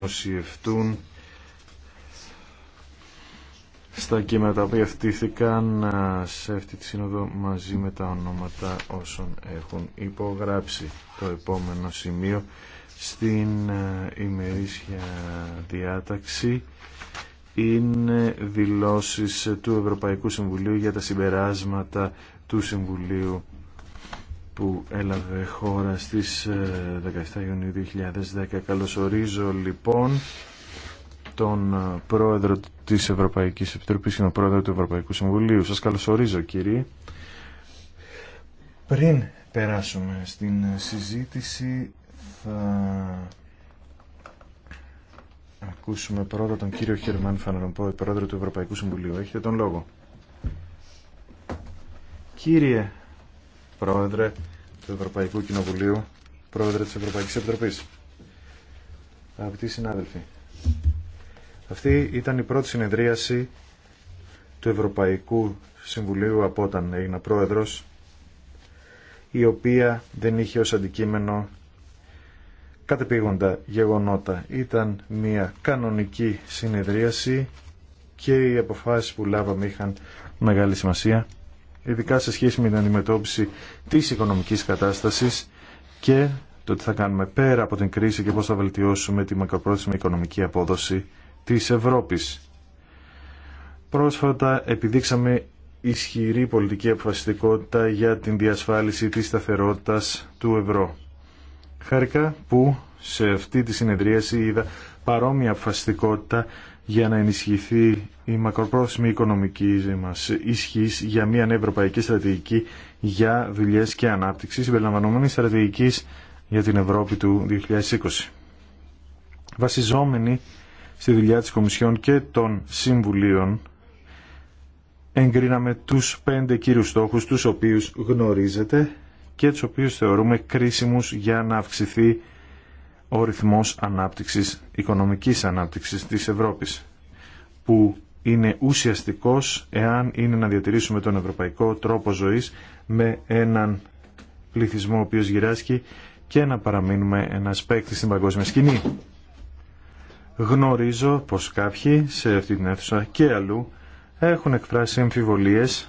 δημοσιευτούν στα κείμενα που ευτήθηκαν σε αυτή τη σύνοδο μαζί με τα ονόματα όσων έχουν υπογράψει το επόμενο σημείο στην ημερήσια διάταξη είναι δηλώσεις του Ευρωπαϊκού Συμβουλίου για τα συμπεράσματα του Συμβουλίου που έλαβε χώρα στις 17 ε, Ιουνίου 2010. Καλωσορίζω λοιπόν τον ε, πρόεδρο της Ευρωπαϊκής Επιτροπής και τον πρόεδρο του Ευρωπαϊκού Συμβουλίου. Σας καλωσορίζω κύριε. Πριν περάσουμε στην ε, συζήτηση θα ακούσουμε πρώτα τον κύριο Χερμάν Φαναρομπό, πρόεδρο του Ευρωπαϊκού Συμβουλίου. Έχετε τον λόγο. Κύριε Πρόεδρε του Ευρωπαϊκού Κοινοβουλίου, Πρόεδρε της Ευρωπαϊκής Επιτροπής. Αγαπητοί συνάδελφοι, αυτή ήταν η πρώτη συνεδρίαση του Ευρωπαϊκού Συμβουλίου από όταν έγινα πρόεδρος, η οποία δεν είχε ως αντικείμενο κατεπήγοντα γεγονότα. Ήταν μια κανονική συνεδρίαση και οι αποφάσεις που λάβαμε είχαν μεγάλη σημασία ειδικά σε σχέση με την αντιμετώπιση της οικονομικής κατάστασης και το τι θα κάνουμε πέρα από την κρίση και πώς θα βελτιώσουμε τη μακροπρόθεσμη οικονομική απόδοση της Ευρώπης. Πρόσφατα επιδείξαμε ισχυρή πολιτική αποφασιστικότητα για την διασφάλιση της σταθερότητας του ευρώ. Χάρηκα που σε αυτή τη συνεδρίαση είδα παρόμοια αποφασιστικότητα για να ενισχυθεί η μακροπρόθεσμη οικονομική μας ισχύς για μια ευρωπαϊκή στρατηγική για δουλειές και ανάπτυξη συμπεριλαμβανόμενη στρατηγικής για την Ευρώπη του 2020. Βασιζόμενη στη δουλειά της Κομισιόν και των Συμβουλίων εγκρίναμε τους πέντε κύριους στόχους τους οποίους γνωρίζετε και τους οποίους θεωρούμε κρίσιμους για να αυξηθεί ο ρυθμός ανάπτυξης, οικονομικής ανάπτυξης της Ευρώπης, που είναι ουσιαστικός εάν είναι να διατηρήσουμε τον ευρωπαϊκό τρόπο ζωής με έναν πληθυσμό ο οποίος γυράσκει και να παραμείνουμε ένα παίκτη στην παγκόσμια σκηνή. Γνωρίζω πως κάποιοι σε αυτή την αίθουσα και αλλού έχουν εκφράσει εμφιβολίες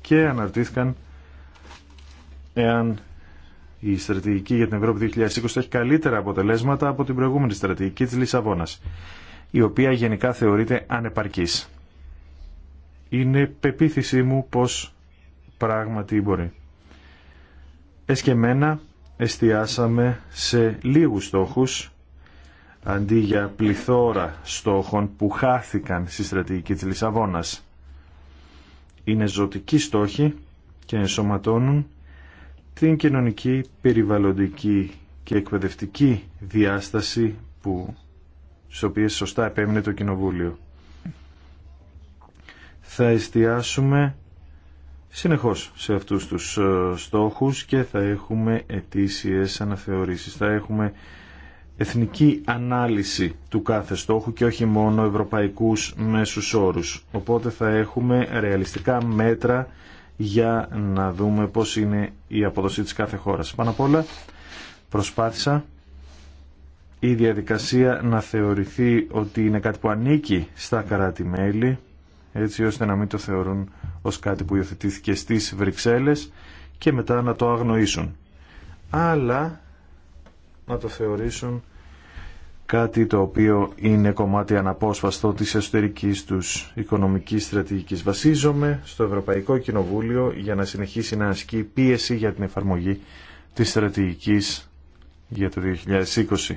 και αναρτήθηκαν εάν η στρατηγική για την Ευρώπη 2020 έχει καλύτερα αποτελέσματα από την προηγούμενη στρατηγική της Λισαβόνας, η οποία γενικά θεωρείται ανεπαρκής. Είναι πεποίθησή μου πως πράγματι μπορεί. Εσκεμένα εστιάσαμε σε λίγους στόχους, αντί για πληθώρα στόχων που χάθηκαν στη στρατηγική της Λισαβόνας. Είναι ζωτικοί στόχοι και ενσωματώνουν την κοινωνική, περιβαλλοντική και εκπαιδευτική διάσταση που, στις οποίες σωστά επέμεινε το Κοινοβούλιο. Θα εστιάσουμε συνεχώς σε αυτούς τους ε, στόχους και θα έχουμε ετήσιες αναθεωρήσεις. Θα έχουμε εθνική ανάλυση του κάθε στόχου και όχι μόνο ευρωπαϊκούς μέσους όρους. Οπότε θα έχουμε ρεαλιστικά μέτρα για να δούμε πώς είναι η αποδοσή της κάθε χώρας. Πάνω απ' όλα προσπάθησα η διαδικασία να θεωρηθεί ότι είναι κάτι που ανήκει στα καράτη-μέλη έτσι ώστε να μην το θεωρούν ως κάτι που υιοθετήθηκε στις Βρυξέλλες και μετά να το αγνοήσουν. Αλλά να το θεωρήσουν κάτι το οποίο είναι κομμάτι αναπόσπαστο της εσωτερικής τους οικονομικής στρατηγικής. Βασίζομαι στο Ευρωπαϊκό Κοινοβούλιο για να συνεχίσει να ασκεί πίεση για την εφαρμογή της στρατηγικής για το 2020.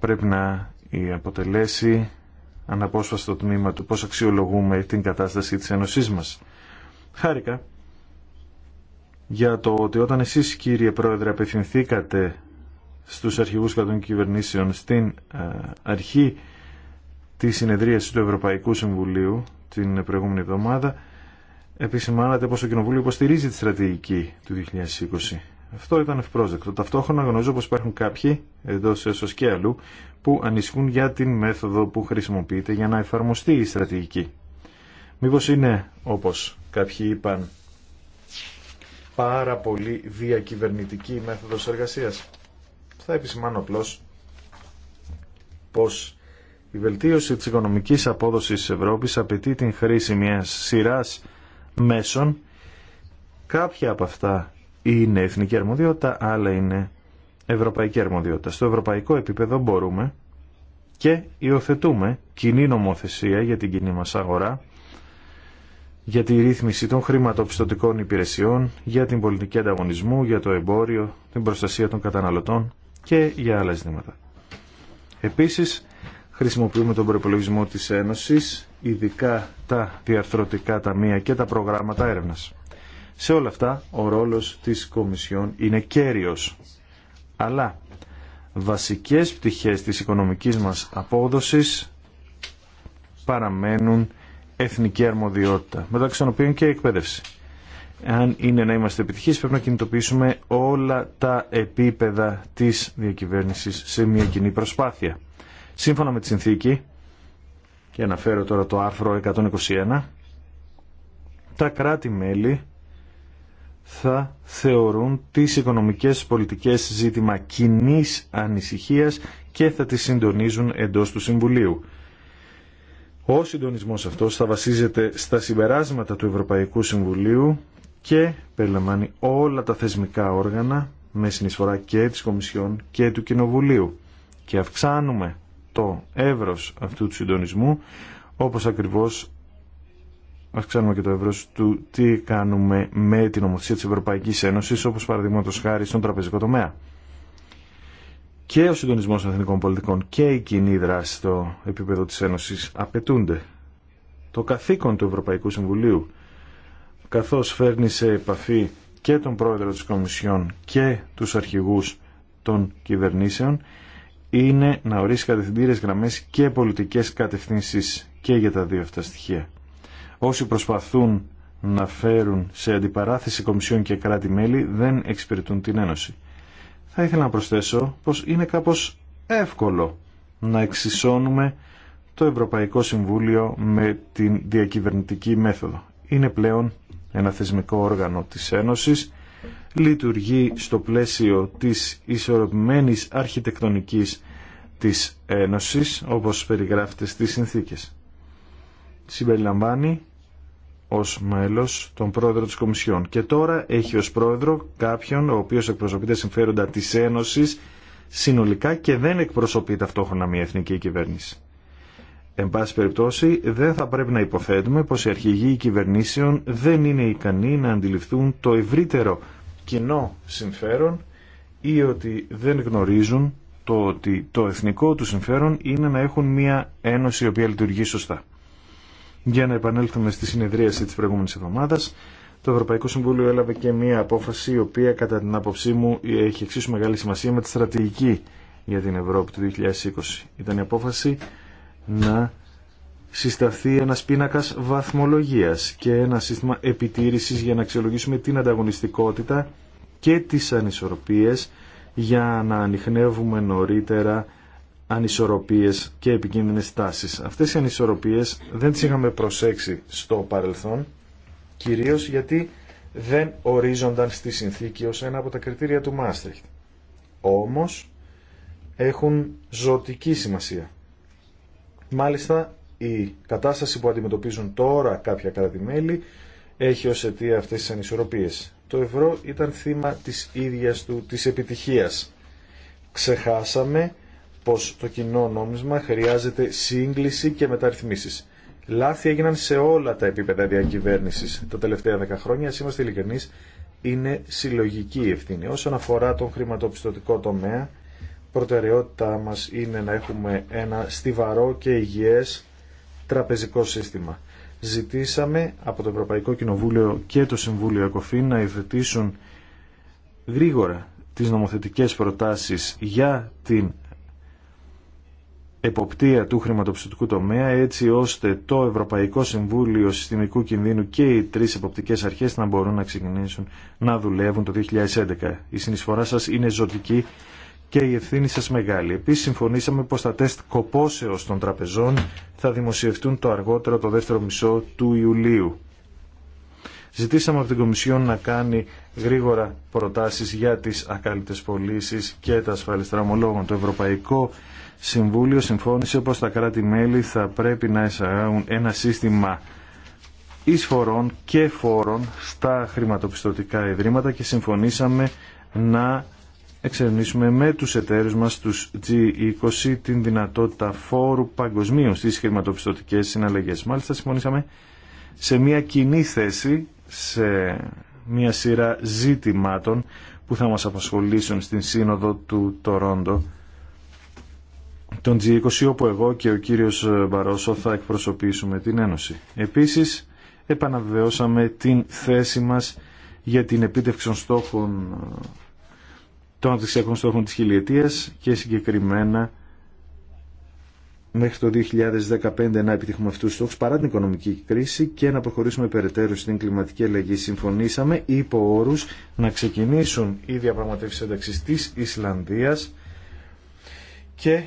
Πρέπει να η αποτελέσει αναπόσπαστο τμήμα του πώς αξιολογούμε την κατάσταση της Ένωσής μας. Χάρηκα για το ότι όταν εσείς κύριε Πρόεδρε απευθυνθήκατε στους αρχηγούς κρατών κυβερνήσεων στην ε, αρχή της συνεδρίασης του Ευρωπαϊκού Συμβουλίου την προηγούμενη εβδομάδα επισημάνατε πως το Κοινοβούλιο υποστηρίζει τη στρατηγική του 2020. Αυτό ήταν ευπρόσδεκτο. Ταυτόχρονα γνωρίζω πως υπάρχουν κάποιοι, εδώ σε έσως και αλλού, που ανησυχούν για την μέθοδο που χρησιμοποιείται για να εφαρμοστεί η στρατηγική. Μήπως είναι, όπως κάποιοι είπαν, πάρα πολύ διακυβερνητική μέθοδος εργασίας. Θα επισημάνω απλώ πως η βελτίωση της οικονομικής απόδοσης της Ευρώπης απαιτεί την χρήση μιας σειράς μέσων. Κάποια από αυτά είναι εθνική αρμοδιότητα, άλλα είναι ευρωπαϊκή αρμοδιότητα. Στο ευρωπαϊκό επίπεδο μπορούμε και υιοθετούμε κοινή νομοθεσία για την κοινή μας αγορά, για τη ρύθμιση των χρηματοπιστωτικών υπηρεσιών, για την πολιτική ανταγωνισμού, για το εμπόριο, την προστασία των καταναλωτών και για άλλα ζητήματα. Επίσης, χρησιμοποιούμε τον προπολογισμό της Ένωσης, ειδικά τα διαρθρωτικά ταμεία και τα προγράμματα έρευνας. Σε όλα αυτά, ο ρόλος της Κομισιόν είναι κέριος. Αλλά βασικές πτυχές της οικονομικής μας απόδοσης παραμένουν εθνική αρμοδιότητα, μεταξύ των οποίων και η εκπαίδευση αν είναι να είμαστε επιτυχείς πρέπει να κινητοποιήσουμε όλα τα επίπεδα της διακυβέρνησης σε μια κοινή προσπάθεια. Σύμφωνα με τη συνθήκη, και αναφέρω τώρα το άρθρο 121, τα κράτη-μέλη θα θεωρούν τις οικονομικές πολιτικές ζήτημα κοινή ανησυχίας και θα τις συντονίζουν εντός του Συμβουλίου. Ο συντονισμός αυτός θα βασίζεται στα συμπεράσματα του Ευρωπαϊκού Συμβουλίου και περιλαμβάνει όλα τα θεσμικά όργανα με συνεισφορά και της Κομισιόν και του Κοινοβουλίου και αυξάνουμε το εύρος αυτού του συντονισμού όπως ακριβώς αυξάνουμε και το εύρος του τι κάνουμε με την ομοθεσία της Ευρωπαϊκής Ένωσης όπως παραδείγματος χάρη στον τραπεζικό τομέα. Και ο συντονισμό των εθνικών πολιτικών και η κοινή δράση στο επίπεδο της Ένωσης απαιτούνται. Το καθήκον του Ευρωπαϊκού Συμβουλίου καθώς φέρνει σε επαφή και τον πρόεδρο της Κομισιόν και τους αρχηγούς των κυβερνήσεων είναι να ορίσει κατευθυντήρες γραμμές και πολιτικές κατευθύνσεις και για τα δύο αυτά στοιχεία. Όσοι προσπαθούν να φέρουν σε αντιπαράθεση Κομισιόν και κράτη-μέλη δεν εξυπηρετούν την Ένωση. Θα ήθελα να προσθέσω πως είναι κάπως εύκολο να εξισώνουμε το Ευρωπαϊκό Συμβούλιο με την διακυβερνητική μέθοδο. Είναι πλέον ένα θεσμικό όργανο της Ένωσης, λειτουργεί στο πλαίσιο της ισορροπημένης αρχιτεκτονικής της Ένωσης, όπως περιγράφεται στις συνθήκες. Συμπεριλαμβάνει ως μέλος τον πρόεδρο της Κομισιόν και τώρα έχει ως πρόεδρο κάποιον ο οποίος εκπροσωπεί τα συμφέροντα της Ένωσης συνολικά και δεν εκπροσωπεί ταυτόχρονα μια εθνική κυβέρνηση. Εν πάση περιπτώσει, δεν θα πρέπει να υποθέτουμε πως οι αρχηγοί κυβερνήσεων δεν είναι ικανοί να αντιληφθούν το ευρύτερο κοινό συμφέρον ή ότι δεν γνωρίζουν το ότι το εθνικό του συμφέρον είναι να έχουν μια ένωση η οποία λειτουργεί σωστά. Για να επανέλθουμε στη συνεδρίαση της προηγούμενης εβδομάδας, το Ευρωπαϊκό Συμβούλιο έλαβε και μια απόφαση η οποία κατά την άποψή μου έχει εξίσου μεγάλη σημασία με τη στρατηγική για την Ευρώπη του 2020. Ήταν η απόφαση να συσταθεί ένας πίνακας βαθμολογίας και ένα σύστημα επιτήρησης για να αξιολογήσουμε την ανταγωνιστικότητα και τις ανισορροπίες για να ανοιχνεύουμε νωρίτερα ανισορροπίες και επικίνδυνες τάσεις. Αυτές οι ανισορροπίες δεν τις είχαμε προσέξει στο παρελθόν, κυρίως γιατί δεν ορίζονταν στη συνθήκη ως ένα από τα κριτήρια του Μάστριχτ. Όμως έχουν ζωτική σημασία. Μάλιστα, η κατάσταση που αντιμετωπίζουν τώρα κάποια κράτη-μέλη έχει ως αιτία αυτές τις ανισορροπίες. Το ευρώ ήταν θύμα της ίδιας του της επιτυχίας. Ξεχάσαμε πως το κοινό νόμισμα χρειάζεται σύγκληση και μεταρρυθμίσεις. Λάθη έγιναν σε όλα τα επίπεδα διακυβέρνησης τα τελευταία δέκα χρόνια, ας είμαστε ειλικρινείς, είναι συλλογική ευθύνη. Όσον αφορά τον χρηματοπιστωτικό τομέα, προτεραιότητά μας είναι να έχουμε ένα στιβαρό και υγιές τραπεζικό σύστημα. Ζητήσαμε από το Ευρωπαϊκό Κοινοβούλιο και το Συμβούλιο Ακοφή να υιοθετήσουν γρήγορα τις νομοθετικές προτάσεις για την εποπτεία του χρηματοπιστωτικού τομέα έτσι ώστε το Ευρωπαϊκό Συμβούλιο Συστημικού Κινδύνου και οι τρεις εποπτικές αρχές να μπορούν να ξεκινήσουν να δουλεύουν το 2011. Η συνεισφορά σας είναι ζωτική και η ευθύνη σας μεγάλη. Επίσης συμφωνήσαμε πως τα τεστ κοπόσεως των τραπεζών θα δημοσιευτούν το αργότερο το δεύτερο μισό του Ιουλίου. Ζητήσαμε από την Κομισιόν να κάνει γρήγορα προτάσεις για τις ακάλυπτες πωλήσει και τα ασφαλιστρά ομολόγων. Το Ευρωπαϊκό Συμβούλιο συμφώνησε πως τα κράτη-μέλη θα πρέπει να εισαγάγουν ένα σύστημα εισφορών και φόρων στα χρηματοπιστωτικά ιδρύματα και συμφωνήσαμε να εξερευνήσουμε με τους εταίρους μας, τους G20, την δυνατότητα φόρου παγκοσμίω στις χρηματοπιστωτικές συναλλαγές. Μάλιστα συμφωνήσαμε σε μια κοινή θέση, σε μια σειρά ζήτημάτων που θα μας απασχολήσουν στην σύνοδο του Τορόντο τον G20 όπου εγώ και ο κύριος Μπαρόσο θα εκπροσωπήσουμε την Ένωση. Επίσης επαναβεβαιώσαμε την θέση μας για την επίτευξη των στόχων των αναπτυξιακών στόχων της χιλιετίας και συγκεκριμένα μέχρι το 2015 να επιτύχουμε αυτούς τους στόχους παρά την οικονομική κρίση και να προχωρήσουμε περαιτέρω στην κλιματική αλλαγή. Συμφωνήσαμε υπό όρους να ξεκινήσουν οι διαπραγματεύσεις ένταξης της Ισλανδίας και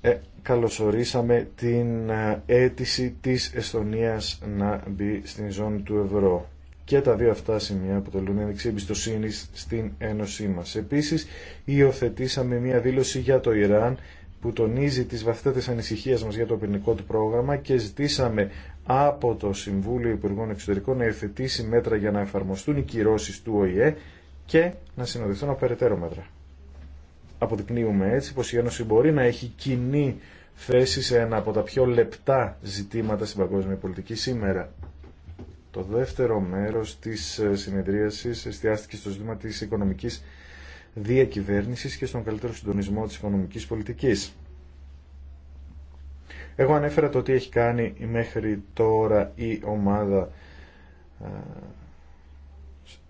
ε, καλωσορίσαμε την ε, αίτηση της Εστονίας να μπει στην ζώνη του ευρώ και τα δύο αυτά σημεία αποτελούν ένδειξη εμπιστοσύνη στην Ένωσή μα. Επίση, υιοθετήσαμε μια δήλωση για το Ιράν που τονίζει τις βαθύτερες ανησυχίες μας για το πυρηνικό του πρόγραμμα και ζητήσαμε από το Συμβούλιο Υπουργών Εξωτερικών να υιοθετήσει μέτρα για να εφαρμοστούν οι κυρώσεις του ΟΗΕ και να συνοδευτούν απεραιτέρω μέτρα. Αποδεικνύουμε έτσι πως η Ένωση μπορεί να έχει κοινή θέση σε ένα από τα πιο λεπτά ζητήματα στην παγκόσμια πολιτική σήμερα. Το δεύτερο μέρος της ε, συνεδρίασης εστιάστηκε στο ζήτημα της οικονομικής διακυβέρνησης και στον καλύτερο συντονισμό της οικονομικής πολιτικής. Εγώ ανέφερα το τι έχει κάνει μέχρι τώρα η ομάδα ε,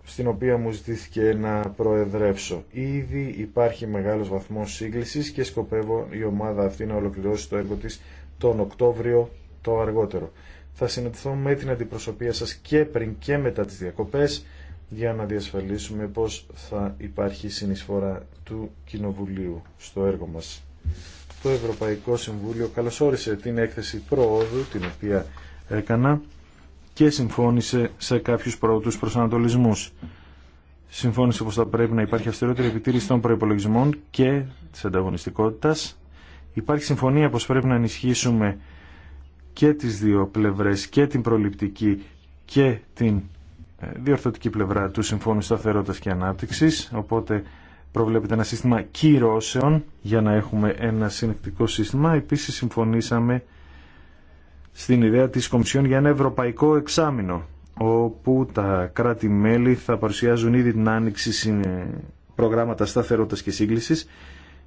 στην οποία μου ζητήθηκε να προεδρεύσω. Ήδη υπάρχει μεγάλος βαθμός σύγκλησης και σκοπεύω η ομάδα αυτή να ολοκληρώσει το έργο της τον Οκτώβριο το αργότερο. Θα συναντηθώ με την αντιπροσωπεία σας και πριν και μετά τις διακοπές για να διασφαλίσουμε πως θα υπάρχει συνεισφορά του Κοινοβουλίου στο έργο μας. Το Ευρωπαϊκό Συμβούλιο καλωσόρισε την έκθεση προόδου την οποία έκανα και συμφώνησε σε κάποιους πρώτους προσανατολισμούς. Συμφώνησε πως θα πρέπει να υπάρχει αυστηρότερη επιτήρηση των προϋπολογισμών και της ανταγωνιστικότητας. Υπάρχει συμφωνία πως πρέπει να ενισχύσουμε και τις δύο πλευρές, και την προληπτική και την ε, διορθωτική πλευρά του Συμφώνου Σταθερότητας και Ανάπτυξης, οπότε προβλέπεται ένα σύστημα κυρώσεων για να έχουμε ένα συνεκτικό σύστημα. Επίσης συμφωνήσαμε στην ιδέα της Κομισιόν για ένα ευρωπαϊκό εξάμεινο, όπου τα κράτη-μέλη θα παρουσιάζουν ήδη την άνοιξη ε, προγράμματα σταθερότητας και σύγκλησης,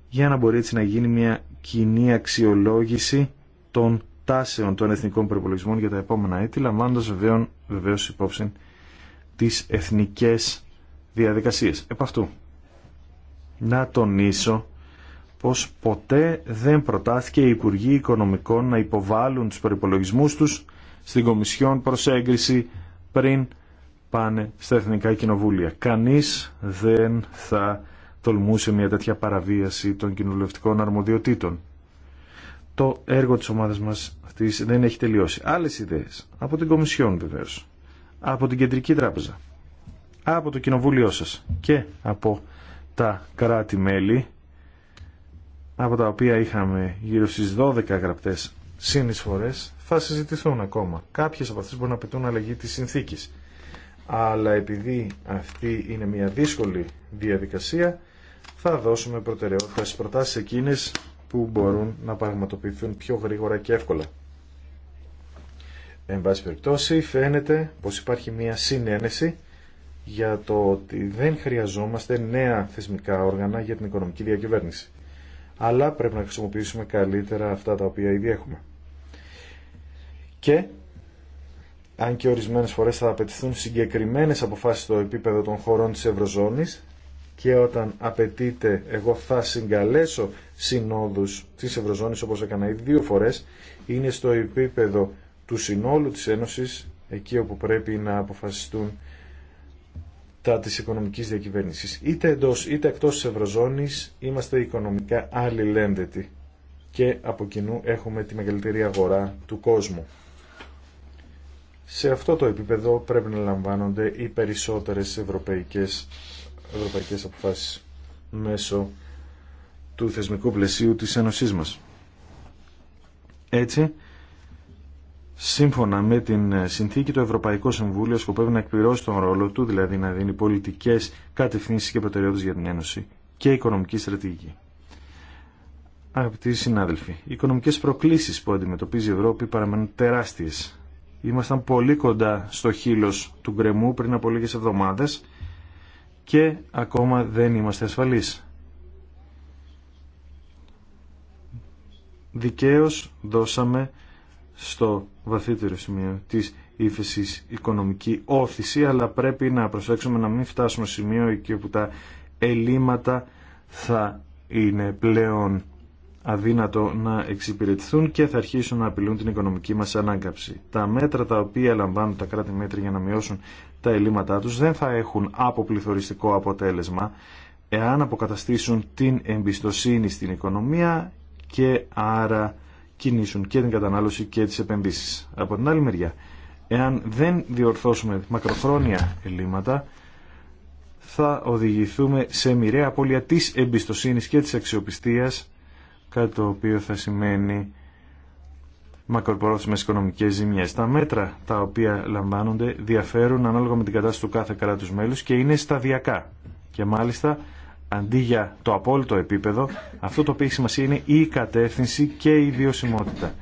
για να μπορεί έτσι να γίνει μια κοινή αξιολόγηση των τάσεων των εθνικών προπολογισμών για τα επόμενα έτη, λαμβάνοντα βεβαίω βεβαίως υπόψη τι εθνικές διαδικασίες. Επ' αυτού, να τονίσω πως ποτέ δεν προτάθηκε οι Υπουργοί Οικονομικών να υποβάλουν τους προπολογισμού τους στην Κομισιόν προς έγκριση πριν πάνε στα Εθνικά Κοινοβούλια. Κανείς δεν θα τολμούσε μια τέτοια παραβίαση των κοινοβουλευτικών αρμοδιοτήτων το έργο της ομάδας μας αυτής δεν έχει τελειώσει. Άλλες ιδέες, από την Κομισιόν βεβαίω, από την Κεντρική Τράπεζα, από το Κοινοβούλιο σας και από τα κράτη-μέλη, από τα οποία είχαμε γύρω στις 12 γραπτές συνεισφορές, θα συζητηθούν ακόμα. Κάποιες από αυτές μπορούν να πετούν αλλαγή της συνθήκης. Αλλά επειδή αυτή είναι μια δύσκολη διαδικασία, θα δώσουμε προτεραιότητα στις προτάσεις εκείνες που μπορούν να πραγματοποιηθούν πιο γρήγορα και εύκολα. Εν πάση περιπτώσει φαίνεται πως υπάρχει μια συνένεση για το ότι δεν χρειαζόμαστε νέα θεσμικά όργανα για την οικονομική διακυβέρνηση. Αλλά πρέπει να χρησιμοποιήσουμε καλύτερα αυτά τα οποία ήδη έχουμε. Και αν και ορισμένες φορές θα απαιτηθούν συγκεκριμένες αποφάσεις στο επίπεδο των χωρών της Ευρωζώνης, και όταν απαιτείται εγώ θα συγκαλέσω συνόδους της Ευρωζώνης όπως έκανα ήδη δύο φορές είναι στο επίπεδο του συνόλου της Ένωσης εκεί όπου πρέπει να αποφασιστούν τα της οικονομικής διακυβέρνησης. Είτε εντός είτε εκτός της Ευρωζώνης είμαστε οικονομικά αλληλένδετοι και από κοινού έχουμε τη μεγαλύτερη αγορά του κόσμου. Σε αυτό το επίπεδο πρέπει να λαμβάνονται οι περισσότερες ευρωπαϊκές ευρωπαϊκές αποφάσεις μέσω του θεσμικού πλαισίου της Ένωσής μας. Έτσι, σύμφωνα με την συνθήκη, το Ευρωπαϊκό Συμβούλιο σκοπεύει να εκπληρώσει τον ρόλο του, δηλαδή να δίνει πολιτικές κατευθύνσεις και προτεραιότητες για την Ένωση και οικονομική στρατηγική. Αγαπητοί συνάδελφοι, οι οικονομικές προκλήσεις που αντιμετωπίζει η Ευρώπη παραμένουν τεράστιες. Ήμασταν πολύ κοντά στο χείλος του γκρεμού πριν από λίγες εβδομάδες και ακόμα δεν είμαστε ασφαλείς. Δικαίως δώσαμε στο βαθύτερο σημείο της ύφεση οικονομική όθηση, αλλά πρέπει να προσέξουμε να μην φτάσουμε σημείο εκεί όπου τα ελλείμματα θα είναι πλέον αδύνατο να εξυπηρετηθούν και θα αρχίσουν να απειλούν την οικονομική μας ανάγκαψη. Τα μέτρα τα οποία λαμβάνουν τα κρατη μέτρη για να μειώσουν τα ελλείμματά τους δεν θα έχουν αποπληθωριστικό αποτέλεσμα εάν αποκαταστήσουν την εμπιστοσύνη στην οικονομία και άρα κινήσουν και την κατανάλωση και τις επενδύσεις. Από την άλλη μεριά, εάν δεν διορθώσουμε μακροχρόνια ελλείμματα, θα οδηγηθούμε σε μοιραία απώλεια της εμπιστοσύνης και της αξιοπιστίας κάτι το οποίο θα σημαίνει μακροπρόθεσμες οικονομικές ζημιές. Τα μέτρα τα οποία λαμβάνονται διαφέρουν ανάλογα με την κατάσταση του κάθε κράτους μέλους και είναι σταδιακά. Και μάλιστα αντί για το απόλυτο επίπεδο, αυτό το οποίο έχει σημασία είναι η κατεύθυνση και η βιωσιμότητα.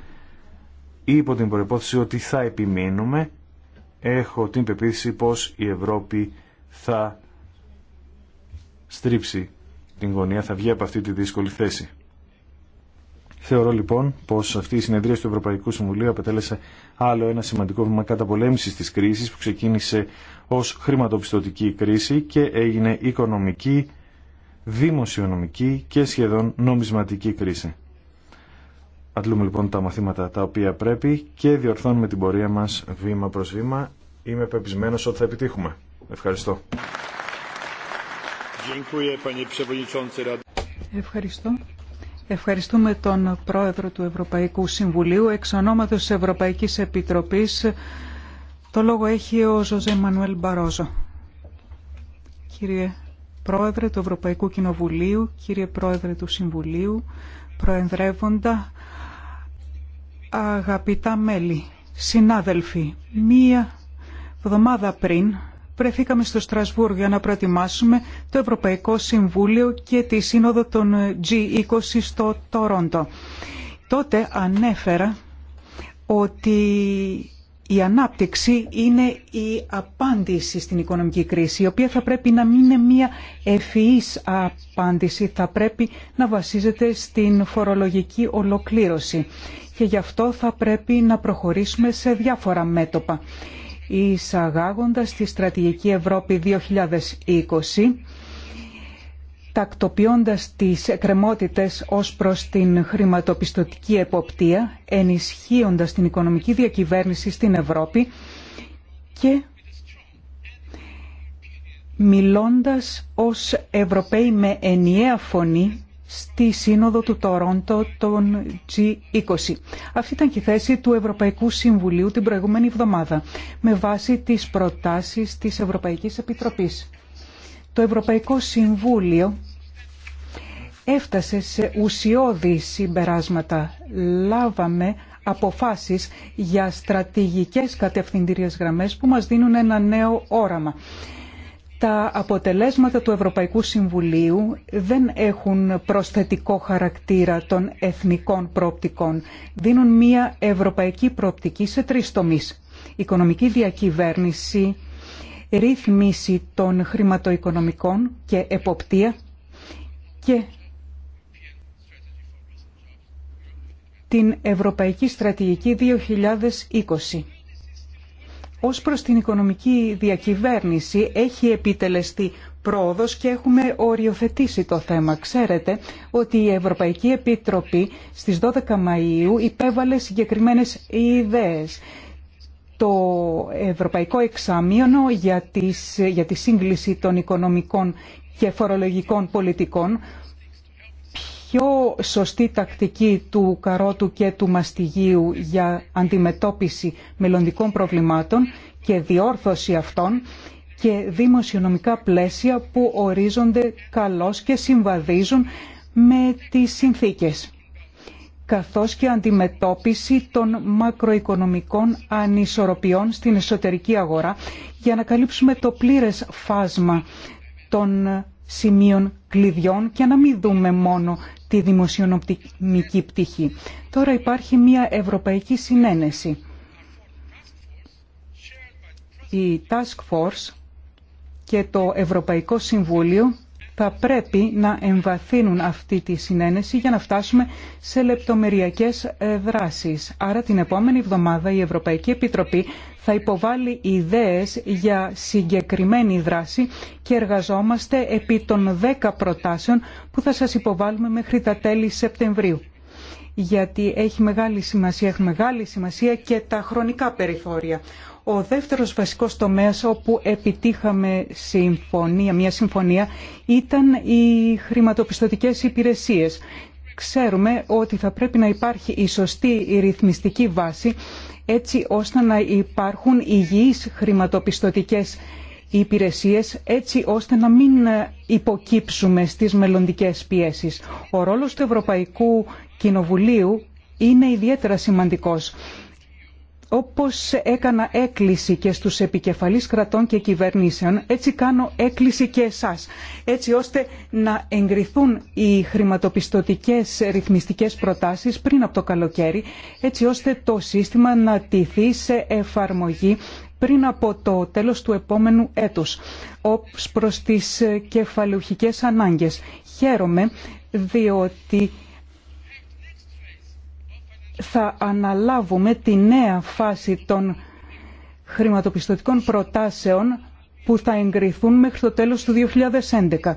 Ή υπό την προπόθεση ότι θα επιμείνουμε, έχω την πεποίθηση πως η Ευρώπη θα στρίψει την γωνία, θα βγει από αυτή τη δύσκολη θέση. Θεωρώ λοιπόν πως αυτή η συνεδρία του Ευρωπαϊκού Συμβουλίου αποτέλεσε άλλο ένα σημαντικό βήμα καταπολέμησης της κρίσης που ξεκίνησε ως χρηματοπιστωτική κρίση και έγινε οικονομική, δημοσιονομική και σχεδόν νομισματική κρίση. Αντλούμε λοιπόν τα μαθήματα τα οποία πρέπει και διορθώνουμε την πορεία μα βήμα προ βήμα. Είμαι πεπισμένο ότι θα επιτύχουμε. Ευχαριστώ. Ευχαριστώ. Ευχαριστούμε τον Πρόεδρο του Ευρωπαϊκού Συμβουλίου. Εξ ονόματος της Ευρωπαϊκής Επιτροπής, το λόγο έχει ο Ζωζέ Μανουέλ Μπαρόζο. Κύριε Πρόεδρε του Ευρωπαϊκού Κοινοβουλίου, κύριε Πρόεδρε του Συμβουλίου, προεδρεύοντα, αγαπητά μέλη, συνάδελφοι, μία εβδομάδα πριν βρεθήκαμε στο Στρασβούργο για να προετοιμάσουμε το Ευρωπαϊκό Συμβούλιο και τη Σύνοδο των G20 στο Τορόντο. Τότε ανέφερα ότι η ανάπτυξη είναι η απάντηση στην οικονομική κρίση, η οποία θα πρέπει να μην είναι μια ευφυής απάντηση, θα πρέπει να βασίζεται στην φορολογική ολοκλήρωση. Και γι' αυτό θα πρέπει να προχωρήσουμε σε διάφορα μέτωπα εισαγάγοντας τη Στρατηγική Ευρώπη 2020 τακτοποιώντας τις εκκρεμότητες ως προς την χρηματοπιστωτική εποπτεία, ενισχύοντας την οικονομική διακυβέρνηση στην Ευρώπη και μιλώντας ως Ευρωπαίοι με ενιαία φωνή στη Σύνοδο του Τορόντο των G20. Αυτή ήταν και η θέση του Ευρωπαϊκού Συμβουλίου την προηγούμενη εβδομάδα με βάση τις προτάσεις της Ευρωπαϊκής Επιτροπής. Το Ευρωπαϊκό Συμβούλιο έφτασε σε ουσιώδη συμπεράσματα. Λάβαμε αποφάσεις για στρατηγικές κατευθυντήριες γραμμές που μας δίνουν ένα νέο όραμα τα αποτελέσματα του Ευρωπαϊκού Συμβουλίου δεν έχουν προσθετικό χαρακτήρα των εθνικών προοπτικών. Δίνουν μια ευρωπαϊκή προοπτική σε τρεις τομείς. Οικονομική διακυβέρνηση, ρύθμιση των χρηματοοικονομικών και εποπτεία και την Ευρωπαϊκή Στρατηγική 2020 ως προς την οικονομική διακυβέρνηση έχει επιτελεστεί πρόοδος και έχουμε οριοθετήσει το θέμα. Ξέρετε ότι η Ευρωπαϊκή Επιτροπή στις 12 Μαΐου υπέβαλε συγκεκριμένες ιδέες. Το Ευρωπαϊκό Εξάμειονο για, για τη σύγκληση των οικονομικών και φορολογικών πολιτικών πιο σωστή τακτική του καρότου και του μαστιγίου για αντιμετώπιση μελλοντικών προβλημάτων και διόρθωση αυτών και δημοσιονομικά πλαίσια που ορίζονται καλώς και συμβαδίζουν με τις συνθήκες καθώς και αντιμετώπιση των μακροοικονομικών ανισορροπιών στην εσωτερική αγορά για να καλύψουμε το πλήρες φάσμα των σημείων κλειδιών και να μην δούμε μόνο τη δημοσιονομική πτυχή. Τώρα υπάρχει μια ευρωπαϊκή συνένεση. Η Task Force και το Ευρωπαϊκό Συμβούλιο θα πρέπει να εμβαθύνουν αυτή τη συνένεση για να φτάσουμε σε λεπτομεριακές ε, δράσεις. Άρα την επόμενη εβδομάδα η Ευρωπαϊκή Επιτροπή θα υποβάλει ιδέες για συγκεκριμένη δράση και εργαζόμαστε επί των 10 προτάσεων που θα σας υποβάλουμε μέχρι τα τέλη Σεπτεμβρίου γιατί έχει μεγάλη σημασία, έχει μεγάλη σημασία και τα χρονικά περιθώρια. Ο δεύτερος βασικός τομέας όπου επιτύχαμε συμφωνία, μια συμφωνία ήταν οι χρηματοπιστωτικές υπηρεσίες. Ξέρουμε ότι θα πρέπει να υπάρχει η σωστή ρυθμιστική βάση έτσι ώστε να υπάρχουν υγιείς χρηματοπιστωτικές υπηρεσίες έτσι ώστε να μην υποκύψουμε στις μελλοντικές πιέσεις. Ο ρόλος του Ευρωπαϊκού Κοινοβουλίου είναι ιδιαίτερα σημαντικός όπως έκανα έκκληση και στους επικεφαλείς κρατών και κυβερνήσεων, έτσι κάνω έκκληση και εσάς, έτσι ώστε να εγκριθούν οι χρηματοπιστωτικές ρυθμιστικές προτάσεις πριν από το καλοκαίρι, έτσι ώστε το σύστημα να τηθεί σε εφαρμογή πριν από το τέλος του επόμενου έτους, ως προς τις κεφαλουχικές ανάγκες. Χαίρομαι διότι θα αναλάβουμε τη νέα φάση των χρηματοπιστωτικών προτάσεων που θα εγκριθούν μέχρι το τέλος του 2011.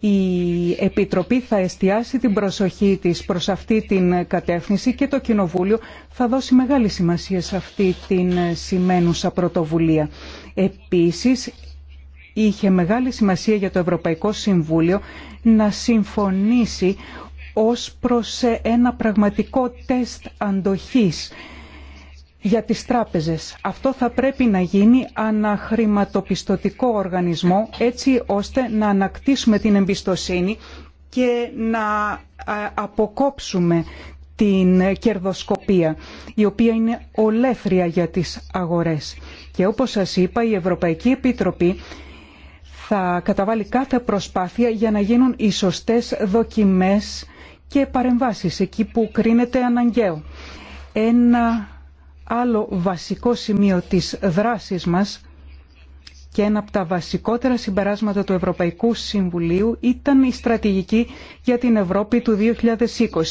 Η Επιτροπή θα εστιάσει την προσοχή της προς αυτή την κατεύθυνση και το Κοινοβούλιο θα δώσει μεγάλη σημασία σε αυτή την σημαίνουσα πρωτοβουλία. Επίσης, είχε μεγάλη σημασία για το Ευρωπαϊκό Συμβούλιο να συμφωνήσει ως προς ε, ένα πραγματικό τεστ αντοχής για τις τράπεζες. Αυτό θα πρέπει να γίνει αναχρηματοπιστωτικό οργανισμό έτσι ώστε να ανακτήσουμε την εμπιστοσύνη και να ε, αποκόψουμε την κερδοσκοπία η οποία είναι ολέθρια για τις αγορές. Και όπως σας είπα η Ευρωπαϊκή Επιτροπή θα καταβάλει κάθε προσπάθεια για να γίνουν οι σωστές δοκιμές και παρεμβάσεις εκεί που κρίνεται αναγκαίο. Ένα άλλο βασικό σημείο της δράσης μας και ένα από τα βασικότερα συμπεράσματα του Ευρωπαϊκού Συμβουλίου ήταν η στρατηγική για την Ευρώπη του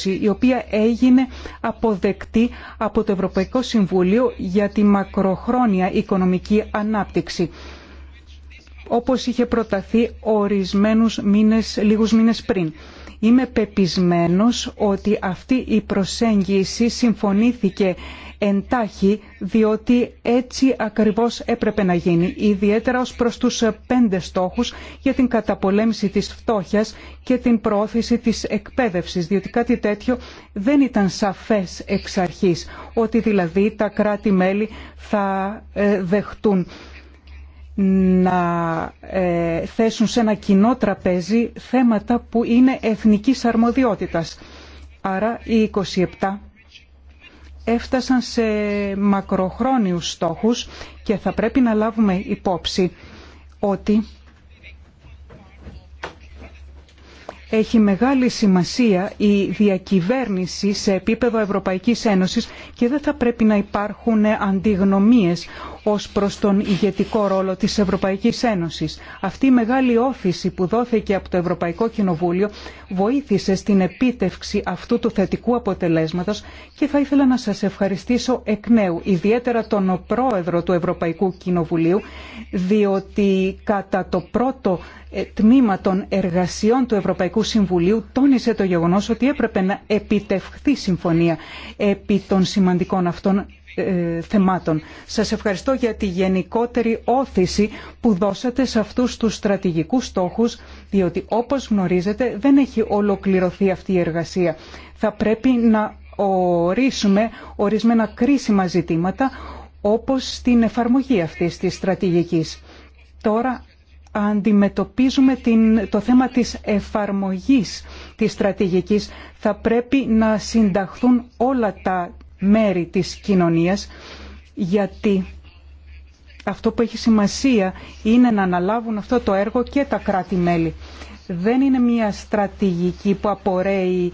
2020, η οποία έγινε αποδεκτή από το Ευρωπαϊκό Συμβούλιο για τη μακροχρόνια οικονομική ανάπτυξη όπως είχε προταθεί ορισμένους μήνες, λίγους μήνες πριν. Είμαι πεπισμένος ότι αυτή η προσέγγιση συμφωνήθηκε εντάχει διότι έτσι ακριβώς έπρεπε να γίνει, ιδιαίτερα ως προς τους πέντε στόχους για την καταπολέμηση της φτώχειας και την προώθηση της εκπαίδευσης, διότι κάτι τέτοιο δεν ήταν σαφές εξ αρχής, ότι δηλαδή τα κράτη-μέλη θα ε, δεχτούν να ε, θέσουν σε ένα κοινό τραπέζι θέματα που είναι εθνικής αρμοδιότητας. Άρα οι 27 έφτασαν σε μακροχρόνιους στόχους και θα πρέπει να λάβουμε υπόψη ότι έχει μεγάλη σημασία η διακυβέρνηση σε επίπεδο Ευρωπαϊκής Ένωσης και δεν θα πρέπει να υπάρχουν αντιγνωμίες ως προς τον ηγετικό ρόλο της Ευρωπαϊκής Ένωσης. Αυτή η μεγάλη όθηση που δόθηκε από το Ευρωπαϊκό Κοινοβούλιο βοήθησε στην επίτευξη αυτού του θετικού αποτελέσματος και θα ήθελα να σας ευχαριστήσω εκ νέου, ιδιαίτερα τον πρόεδρο του Ευρωπαϊκού Κοινοβουλίου, διότι κατά το πρώτο ε, τμήμα των εργασιών του Ευρωπαϊκού Ευρωπαϊκού Συμβουλίου τόνισε το γεγονός ότι έπρεπε να επιτευχθεί συμφωνία επί των σημαντικών αυτών ε, θεμάτων. Σας ευχαριστώ για τη γενικότερη όθηση που δώσατε σε αυτούς τους στρατηγικούς στόχους, διότι όπως γνωρίζετε δεν έχει ολοκληρωθεί αυτή η εργασία. Θα πρέπει να ορίσουμε ορισμένα κρίσιμα ζητήματα όπως την εφαρμογή αυτής της στρατηγικής. Τώρα αντιμετωπίζουμε την, το θέμα της εφαρμογής της στρατηγικής. Θα πρέπει να συνταχθούν όλα τα μέρη της κοινωνίας γιατί αυτό που έχει σημασία είναι να αναλάβουν αυτό το έργο και τα κράτη-μέλη. Δεν είναι μια στρατηγική που απορρέει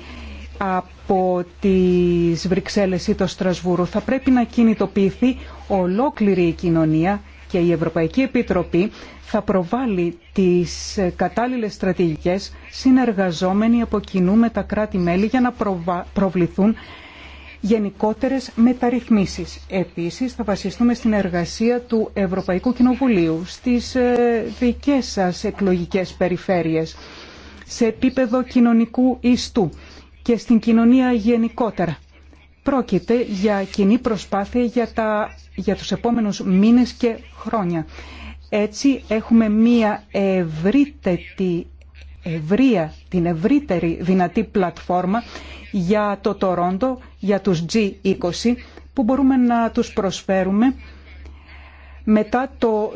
από τις Βρυξέλλες ή το Στρασβούρο. Θα πρέπει να κινητοποιηθεί ολόκληρη η κοινωνία και η Ευρωπαϊκή Επιτροπή θα προβάλλει τις κατάλληλες στρατηγικές συνεργαζόμενοι από κοινού με τα κράτη-μέλη για να προβληθούν γενικότερες μεταρρυθμίσεις. Επίσης θα βασιστούμε στην εργασία του Ευρωπαϊκού Κοινοβουλίου στις ε, δικές σας εκλογικές περιφέρειες σε επίπεδο κοινωνικού ιστού και στην κοινωνία γενικότερα. Πρόκειται για κοινή προσπάθεια για τα για τους επόμενους μήνες και χρόνια. Έτσι έχουμε μία ευρύτερη, ευρεία, την ευρύτερη δυνατή πλατφόρμα για το Τορόντο, για τους G20, που μπορούμε να τους προσφέρουμε μετά το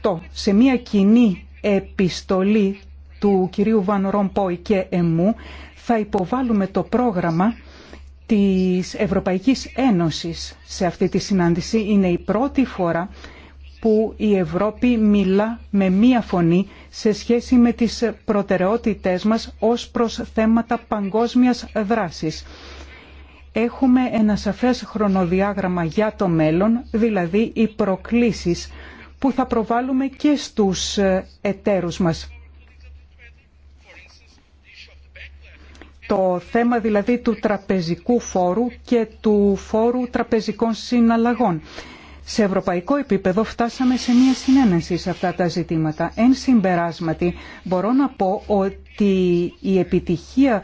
2008 σε μία κοινή επιστολή του κυρίου Βαν Ρομπόη και εμού θα υποβάλουμε το πρόγραμμα της Ευρωπαϊκής Ένωσης σε αυτή τη συνάντηση. Είναι η πρώτη φορά που η Ευρώπη μιλά με μία φωνή σε σχέση με τις προτεραιότητές μας ως προς θέματα παγκόσμιας δράσης. Έχουμε ένα σαφές χρονοδιάγραμμα για το μέλλον, δηλαδή οι προκλήσεις που θα προβάλλουμε και στους εταίρους μας Το θέμα δηλαδή του τραπεζικού φόρου και του φόρου τραπεζικών συναλλαγών. Σε ευρωπαϊκό επίπεδο φτάσαμε σε μια συνένεση σε αυτά τα ζητήματα. Εν συμπεράσματι μπορώ να πω ότι η επιτυχία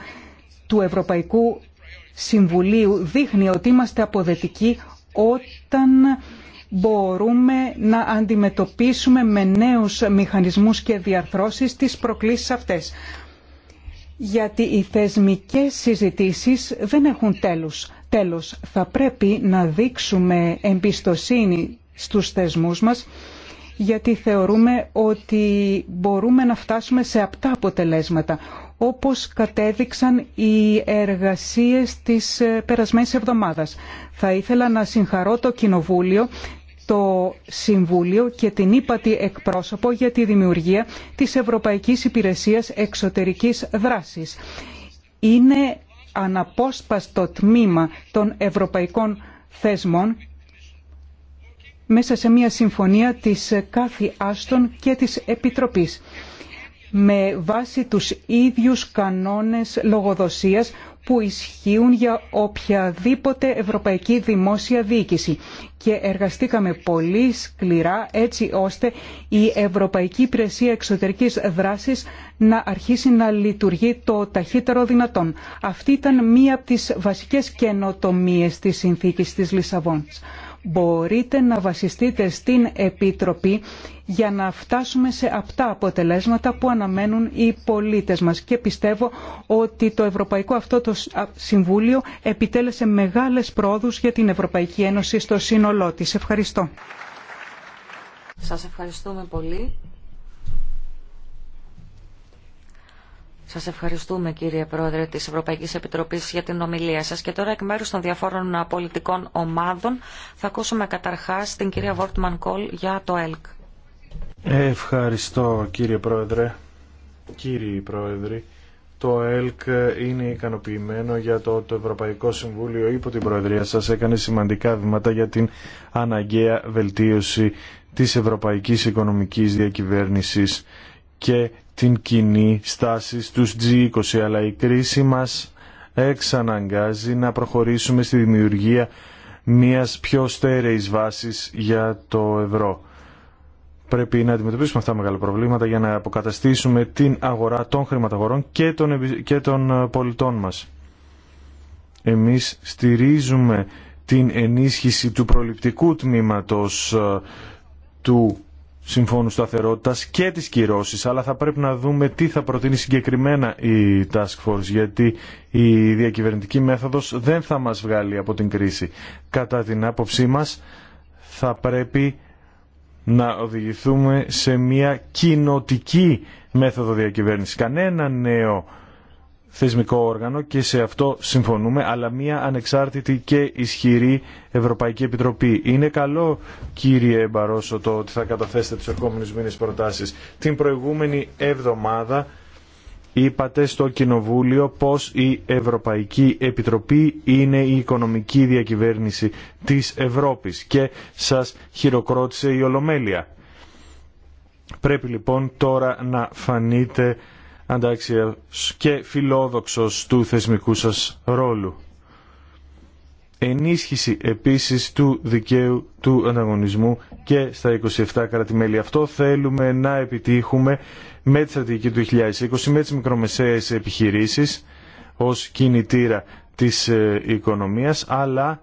του Ευρωπαϊκού Συμβουλίου δείχνει ότι είμαστε αποδετικοί όταν μπορούμε να αντιμετωπίσουμε με νέους μηχανισμούς και διαρθρώσεις τις προκλήσεις αυτές γιατί οι θεσμικές συζητήσεις δεν έχουν τέλους. Τέλος, θα πρέπει να δείξουμε εμπιστοσύνη στους θεσμούς μας, γιατί θεωρούμε ότι μπορούμε να φτάσουμε σε απτά αποτελέσματα, όπως κατέδειξαν οι εργασίες της ε, περασμένης εβδομάδας. Θα ήθελα να συγχαρώ το Κοινοβούλιο το Συμβούλιο και την ύπατη εκπρόσωπο για τη δημιουργία της Ευρωπαϊκής Υπηρεσίας Εξωτερικής Δράσης. Είναι αναπόσπαστο τμήμα των ευρωπαϊκών θεσμών μέσα σε μια συμφωνία της κάθε άστον και της Επιτροπής με βάση τους ίδιους κανόνες λογοδοσίας που ισχύουν για οποιαδήποτε ευρωπαϊκή δημόσια διοίκηση και εργαστήκαμε πολύ σκληρά έτσι ώστε η Ευρωπαϊκή Υπηρεσία Εξωτερικής Δράσης να αρχίσει να λειτουργεί το ταχύτερο δυνατόν. Αυτή ήταν μία από τις βασικές καινοτομίες της συνθήκης της Λισαβόντς μπορείτε να βασιστείτε στην Επίτροπη για να φτάσουμε σε αυτά αποτελέσματα που αναμένουν οι πολίτες μας. Και πιστεύω ότι το Ευρωπαϊκό αυτό το Συμβούλιο επιτέλεσε μεγάλες πρόοδους για την Ευρωπαϊκή Ένωση στο σύνολό της. Ευχαριστώ. Σας ευχαριστούμε πολύ. Σας ευχαριστούμε κύριε Πρόεδρε της Ευρωπαϊκής Επιτροπής για την ομιλία σας και τώρα εκ μέρους των διαφόρων πολιτικών ομάδων θα ακούσουμε καταρχάς την κυρία Βόρτμαν Κόλ για το ΕΛΚ. Ευχαριστώ κύριε Πρόεδρε. Κύριοι Πρόεδροι, το ΕΛΚ είναι ικανοποιημένο για το το Ευρωπαϊκό Συμβούλιο υπό την Προεδρία σας έκανε σημαντικά βήματα για την αναγκαία βελτίωση της ευρωπαϊκής οικονομικής διακυβέρνησης και την κοινή στάση στους G20, αλλά η κρίση μας εξαναγκάζει να προχωρήσουμε στη δημιουργία μιας πιο στέρεης βάσης για το ευρώ. Πρέπει να αντιμετωπίσουμε αυτά τα μεγάλα προβλήματα για να αποκαταστήσουμε την αγορά των χρηματαγορών και των, και των ε, πολιτών μας. Εμείς στηρίζουμε την ενίσχυση του προληπτικού τμήματος ε, του Συμφώνου σταθερότητα και τι κυρώσει, αλλά θα πρέπει να δούμε τι θα προτείνει συγκεκριμένα η Task Force, γιατί η διακυβερνητική μέθοδος δεν θα μας βγάλει από την κρίση. Κατά την άποψή μας θα πρέπει να οδηγηθούμε σε μια κοινοτική μέθοδο διακυβέρνησης. Κανένα νέο θεσμικό όργανο και σε αυτό συμφωνούμε, αλλά μια ανεξάρτητη και ισχυρή Ευρωπαϊκή Επιτροπή. Είναι καλό, κύριε Μπαρόσο, το ότι θα καταθέσετε τους ερχόμενους μήνες προτάσεις. Την προηγούμενη εβδομάδα είπατε στο Κοινοβούλιο πως η Ευρωπαϊκή Επιτροπή είναι η οικονομική διακυβέρνηση της Ευρώπης και σας χειροκρότησε η Ολομέλεια. Πρέπει λοιπόν τώρα να φανείτε αντάξιος και φιλόδοξος του θεσμικού σας ρόλου. Ενίσχυση επίσης του δικαίου του ανταγωνισμού και στα 27 κρατημέλη. Αυτό θέλουμε να επιτύχουμε με τη στρατηγική του 2020, με τις μικρομεσαίες επιχειρήσεις ως κινητήρα της ε, οικονομίας, αλλά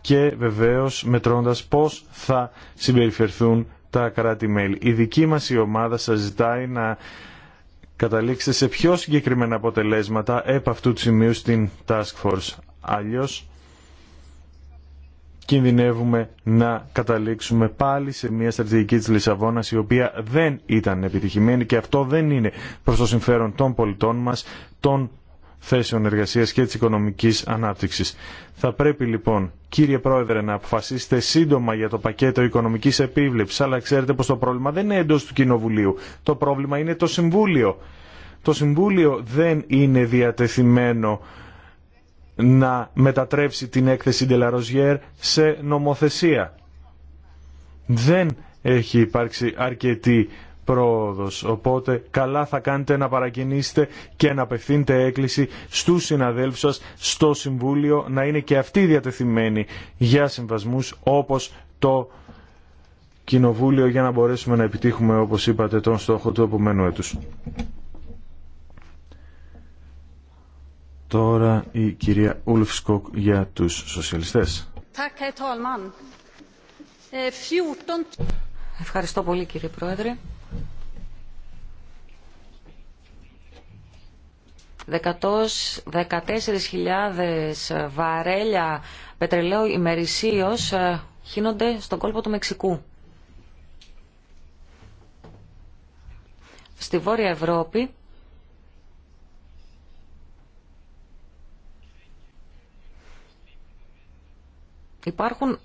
και βεβαίως μετρώντας πώς θα συμπεριφερθούν τα κράτη-μέλη. Η δική μας η ομάδα σας ζητάει να καταλήξετε σε πιο συγκεκριμένα αποτελέσματα επ' αυτού του σημείου στην Task Force. Αλλιώς κινδυνεύουμε να καταλήξουμε πάλι σε μια στρατηγική της Λισαβόνας η οποία δεν ήταν επιτυχημένη και αυτό δεν είναι προς το συμφέρον των πολιτών μας, των θέσεων εργασίας και της οικονομικής ανάπτυξης. Θα πρέπει λοιπόν, κύριε Πρόεδρε, να αποφασίσετε σύντομα για το πακέτο οικονομικής επίβλεψης, αλλά ξέρετε πως το πρόβλημα δεν είναι εντός του Κοινοβουλίου. Το πρόβλημα είναι το Συμβούλιο. Το Συμβούλιο δεν είναι διατεθειμένο να μετατρέψει την έκθεση Ντελαροζιέρ σε νομοθεσία. Δεν έχει υπάρξει αρκετή πρόοδος. Οπότε καλά θα κάνετε να παρακινήσετε και να απευθύνετε έκκληση στους συναδέλφους σας στο Συμβούλιο να είναι και αυτοί διατεθειμένοι για συμβασμούς όπως το Κοινοβούλιο για να μπορέσουμε να επιτύχουμε όπως είπατε τον στόχο του επομένου έτους. Τώρα η κυρία Ούλφ Σκοκ για τους σοσιαλιστές. Eh, Ευχαριστώ πολύ κύριε Πρόεδρε. 14.000 βαρέλια πετρελαίου ημερησίως ε, χύνονται στον κόλπο του Μεξικού. Στη Βόρεια Ευρώπη υπάρχουν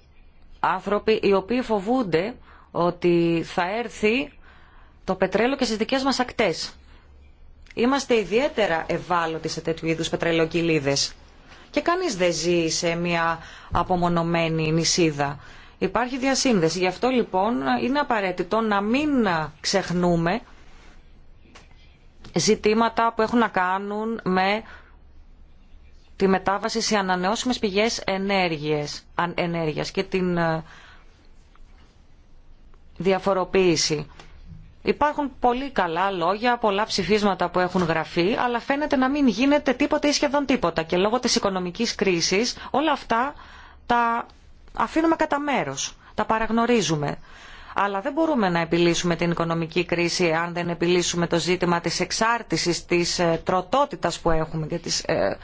άνθρωποι οι οποίοι φοβούνται ότι θα έρθει το πετρέλαιο και στις δικές μας ακτές. Είμαστε ιδιαίτερα ευάλωτοι σε τέτοιου είδους πετρελοκυλίδες. Και κανείς δεν ζει σε μια απομονωμένη νησίδα. Υπάρχει διασύνδεση. Γι' αυτό λοιπόν είναι απαραίτητο να μην ξεχνούμε ζητήματα που έχουν να κάνουν με τη μετάβαση σε ανανεώσιμες πηγές ενέργειας, ενέργειας και την ε, διαφοροποίηση Υπάρχουν πολύ καλά λόγια, πολλά ψηφίσματα που έχουν γραφεί, αλλά φαίνεται να μην γίνεται τίποτα ή σχεδόν τίποτα. Και λόγω της οικονομικής κρίσης όλα αυτά τα αφήνουμε κατά μέρο, τα παραγνωρίζουμε. Αλλά δεν μπορούμε να επιλύσουμε την οικονομική κρίση αν δεν επιλύσουμε το ζήτημα της εξάρτησης, της ε, τροτότητας που έχουμε και της ε,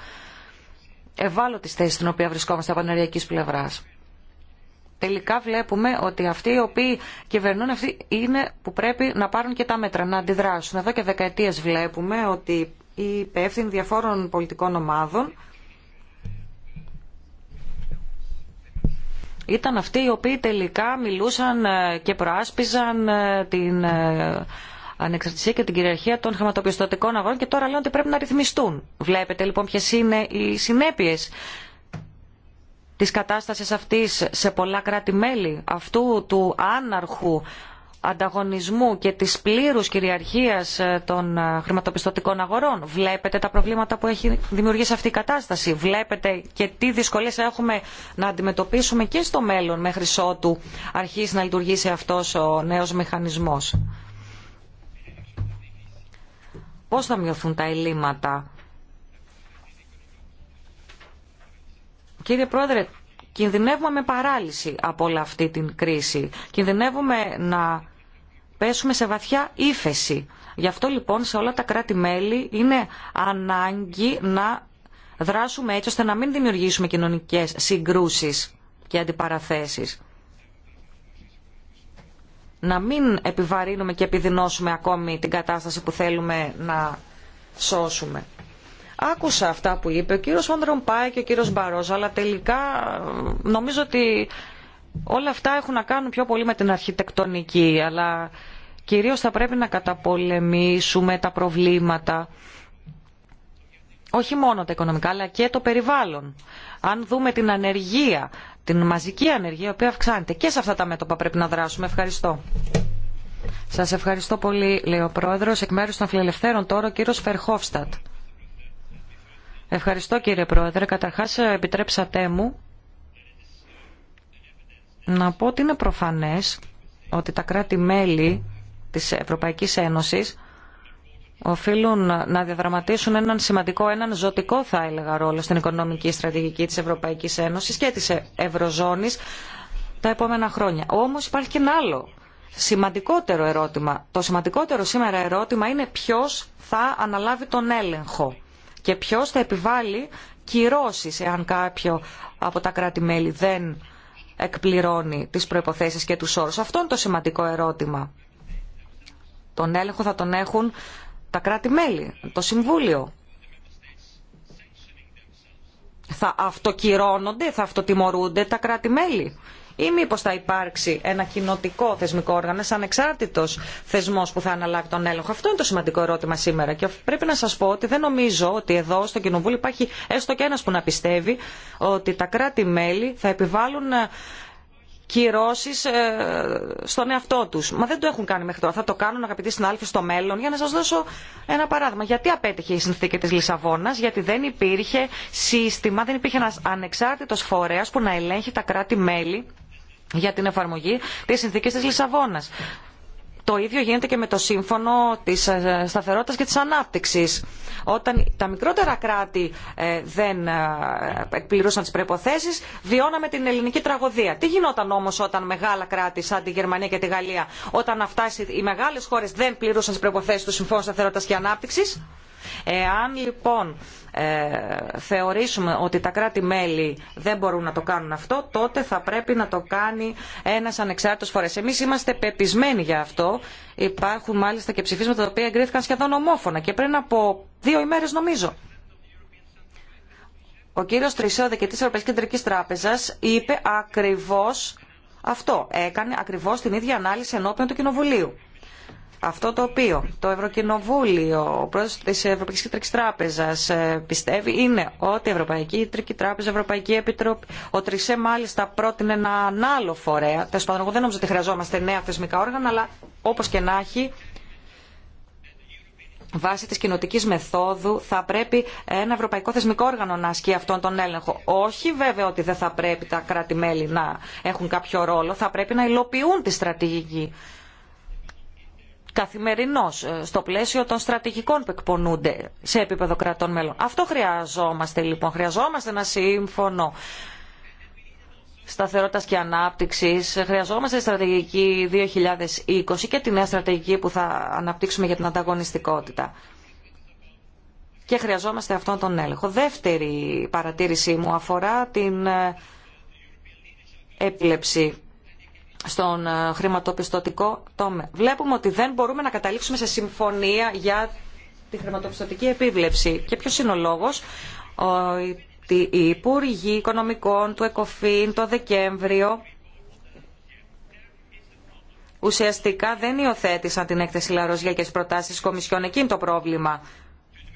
ευάλωτης θέσης στην οποία βρισκόμαστε από ενεργειακής πλευράς τελικά βλέπουμε ότι αυτοί οι οποίοι κυβερνούν αυτοί είναι που πρέπει να πάρουν και τα μέτρα, να αντιδράσουν. Εδώ και δεκαετίες βλέπουμε ότι οι υπεύθυνοι διαφόρων πολιτικών ομάδων ήταν αυτοί οι οποίοι τελικά μιλούσαν ε, και προάσπιζαν ε, την ε, ανεξαρτησία και την κυριαρχία των χρηματοπιστωτικών αγών και τώρα λένε ότι πρέπει να ρυθμιστούν. Βλέπετε λοιπόν ποιε είναι οι συνέπειες της κατάστασης αυτής σε πολλά κράτη-μέλη, αυτού του άναρχου ανταγωνισμού και της πλήρους κυριαρχίας ε, των ε, χρηματοπιστωτικών αγορών. Βλέπετε τα προβλήματα που έχει δημιουργήσει αυτή η κατάσταση. Βλέπετε και τι δυσκολίες έχουμε να αντιμετωπίσουμε και στο μέλλον μέχρι ότου αρχίσει να λειτουργήσει αυτός ο νέος μηχανισμός. Πώς θα μειωθούν τα ελλείμματα Κύριε Πρόεδρε, κινδυνεύουμε με παράλυση από όλη αυτή την κρίση. Κινδυνεύουμε να πέσουμε σε βαθιά ύφεση. Γι' αυτό λοιπόν σε όλα τα κράτη-μέλη είναι ανάγκη να δράσουμε έτσι ώστε να μην δημιουργήσουμε κοινωνικές συγκρούσεις και αντιπαραθέσεις. Να μην επιβαρύνουμε και επιδεινώσουμε ακόμη την κατάσταση που θέλουμε να σώσουμε. Άκουσα αυτά που είπε ο κύριος Φόνδρον Πάη και ο κύριος Μπαρόζα, αλλά τελικά ε, νομίζω ότι όλα αυτά έχουν να κάνουν πιο πολύ με την αρχιτεκτονική, αλλά κυρίως θα πρέπει να καταπολεμήσουμε τα προβλήματα όχι μόνο τα οικονομικά αλλά και το περιβάλλον. Αν δούμε την ανεργία, την μαζική ανεργία η οποία αυξάνεται και σε αυτά τα μέτωπα πρέπει να δράσουμε. Ευχαριστώ. Σας ευχαριστώ πολύ, λέει ο Πρόεδρος, εκ μέρους των Φιλελευθέρων τώρα ο κύριος Φερχόφστατ. Ευχαριστώ κύριε Πρόεδρε. Καταρχάς επιτρέψατε μου να πω ότι είναι προφανές ότι τα κράτη-μέλη της Ευρωπαϊκής Ένωσης οφείλουν να διαδραματίσουν έναν σημαντικό, έναν ζωτικό θα έλεγα ρόλο στην οικονομική στρατηγική της Ευρωπαϊκής Ένωσης και της Ευρωζώνης τα επόμενα χρόνια. Όμως υπάρχει και ένα άλλο σημαντικότερο ερώτημα. Το σημαντικότερο σήμερα ερώτημα είναι ποιος θα αναλάβει τον έλεγχο και ποιο θα επιβάλλει κυρώσεις εάν κάποιο από τα κράτη-μέλη δεν εκπληρώνει τις προϋποθέσεις και τους όρους. Αυτό είναι το σημαντικό ερώτημα. Τον έλεγχο θα τον έχουν τα κράτη-μέλη, το Συμβούλιο. Θα αυτοκυρώνονται, θα αυτοτιμωρούνται τα κράτη-μέλη ή μήπως θα υπάρξει ένα κοινοτικό θεσμικό όργανο, ένα ανεξάρτητος θεσμός που θα αναλάβει τον έλεγχο. Αυτό είναι το σημαντικό ερώτημα σήμερα και πρέπει να σα πω ότι δεν νομίζω ότι εδώ στο Κοινοβούλιο υπάρχει έστω και ένα που να πιστεύει ότι τα κράτη-μέλη θα επιβάλλουν ε, κυρώσεις ε, στον εαυτό του. Μα δεν το έχουν κάνει μέχρι τώρα. Θα το κάνουν αγαπητοί συνάδελφοι στο μέλλον. Για να σα δώσω ένα παράδειγμα. Γιατί απέτυχε η συνθήκη τη Λισαβόνα, Γιατί δεν υπήρχε σύστημα, δεν υπήρχε ένα ανεξάρτητο φορέα που να ελέγχει τα κράτη-μέλη για την εφαρμογή της συνθήκης της Λισαβόνας. Το ίδιο γίνεται και με το σύμφωνο της ε, σταθερότητας και της ανάπτυξης. Όταν τα μικρότερα κράτη ε, δεν ε, εκπληρούσαν τις προϋποθέσεις, βιώναμε την ελληνική τραγωδία. Τι γινόταν όμως όταν μεγάλα κράτη σαν τη Γερμανία και τη Γαλλία, όταν αυτά οι μεγάλες χώρες δεν πληρούσαν τις προϋποθέσεις του Συμφώνου Σταθερότητας και Ανάπτυξης, Εάν λοιπόν ε, θεωρήσουμε ότι τα κράτη-μέλη δεν μπορούν να το κάνουν αυτό, τότε θα πρέπει να το κάνει ένας ανεξάρτητος φορέας. Εμείς είμαστε πεπισμένοι για αυτό. Υπάρχουν μάλιστα και ψηφίσματα τα οποία εγκρίθηκαν σχεδόν ομόφωνα και πριν από δύο ημέρες νομίζω. Ο κύριος Τρισέο, Δεκαιτής Ευρωπαϊκής Κεντρικής Τράπεζας, είπε ακριβώς αυτό. Έκανε ακριβώς την ίδια ανάλυση ενώπιον του Κοινοβουλίου αυτό το οποίο το Ευρωκοινοβούλιο, ο πρόεδρος της Ευρωπαϊκής Κεντρικής Τράπεζας ε, πιστεύει είναι ότι η Ευρωπαϊκή Κεντρική Τράπεζα, η Ευρωπαϊκή Επιτροπή, ο Τρισέ μάλιστα πρότεινε έναν άλλο φορέα. Τέλος πάντων, εγώ δεν νομίζω ότι χρειαζόμαστε νέα θεσμικά όργανα, αλλά όπως και να έχει, βάσει της κοινοτική μεθόδου θα πρέπει ένα ευρωπαϊκό θεσμικό όργανο να ασκεί αυτόν τον έλεγχο. Όχι βέβαια ότι δεν θα πρέπει τα κράτη-μέλη να έχουν κάποιο ρόλο, θα πρέπει να υλοποιούν τη στρατηγική καθημερινώς ε, στο πλαίσιο των στρατηγικών που εκπονούνται σε επίπεδο κρατών μέλων. Αυτό χρειαζόμαστε λοιπόν. Χρειαζόμαστε ένα σύμφωνο σταθερότητα και ανάπτυξη. Χρειαζόμαστε στρατηγική 2020 και τη νέα στρατηγική που θα αναπτύξουμε για την ανταγωνιστικότητα. Και χρειαζόμαστε αυτόν τον έλεγχο. Δεύτερη παρατήρησή μου αφορά την ε, επίλεψη στον ε, χρηματοπιστωτικό τομέα. Βλέπουμε ότι δεν μπορούμε να καταλήξουμε σε συμφωνία για τη χρηματοπιστωτική επίβλεψη. Και ποιο είναι ο λόγο οι Υπουργοί Οικονομικών του ΕΚΟΦΗΝ το Δεκέμβριο ουσιαστικά δεν υιοθέτησαν την έκθεση Λαροζιά και τι προτάσεις της Κομισιόν. Εκείνη το πρόβλημα.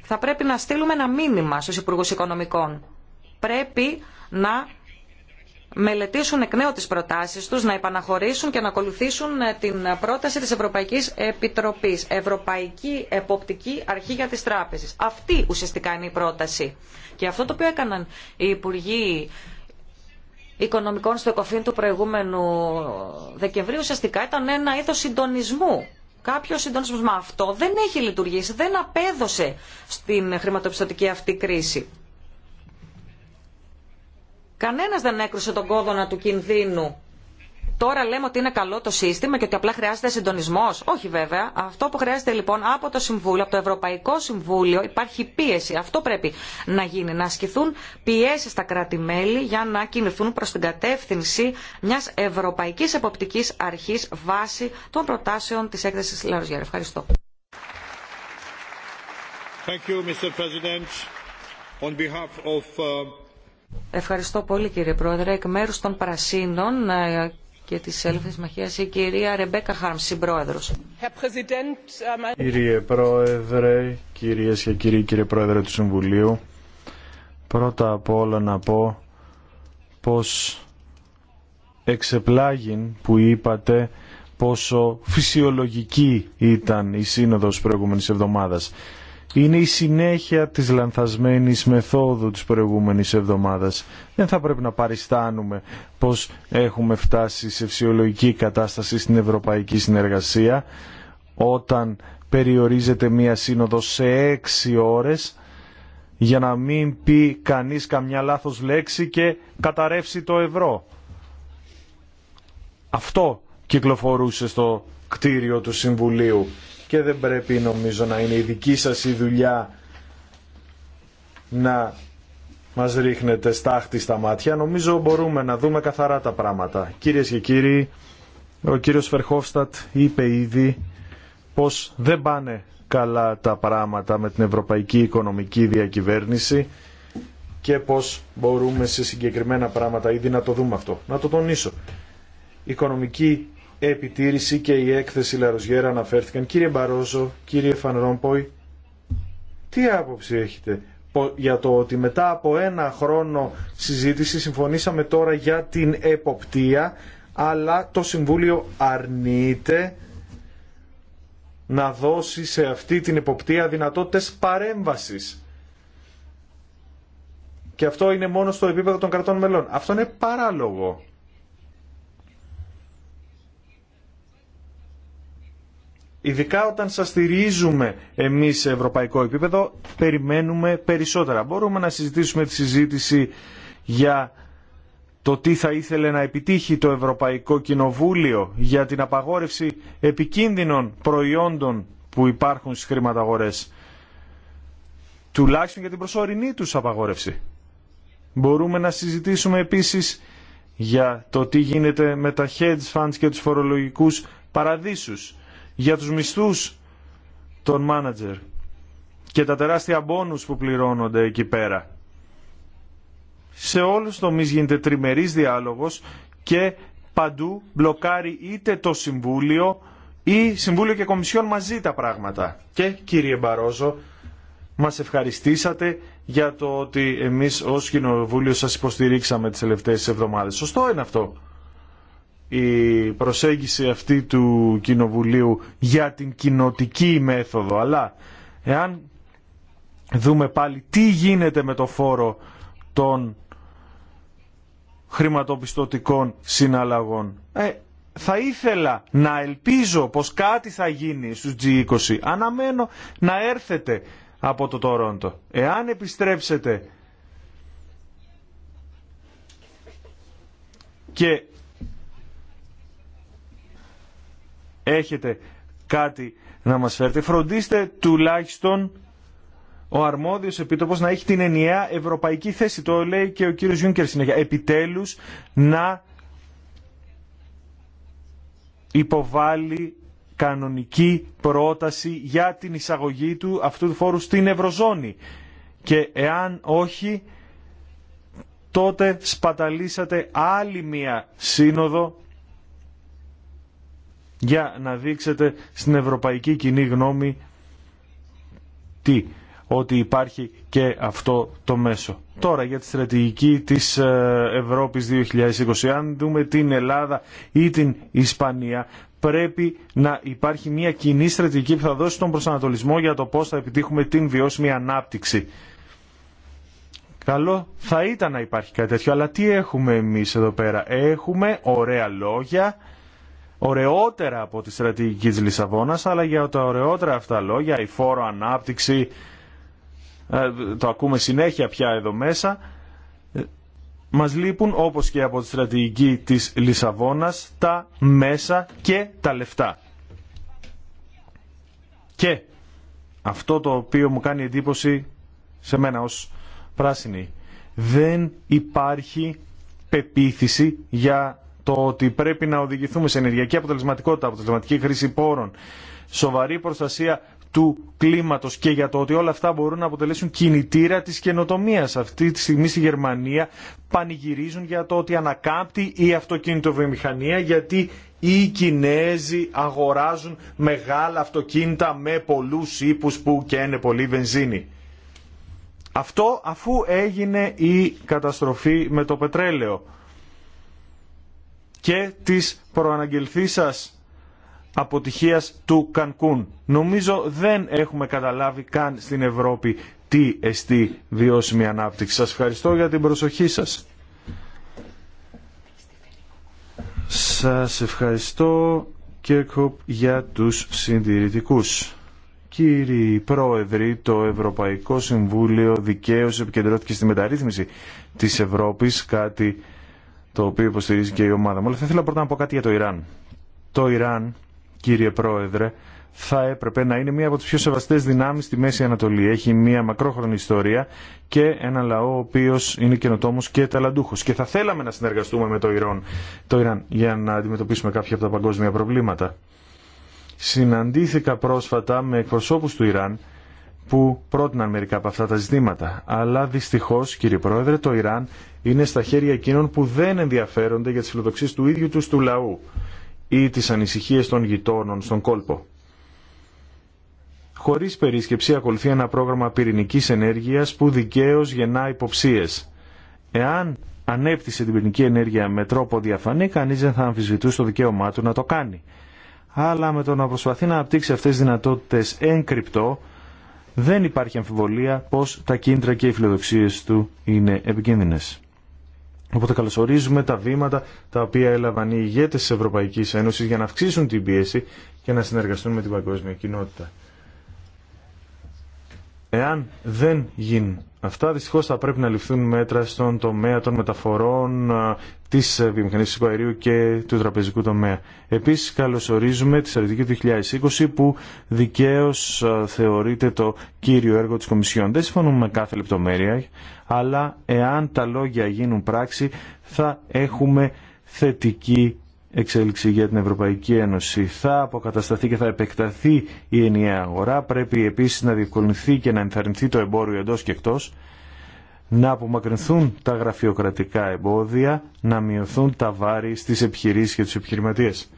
Θα πρέπει να στείλουμε ένα μήνυμα στους Υπουργούς Οικονομικών. Πρέπει να μελετήσουν εκ νέου τις προτάσεις τους, να επαναχωρήσουν και να ακολουθήσουν ε, την πρόταση της Ευρωπαϊκής Επιτροπής, Ευρωπαϊκή Εποπτική Αρχή για τις Τράπεζες. Αυτή ουσιαστικά είναι η πρόταση. Και αυτό το οποίο έκαναν οι Υπουργοί Οικονομικών στο ΕΚΟΦΗΝ του προηγούμενου Δεκεμβρίου ουσιαστικά ήταν ένα είδος συντονισμού κάποιο συντονισμό. Μα αυτό δεν έχει λειτουργήσει, δεν απέδωσε στην χρηματοπιστωτική αυτή κρίση. Κανένας δεν έκρουσε τον κόδωνα του κινδύνου. Τώρα λέμε ότι είναι καλό το σύστημα και ότι απλά χρειάζεται συντονισμό. Όχι βέβαια. Αυτό που χρειάζεται λοιπόν από το Συμβούλιο, από το Ευρωπαϊκό Συμβούλιο, υπάρχει πίεση. Αυτό πρέπει να γίνει. Να ασκηθούν πιέσει στα κράτη-μέλη για να κινηθούν προ την κατεύθυνση μια ευρωπαϊκή εποπτική αρχή βάσει των προτάσεων τη έκθεση Λαροζιέρα. Ευχαριστώ. Thank you, Mr. President. On behalf of, uh, Ευχαριστώ πολύ κύριε Πρόεδρε. Εκ μέρους των Πρασίνων ε, και της Ελεύθερης Μαχίας η κυρία Ρεμπέκα Χάρμ, συμπρόεδρος. Ähm, κύριε Πρόεδρε, κυρίες και κύριοι, κύριε Πρόεδρε του Συμβουλίου, πρώτα απ' όλα να πω πως εξεπλάγει που είπατε πόσο φυσιολογική ήταν η σύνοδος προηγούμενης εβδομάδας είναι η συνέχεια της λανθασμένης μεθόδου της προηγούμενης εβδομάδας. Δεν θα πρέπει να παριστάνουμε πως έχουμε φτάσει σε φυσιολογική κατάσταση στην ευρωπαϊκή συνεργασία όταν περιορίζεται μία σύνοδο σε έξι ώρες για να μην πει κανείς καμιά λάθος λέξη και καταρρεύσει το ευρώ. Αυτό κυκλοφορούσε στο κτίριο του Συμβουλίου και δεν πρέπει νομίζω να είναι η δική σας η δουλειά να μας ρίχνετε στάχτη στα μάτια. Νομίζω μπορούμε να δούμε καθαρά τα πράγματα. Κυρίε και κύριοι, ο κύριος Φερχόφστατ είπε ήδη πως δεν πάνε καλά τα πράγματα με την ευρωπαϊκή οικονομική διακυβέρνηση και πως μπορούμε σε συγκεκριμένα πράγματα ήδη να το δούμε αυτό. Να το τονίσω. Οικονομική επιτήρηση και η έκθεση Λαροζιέρα αναφέρθηκαν. Κύριε Μπαρόζο, κύριε Φανρόμποη, τι άποψη έχετε για το ότι μετά από ένα χρόνο συζήτηση συμφωνήσαμε τώρα για την εποπτεία, αλλά το Συμβούλιο αρνείται να δώσει σε αυτή την εποπτεία δυνατότητες παρέμβασης. Και αυτό είναι μόνο στο επίπεδο των κρατών μελών. Αυτό είναι παράλογο. Ειδικά όταν σας στηρίζουμε εμείς σε ευρωπαϊκό επίπεδο, περιμένουμε περισσότερα. Μπορούμε να συζητήσουμε τη συζήτηση για το τι θα ήθελε να επιτύχει το Ευρωπαϊκό Κοινοβούλιο για την απαγόρευση επικίνδυνων προϊόντων που υπάρχουν στις χρηματαγορές. Τουλάχιστον για την προσωρινή τους απαγόρευση. Μπορούμε να συζητήσουμε επίσης για το τι γίνεται με τα hedge funds και τους φορολογικούς παραδείσους για τους μισθούς των μάνατζερ και τα τεράστια μπόνους που πληρώνονται εκεί πέρα. Σε όλους τους τομείς γίνεται τριμερής διάλογος και παντού μπλοκάρει είτε το Συμβούλιο ή Συμβούλιο και Κομισιόν μαζί τα πράγματα. Και κύριε Μπαρόζο, μας ευχαριστήσατε για το ότι εμείς ως Κοινοβούλιο σας υποστηρίξαμε τις τελευταίες εβδομάδες. Σωστό είναι αυτό η προσέγγιση αυτή του Κοινοβουλίου για την κοινοτική μέθοδο. Αλλά εάν δούμε πάλι τι γίνεται με το φόρο των χρηματοπιστωτικών συναλλαγών. Ε, θα ήθελα να ελπίζω πως κάτι θα γίνει στους G20. Αναμένω να έρθετε από το Τορόντο. Εάν επιστρέψετε και έχετε κάτι να μας φέρετε, φροντίστε τουλάχιστον ο αρμόδιος επίτροπος να έχει την ενιαία ευρωπαϊκή θέση. Το λέει και ο κύριος Γιούνκερ συνέχεια. Επιτέλους να υποβάλει κανονική πρόταση για την εισαγωγή του αυτού του φόρου στην Ευρωζώνη. Και εάν όχι, τότε σπαταλήσατε άλλη μία σύνοδο για να δείξετε στην ευρωπαϊκή κοινή γνώμη τι, ότι υπάρχει και αυτό το μέσο. Τώρα για τη στρατηγική της ε, Ευρώπης 2020, αν δούμε την Ελλάδα ή την Ισπανία, πρέπει να υπάρχει μια κοινή στρατηγική που θα δώσει τον προσανατολισμό για το πώς θα επιτύχουμε την βιώσιμη ανάπτυξη. Καλό θα ήταν να υπάρχει κάτι τέτοιο, αλλά τι έχουμε εμείς εδώ πέρα. Έχουμε ωραία λόγια, ωραιότερα από τη στρατηγική της Λισαβόνας, αλλά για τα ωραιότερα αυτά λόγια, η φόρο ανάπτυξη, ε, το ακούμε συνέχεια πια εδώ μέσα, ε, μας λείπουν όπως και από τη στρατηγική της Λισαβόνας τα μέσα και τα λεφτά. Και αυτό το οποίο μου κάνει εντύπωση σε μένα ως πράσινη, δεν υπάρχει πεποίθηση για το ότι πρέπει να οδηγηθούμε σε ενεργειακή αποτελεσματικότητα, αποτελεσματική χρήση πόρων, σοβαρή προστασία του κλίματος και για το ότι όλα αυτά μπορούν να αποτελέσουν κινητήρα της καινοτομία. Αυτή τη στιγμή στη Γερμανία πανηγυρίζουν για το ότι ανακάμπτει η αυτοκίνητο αυτοκινητοβιομηχανία γιατί οι Κινέζοι αγοράζουν μεγάλα αυτοκίνητα με πολλούς ύπους που καίνε πολύ βενζίνη. Αυτό αφού έγινε η καταστροφή με το πετρέλαιο και της προαναγγελθήσας αποτυχίας του Κανκούν. Νομίζω δεν έχουμε καταλάβει καν στην Ευρώπη τι εστί βιώσιμη ανάπτυξη. Σας ευχαριστώ για την προσοχή σας. Σας ευχαριστώ Κέρκοπ για τους συντηρητικούς. Κύριοι Πρόεδροι, το Ευρωπαϊκό Συμβούλιο δικαίως επικεντρώθηκε στη μεταρρύθμιση της Ευρώπης, κάτι το οποίο υποστηρίζει και η ομάδα μου. Αλλά θα ήθελα πρώτα να πω κάτι για το Ιράν. Το Ιράν, κύριε Πρόεδρε, θα έπρεπε να είναι μία από τι πιο σεβαστέ δυνάμει στη Μέση Ανατολή. Έχει μία μακρόχρονη ιστορία και ένα λαό ο οποίο είναι καινοτόμο και ταλαντούχος. Και θα θέλαμε να συνεργαστούμε με το Ιράν, το Ιράν για να αντιμετωπίσουμε κάποια από τα παγκόσμια προβλήματα. Συναντήθηκα πρόσφατα με εκπροσώπους του Ιράν που πρότειναν μερικά από αυτά τα ζητήματα. Αλλά δυστυχώ, κύριε Πρόεδρε, το Ιράν είναι στα χέρια εκείνων που δεν ενδιαφέρονται για τι φιλοδοξίε του ίδιου τους του λαού ή τι ανησυχίε των γειτόνων στον κόλπο. Χωρί περίσκεψη ακολουθεί ένα πρόγραμμα πυρηνική ενέργεια που δικαίω γεννά υποψίε. Εάν ανέπτυσε την πυρηνική ενέργεια με τρόπο διαφανή, κανεί δεν θα αμφισβητούσε το δικαίωμά του να το κάνει. Αλλά με το να προσπαθεί να απτύξει αυτέ τι δυνατότητε έγκρυπτο, δεν υπάρχει αμφιβολία πως τα κίνητρα και οι φιλοδοξίες του είναι επικίνδυνες. Οπότε καλωσορίζουμε τα βήματα τα οποία έλαβαν οι ηγέτες της Ευρωπαϊκής Ένωσης για να αυξήσουν την πίεση και να συνεργαστούν με την παγκόσμια κοινότητα. Εάν δεν γίνουν αυτά, δυστυχώ θα πρέπει να ληφθούν μέτρα στον τομέα των μεταφορών της ε, βιομηχανίας του αερίου και του τραπεζικού τομέα. Επίση, καλωσορίζουμε τη στρατηγική του 2020 που δικαίω θεωρείται το κύριο έργο τη Κομισιόν. Δεν συμφωνούμε με κάθε λεπτομέρεια, αλλά εάν τα λόγια γίνουν πράξη θα έχουμε θετική εξέλιξη για την Ευρωπαϊκή Ένωση. Θα αποκατασταθεί και θα επεκταθεί η ενιαία αγορά. Πρέπει επίσης να διευκολυνθεί και να ενθαρρυνθεί το εμπόριο εντός και εκτός, να απομακρυνθούν τα γραφειοκρατικά εμπόδια, να μειωθούν τα βάρη στις επιχειρήσεις και τους επιχειρηματίες.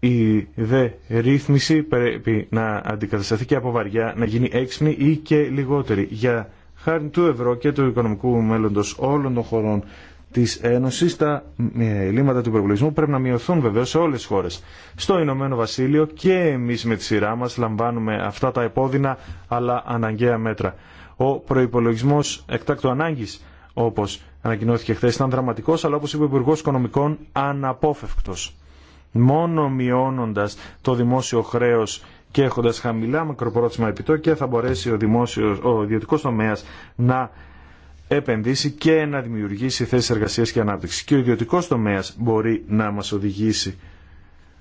Η δε ρύθμιση πρέπει να αντικατασταθεί και από βαριά, να γίνει έξυπνη ή και λιγότερη. Για χάρη του ευρώ και του οικονομικού μέλλοντος όλων των χωρών Τη Ένωση. τα ε, ελλείμματα του υπερβολισμού πρέπει να μειωθούν βεβαίω σε όλε τις χώρες. Στο Ηνωμένο Βασίλειο και εμεί με τη σειρά μα λαμβάνουμε αυτά τα επώδυνα αλλά αναγκαία μέτρα. Ο προπολογισμό, εκτάκτου ανάγκη, όπω ανακοινώθηκε χθε ήταν δραματικό, αλλά όπω είπε ο Υπουργό Οικονομικών αναπόφευκτος. Μόνο μειώνοντα το δημόσιο χρέο και έχοντα χαμηλά μακροπρόθεσμα επιτόκια θα μπορέσει ο, δημόσιος, ο ιδιωτικό τομέα να επενδύσει και να δημιουργήσει θέσεις εργασίας και ανάπτυξη. Και ο ιδιωτικός τομέας μπορεί να μας οδηγήσει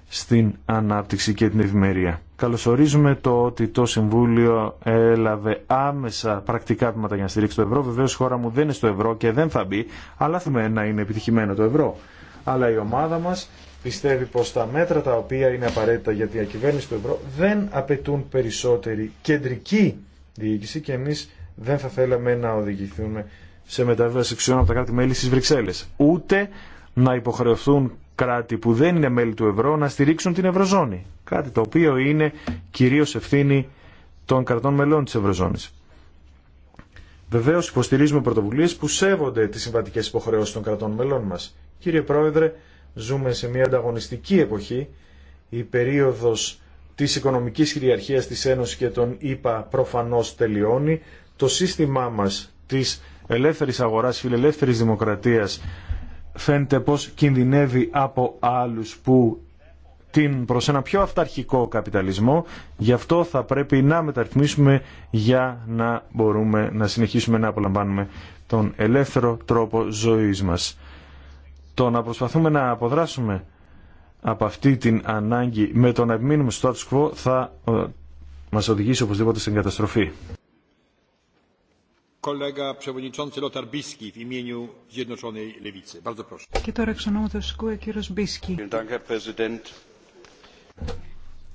στην ανάπτυξη και την ευημερία. Καλωσορίζουμε το ότι το Συμβούλιο έλαβε άμεσα πρακτικά βήματα για να στηρίξει το ευρώ. Βεβαίως η χώρα μου δεν είναι στο ευρώ και δεν θα μπει, αλλά θέλουμε να είναι επιτυχημένο το ευρώ. Αλλά η ομάδα μας πιστεύει πως τα μέτρα τα οποία είναι απαραίτητα για τη διακυβέρνηση του ευρώ δεν απαιτούν περισσότερη κεντρική διοίκηση και εμείς δεν θα θέλαμε να οδηγηθούμε σε μεταβίβαση εξουσιών από τα κράτη-μέλη στι Βρυξέλλε. Ούτε να υποχρεωθούν κράτη που δεν είναι μέλη του ευρώ να στηρίξουν την Ευρωζώνη. Κάτι το οποίο είναι κυρίω ευθύνη των κρατών μελών τη Ευρωζώνη. Βεβαίω υποστηρίζουμε πρωτοβουλίε που σέβονται τι συμβατικέ υποχρεώσει των κρατών μελών μα. Κύριε Πρόεδρε, ζούμε σε μια ανταγωνιστική εποχή. Η περίοδο τη οικονομική κυριαρχία τη Ένωση και των ΗΠΑ προφανώ τελειώνει το σύστημά μας της ελεύθερης αγοράς, φιλελεύθερης δημοκρατίας φαίνεται πως κινδυνεύει από άλλους που την προς ένα πιο αυταρχικό καπιταλισμό. Γι' αυτό θα πρέπει να μεταρρυθμίσουμε για να μπορούμε να συνεχίσουμε να απολαμβάνουμε τον ελεύθερο τρόπο ζωής μας. Το να προσπαθούμε να αποδράσουμε από αυτή την ανάγκη με το να επιμείνουμε στο status θα ε, μας οδηγήσει οπωσδήποτε στην καταστροφή.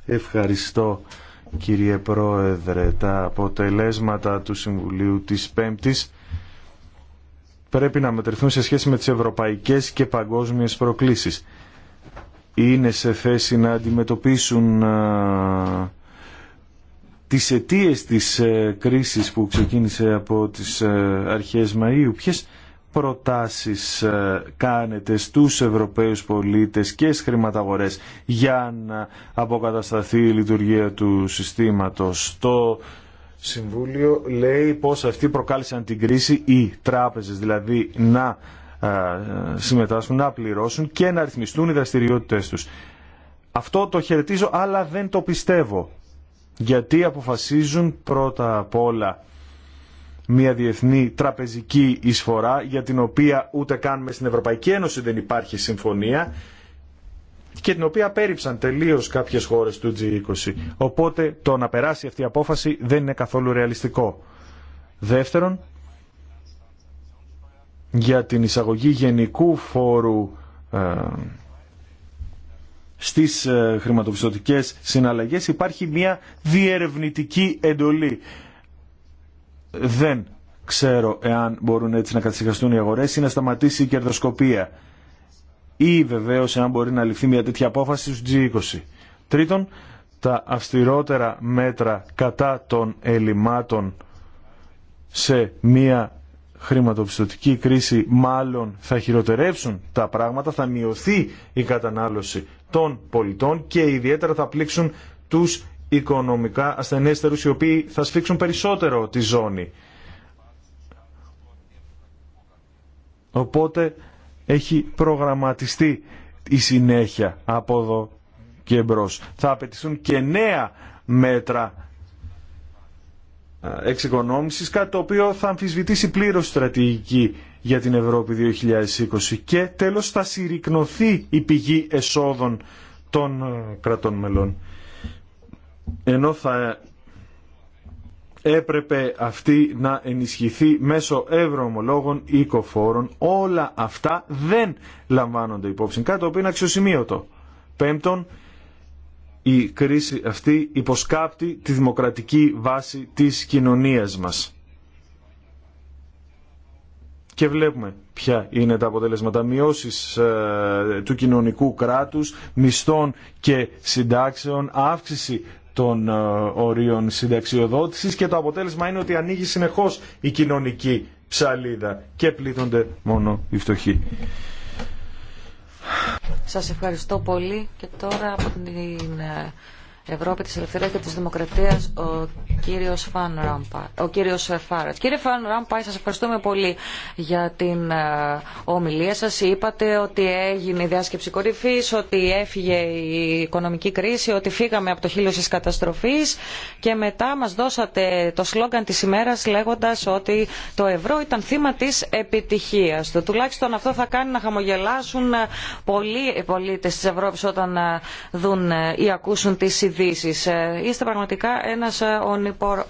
Ευχαριστώ κύριε Πρόεδρε. Τα αποτελέσματα του Συμβουλίου της Πέμπτης πρέπει να μετρηθούν σε σχέση με τις ευρωπαϊκές και παγκόσμιες προκλήσεις. Είναι σε θέση να αντιμετωπίσουν τις αιτίες της ε, κρίσης που ξεκίνησε από τις ε, αρχές Μαΐου. Ποιες προτάσεις ε, κάνετε στους Ευρωπαίους πολίτες και στις χρηματαγορές για να αποκατασταθεί η λειτουργία του συστήματος. Το Συμβούλιο λέει πως αυτοί προκάλεσαν την κρίση οι τράπεζες, δηλαδή να συμμετάσχουν, να πληρώσουν και να ρυθμιστούν οι δραστηριότητες τους. Αυτό το χαιρετίζω αλλά δεν το πιστεύω γιατί αποφασίζουν πρώτα απ' όλα μια διεθνή τραπεζική εισφορά για την οποία ούτε καν με στην Ευρωπαϊκή Ένωση δεν υπάρχει συμφωνία και την οποία πέριψαν τελείως κάποιες χώρες του G20. Οπότε το να περάσει αυτή η απόφαση δεν είναι καθόλου ρεαλιστικό. Δεύτερον, για την εισαγωγή γενικού φόρου ε, στις ε, χρηματοπιστωτικές συναλλαγές υπάρχει μια διερευνητική εντολή. Δεν ξέρω εάν μπορούν έτσι να καθυσυχαστούν οι αγορές ή να σταματήσει η κερδοσκοπία ή βεβαίω εάν μπορεί να ληφθεί μια τέτοια απόφαση στους G20. Τρίτον, τα αυστηρότερα μέτρα κατά των ελλημάτων σε μια χρηματοπιστωτική κρίση μάλλον θα χειροτερεύσουν τα πράγματα, θα μειωθεί η κατανάλωση των πολιτών και ιδιαίτερα θα πλήξουν τους οικονομικά ασθενέστερους οι οποίοι θα σφίξουν περισσότερο τη ζώνη. Οπότε έχει προγραμματιστεί η συνέχεια από εδώ και μπρος. Θα απαιτηθούν και νέα μέτρα εξοικονόμησης, κάτι το οποίο θα αμφισβητήσει πλήρως στρατηγική για την Ευρώπη 2020 και τέλος θα συρρυκνωθεί η πηγή εσόδων των ε, κρατών μελών. Ενώ θα έπρεπε αυτή να ενισχυθεί μέσω ευρωομολόγων ή κοφόρων, όλα αυτά δεν λαμβάνονται υπόψη. Κάτι το οποίο είναι αξιοσημείωτο. Πέμπτον, η κρίση αυτή υποσκάπτει τη δημοκρατική βάση της κοινωνίας μας. Και βλέπουμε ποια είναι τα αποτελέσματα μειώσεις ε, του κοινωνικού κράτους, μισθών και συντάξεων, αύξηση των ε, ορίων συνταξιοδότησης και το αποτέλεσμα είναι ότι ανοίγει συνεχώς η κοινωνική ψαλίδα και πλήττονται μόνο οι φτωχοί. Σας ευχαριστώ πολύ και τώρα από την ε, Ευρώπη της Ελευθερίας και της Δημοκρατίας ο κύριος Φαν Ράμπα, ο κύριος Κύριε Φαν Ράμπα, σας ευχαριστούμε πολύ για την ε, ομιλία σας. Είπατε ότι έγινε η διάσκεψη κορυφής, ότι έφυγε η οικονομική κρίση, ότι φύγαμε από το χείλος της καταστροφής και μετά μας δώσατε το σλόγγαν της ημέρας λέγοντας ότι το ευρώ ήταν θύμα της επιτυχίας του. Τουλάχιστον αυτό θα κάνει να χαμογελάσουν ε, πολλοί ε, πολίτες της Ευρώπης όταν δουν ή ακούσουν τις ε, είστε πραγματικά ένας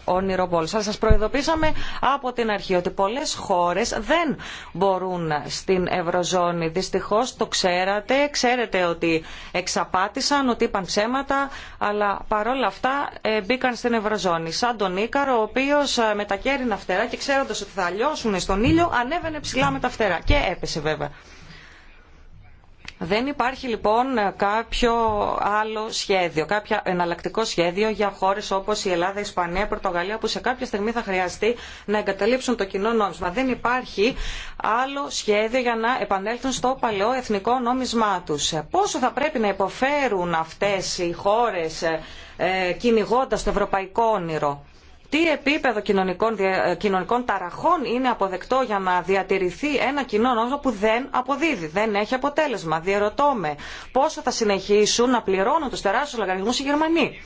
όνειρομπόλος. Ε, σας προειδοποίησαμε από την αρχή ότι πολλές χώρες δεν μπορούν στην Ευρωζώνη. Δυστυχώς το ξέρατε, ξέρετε ότι εξαπάτησαν, ότι είπαν ψέματα, αλλά παρόλα αυτά ε, μπήκαν στην Ευρωζώνη. Σαν τον Ίκαρο, ο οποίος με τα κέρινα φτερά και ξέροντας ότι θα αλλιώσουν στον ήλιο, ανέβαινε ψηλά με τα φτερά. Και έπεσε βέβαια. Δεν υπάρχει λοιπόν κάποιο άλλο σχέδιο, κάποιο εναλλακτικό σχέδιο για χώρες όπως η Ελλάδα, η Ισπανία, η Πορτογαλία που σε κάποια στιγμή θα χρειαστεί να εγκαταλείψουν το κοινό νόμισμα. Δεν υπάρχει άλλο σχέδιο για να επανέλθουν στο παλαιό εθνικό νόμισμά τους. Πόσο θα πρέπει να υποφέρουν αυτές οι χώρες ε, κυνηγώντα το ευρωπαϊκό όνειρο τι επίπεδο ε, κοινωνικών, ταραχών είναι αποδεκτό για να διατηρηθεί ένα κοινό νόμισμα που δεν αποδίδει, δεν έχει αποτέλεσμα. Διερωτώ με πόσο θα συνεχίσουν να πληρώνουν του τεράστιου λογαριασμού οι Γερμανοί.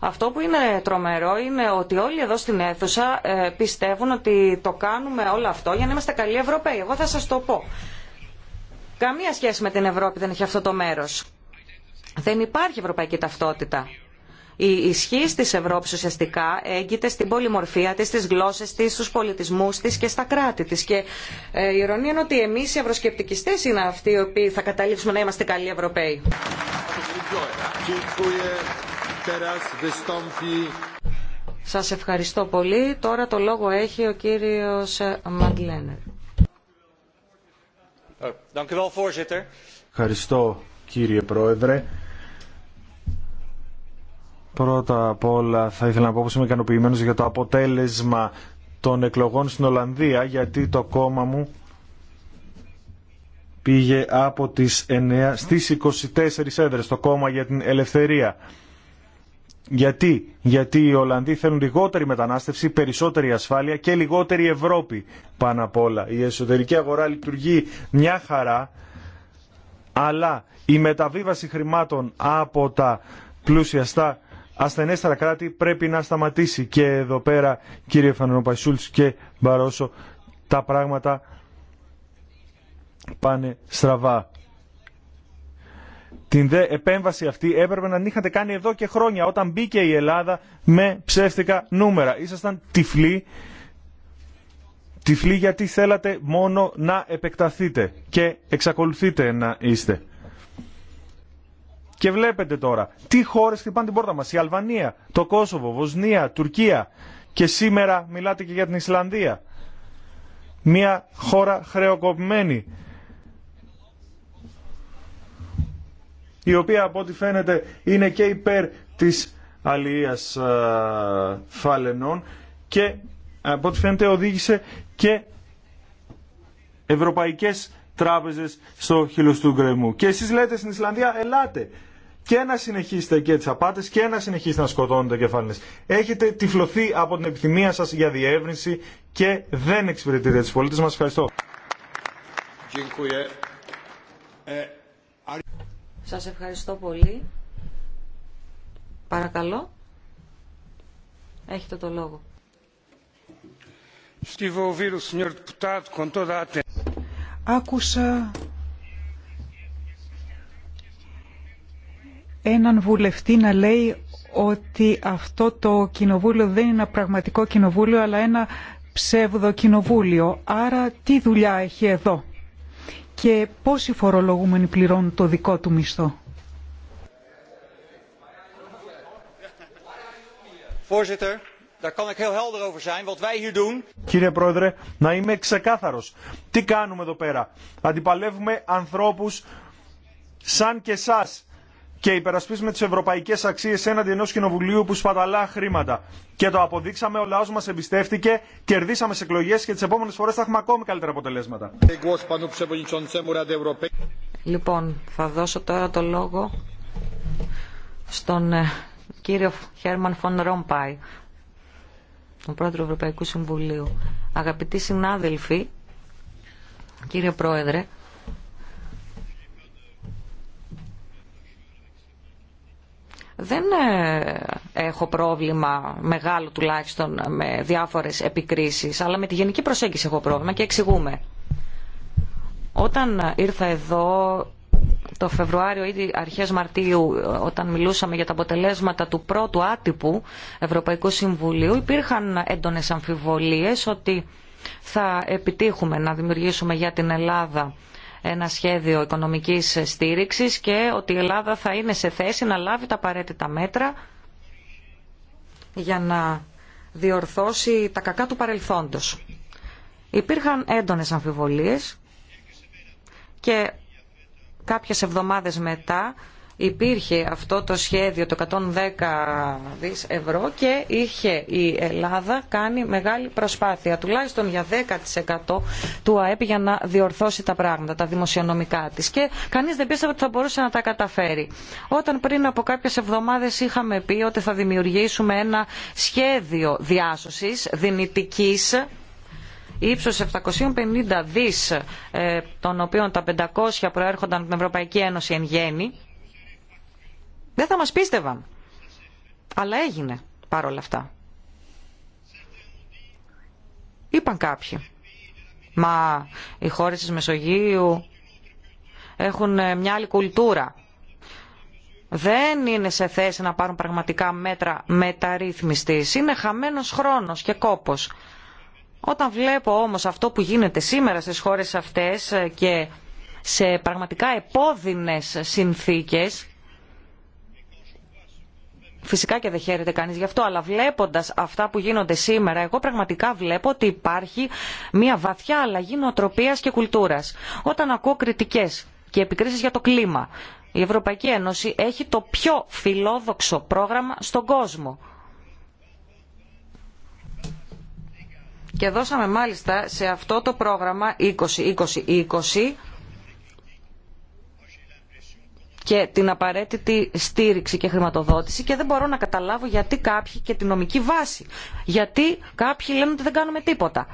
Αυτό που είναι τρομερό είναι ότι όλοι εδώ στην αίθουσα ε, πιστεύουν ότι το κάνουμε όλο αυτό για να είμαστε καλοί Ευρωπαίοι. Εγώ θα σας το πω. Καμία σχέση με την Ευρώπη δεν έχει αυτό το μέρος. Δεν υπάρχει ευρωπαϊκή ταυτότητα η ισχύ της Ευρώπη ουσιαστικά έγκυται στην πολυμορφία της, στι γλώσσε της, στου πολιτισμούς της και στα κράτη της. Και ε, η ειρωνία είναι ότι εμείς οι ευρωσκεπτικιστέ είναι αυτοί οι οποίοι θα καταλήξουμε να είμαστε καλοί Ευρωπαίοι. Σα ευχαριστώ πολύ. Τώρα το λόγο έχει ο κύριο ε, Μαντλένερ. Ε, ευχαριστώ κύριε Πρόεδρε. Πρώτα απ' όλα θα ήθελα να πω πως είμαι ικανοποιημένος για το αποτέλεσμα των εκλογών στην Ολλανδία γιατί το κόμμα μου πήγε από τις 9 στις 24 έδρες το κόμμα για την ελευθερία. Γιατί, γιατί οι Ολλανδοί θέλουν λιγότερη μετανάστευση, περισσότερη ασφάλεια και λιγότερη Ευρώπη πάνω απ' όλα. Η εσωτερική αγορά λειτουργεί μια χαρά, αλλά η μεταβίβαση χρημάτων από τα πλούσια ασθενέστερα κράτη πρέπει να σταματήσει. Και εδώ πέρα κύριε Φανεροπαϊσούλτς και Μπαρόσο τα πράγματα πάνε στραβά. Την δε επέμβαση αυτή έπρεπε να την είχατε κάνει εδώ και χρόνια όταν μπήκε η Ελλάδα με ψεύτικα νούμερα. Ήσασταν τυφλοί, τυφλοί γιατί θέλατε μόνο να επεκταθείτε και εξακολουθείτε να είστε. Και βλέπετε τώρα τι χώρε χτυπάνε την πόρτα μα. Η Αλβανία, το Κόσοβο, Βοσνία, Τουρκία. Και σήμερα μιλάτε και για την Ισλανδία. Μια χώρα χρεοκοπημένη. Η οποία από ό,τι φαίνεται είναι και υπέρ της αλληλείας φαλενών. και από ό,τι φαίνεται οδήγησε και ευρωπαϊκές τράπεζες στο χείλος του γκρεμού. Και εσείς λέτε στην Ισλανδία ελάτε και να συνεχίσετε και τι απάτε και να συνεχίσετε να σκοτώνετε κεφάλαιε. Έχετε τυφλωθεί από την επιθυμία σας για διεύρυνση και δεν εξυπηρετείτε τις πολίτε μας. Ευχαριστώ. Ε, σας ευχαριστώ πολύ. Παρακαλώ. Έχετε το λόγο. Άκουσα έναν βουλευτή να λέει ότι αυτό το κοινοβούλιο δεν είναι ένα πραγματικό κοινοβούλιο αλλά ένα ψεύδο κοινοβούλιο. Άρα τι δουλειά έχει εδώ και πόσοι φορολογούμενοι πληρώνουν το δικό του μισθό. Κύριε Πρόεδρε, να είμαι ξεκάθαρος. Τι κάνουμε εδώ πέρα. Αντιπαλεύουμε ανθρώπους σαν και εσάς και υπερασπίσουμε τι ευρωπαϊκέ αξίε έναντι ενό κοινοβουλίου που σπαταλά χρήματα. Και το αποδείξαμε, ο λαό μα εμπιστεύτηκε, κερδίσαμε σε εκλογέ και τι επόμενε φορέ θα έχουμε ακόμη καλύτερα αποτελέσματα. Λοιπόν, θα δώσω τώρα το λόγο στον ε, κύριο Χέρμαν Φον Ρόμπαϊ, τον πρόεδρο Ευρωπαϊκού Συμβουλίου. Αγαπητοί συνάδελφοι, κύριε Πρόεδρε, δεν ε, έχω πρόβλημα μεγάλο τουλάχιστον με διάφορες επικρίσεις, αλλά με τη γενική προσέγγιση έχω πρόβλημα και εξηγούμε. Όταν ήρθα εδώ το Φεβρουάριο ή αρχές Μαρτίου, όταν μιλούσαμε για τα αποτελέσματα του πρώτου άτυπου Ευρωπαϊκού Συμβουλίου, υπήρχαν έντονες αμφιβολίες ότι θα επιτύχουμε να δημιουργήσουμε για την Ελλάδα ένα σχέδιο οικονομικής στήριξης και ότι η Ελλάδα θα είναι σε θέση να λάβει τα απαραίτητα μέτρα για να διορθώσει τα κακά του παρελθόντος. Υπήρχαν έντονες αμφιβολίες και κάποιες εβδομάδες μετά υπήρχε αυτό το σχέδιο το 110 δις ευρώ και είχε η Ελλάδα κάνει μεγάλη προσπάθεια τουλάχιστον για 10% του ΑΕΠ για να διορθώσει τα πράγματα, τα δημοσιονομικά της και κανείς δεν πίστευε ότι θα μπορούσε να τα καταφέρει. Όταν πριν από κάποιες εβδομάδες είχαμε πει ότι θα δημιουργήσουμε ένα σχέδιο διάσωσης δυνητικής ύψος 750 δις, ε, των οποίων τα 500 προέρχονταν από την Ευρωπαϊκή Ένωση εν γέννη, δεν θα μας πίστευαν. Αλλά έγινε παρόλα αυτά. Είπαν κάποιοι. Μα οι χώρες της Μεσογείου έχουν ε, μια άλλη κουλτούρα. Δεν είναι σε θέση να πάρουν πραγματικά μέτρα μεταρρύθμιστης. Είναι χαμένος χρόνος και κόπος. Όταν βλέπω όμως αυτό που γίνεται σήμερα στις χώρες αυτές ε, και σε πραγματικά επώδυνες συνθήκες, Φυσικά και δεν χαίρεται κανείς γι' αυτό, αλλά βλέποντας αυτά που γίνονται σήμερα, εγώ πραγματικά βλέπω ότι υπάρχει μια βαθιά αλλαγή νοοτροπίας και κουλτούρας. Όταν ακούω κριτικές και επικρίσεις για το κλίμα, η Ευρωπαϊκή Ένωση έχει το πιο φιλόδοξο πρόγραμμα στον κόσμο. Και δώσαμε μάλιστα σε αυτό το πρόγραμμα 20-20-20 και την απαραίτητη στήριξη και χρηματοδότηση και δεν μπορώ να καταλάβω γιατί κάποιοι και τη νομική βάση. Γιατί κάποιοι λένε ότι δεν κάνουμε τίποτα.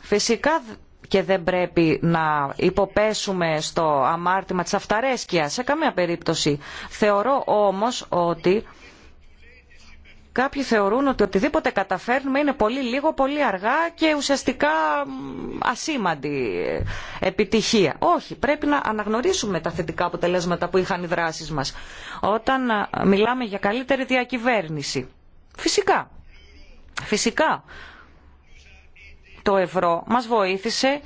Φυσικά και δεν πρέπει να υποπέσουμε στο αμάρτημα της αυταρέσκειας σε καμία περίπτωση. Θεωρώ όμως ότι Κάποιοι θεωρούν ότι οτιδήποτε καταφέρνουμε είναι πολύ λίγο, πολύ αργά και ουσιαστικά ασήμαντη ε, επιτυχία. Όχι, πρέπει να αναγνωρίσουμε τα θετικά αποτελέσματα που είχαν οι δράσεις μας. Όταν ε, μιλάμε για καλύτερη διακυβέρνηση. Φυσικά. Φυσικά. Το ευρώ μας βοήθησε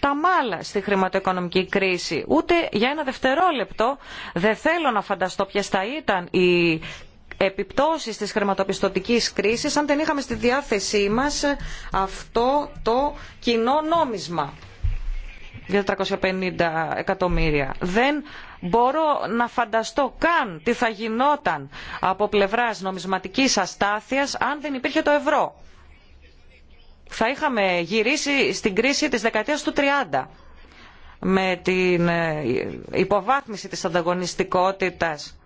τα μάλα στη χρηματοοικονομική κρίση. Ούτε για ένα δευτερόλεπτο δεν θέλω να φανταστώ ποιε θα ήταν οι επιπτώσεις της χρηματοπιστωτικής κρίσης αν δεν είχαμε στη διάθεσή μας αυτό το κοινό νόμισμα για 350 εκατομμύρια. Δεν μπορώ να φανταστώ καν τι θα γινόταν από πλευράς νομισματικής αστάθειας αν δεν υπήρχε το ευρώ. Θα είχαμε γυρίσει στην κρίση της δεκαετίας του 30 με την ε, υποβάθμιση της ανταγωνιστικότητας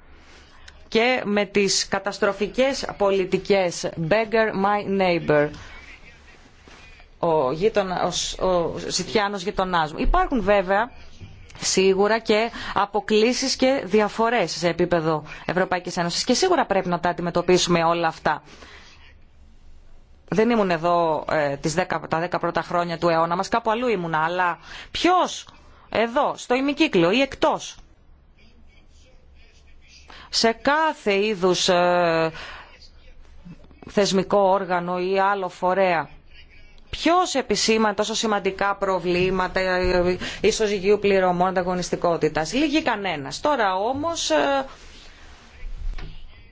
και με τις καταστροφικές πολιτικές beggar my neighbor ο, γείτονα, ο, Σιτιάνος γειτονάς μου. Υπάρχουν βέβαια σίγουρα και αποκλήσεις και διαφορές σε επίπεδο Ευρωπαϊκής Ένωσης και σίγουρα πρέπει να τα αντιμετωπίσουμε όλα αυτά. Δεν ήμουν εδώ ε, τις 10, τα δέκα πρώτα χρόνια του αιώνα μας, κάπου αλλού ήμουνα, αλλά ποιος εδώ, στο ημικύκλιο ή εκτός σε κάθε είδους ε, θεσμικό όργανο ή άλλο φορέα. Ποιος επισήμανε τόσο σημαντικά προβλήματα ε, ισοζυγίου πληρωμών ανταγωνιστικότητας. Λίγοι κανένας. Τώρα όμως ε,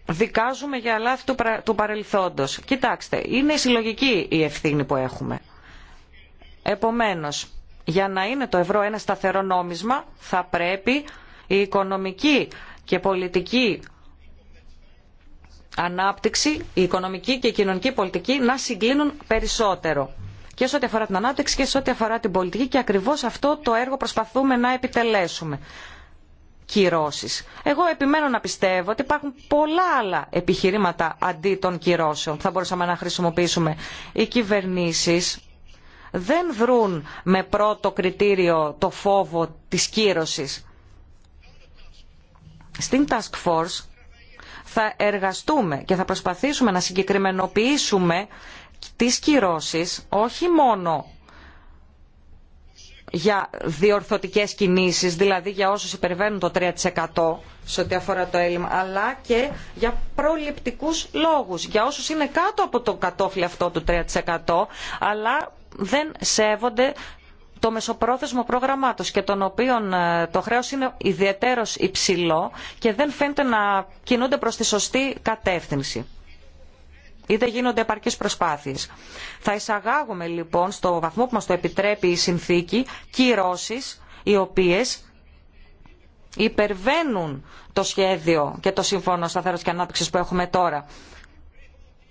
δικάζουμε για λάθη του παρελθόντος. Κοιτάξτε, είναι συλλογική η αλλο φορεα ποιος επισημανε τοσο σημαντικα προβληματα ισως υγιου πληρωμων ανταγωνιστικοτητας λιγοι κανενας τωρα ομως δικαζουμε για λαθη του παρελθοντος κοιταξτε ειναι συλλογικη η ευθυνη που έχουμε. Επομένως, για να είναι το ευρώ ένα σταθερό νόμισμα θα πρέπει η οικονομική και πολιτική ανάπτυξη, η οικονομική και η κοινωνική πολιτική να συγκλίνουν περισσότερο. Και σε ό,τι αφορά την ανάπτυξη και σε ό,τι αφορά την πολιτική και ακριβώς αυτό το έργο προσπαθούμε να επιτελέσουμε. Κυρώσεις. Εγώ επιμένω να πιστεύω ότι υπάρχουν πολλά άλλα επιχειρήματα αντί των κυρώσεων που θα μπορούσαμε να χρησιμοποιήσουμε. Οι κυβερνήσεις δεν δρούν με πρώτο κριτήριο το φόβο της κύρωσης στην Task Force θα εργαστούμε και θα προσπαθήσουμε να συγκεκριμενοποιήσουμε τις κυρώσεις όχι μόνο για διορθωτικές κινήσεις, δηλαδή για όσους υπερβαίνουν το 3% σε ό,τι αφορά το έλλειμμα, αλλά και για προληπτικούς λόγους, για όσους είναι κάτω από το κατόφλι αυτό του 3%, αλλά δεν σέβονται το μεσοπρόθεσμο πρόγραμμά τους και των οποίων ε, το χρέος είναι ιδιαίτερος υψηλό και δεν φαίνεται να κινούνται προς τη σωστή κατεύθυνση ή δεν γίνονται επαρκείς προσπάθειες. Θα εισαγάγουμε λοιπόν στο βαθμό που μας το επιτρέπει η συνθήκη κυρώσει οι οποίες υπερβαίνουν το σχέδιο και το σύμφωνο σταθερός και ανάπτυξη που έχουμε τώρα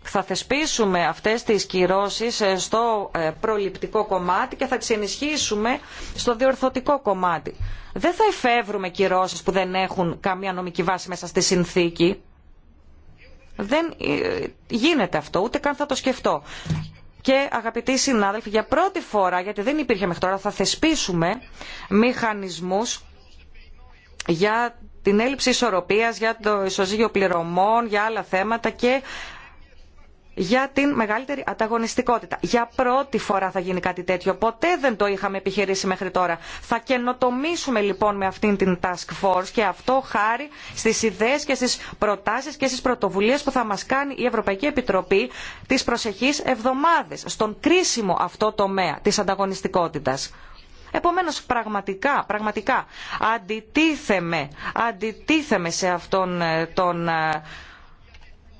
θα θεσπίσουμε αυτές τις κυρώσεις ε, στο ε, προληπτικό κομμάτι και θα τις ενισχύσουμε στο διορθωτικό κομμάτι. Δεν θα εφεύρουμε κυρώσεις που δεν έχουν καμία νομική βάση μέσα στη συνθήκη. Δεν ε, γίνεται αυτό, ούτε καν θα το σκεφτώ. Και αγαπητοί συνάδελφοι, για πρώτη φορά, γιατί δεν υπήρχε μέχρι τώρα, θα θεσπίσουμε μηχανισμούς για την έλλειψη ισορροπίας, για το ισοζύγιο πληρωμών, για άλλα θέματα και για την μεγαλύτερη ανταγωνιστικότητα. Για πρώτη φορά θα γίνει κάτι τέτοιο. Ποτέ δεν το είχαμε επιχειρήσει μέχρι τώρα. Θα καινοτομήσουμε λοιπόν με αυτήν την task force και αυτό χάρη στις ιδέες και στις προτάσεις και στις πρωτοβουλίες που θα μας κάνει η Ευρωπαϊκή Επιτροπή τις προσεχείς εβδομάδες στον κρίσιμο αυτό τομέα της ανταγωνιστικότητας. Επομένως πραγματικά, πραγματικά αντιτίθεμε, αντιτίθεμε σε αυτόν ε, τον ε,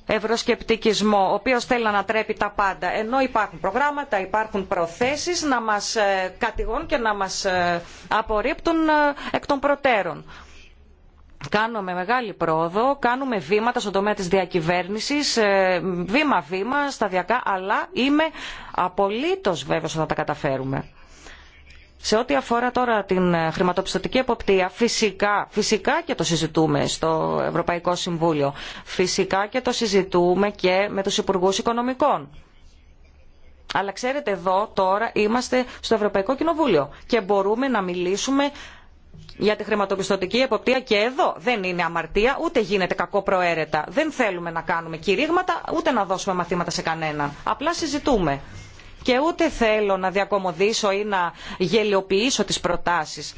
ευρωσκεπτικισμό ο οποίος θέλει να ανατρέπει τα πάντα ενώ υπάρχουν προγράμματα υπάρχουν προθέσεις να μας ε, κατηγορούν και να μας ε, απορρίπτουν ε, εκ των προτέρων. Κάνουμε μεγάλη πρόοδο, κάνουμε βήματα στον τομέα της διακυβέρνησης, βήμα-βήμα, σταδιακά, αλλά είμαι απολύτως βέβαιος ότι θα τα καταφέρουμε. Σε ό,τι αφορά τώρα την ε, χρηματοπιστωτική εποπτεία, φυσικά, φυσικά και το συζητούμε στο Ευρωπαϊκό Συμβούλιο. Φυσικά και το συζητούμε και με τους Υπουργούς Οικονομικών. Αλλά ξέρετε εδώ τώρα είμαστε στο Ευρωπαϊκό Κοινοβούλιο και μπορούμε να μιλήσουμε για τη χρηματοπιστωτική εποπτεία και εδώ δεν είναι αμαρτία, ούτε γίνεται κακό προαίρετα. Δεν θέλουμε να κάνουμε κηρύγματα, ούτε να δώσουμε μαθήματα σε κανέναν. Απλά συζητούμε και ούτε θέλω να διακομωδήσω ή να γελιοποιήσω τις προτάσεις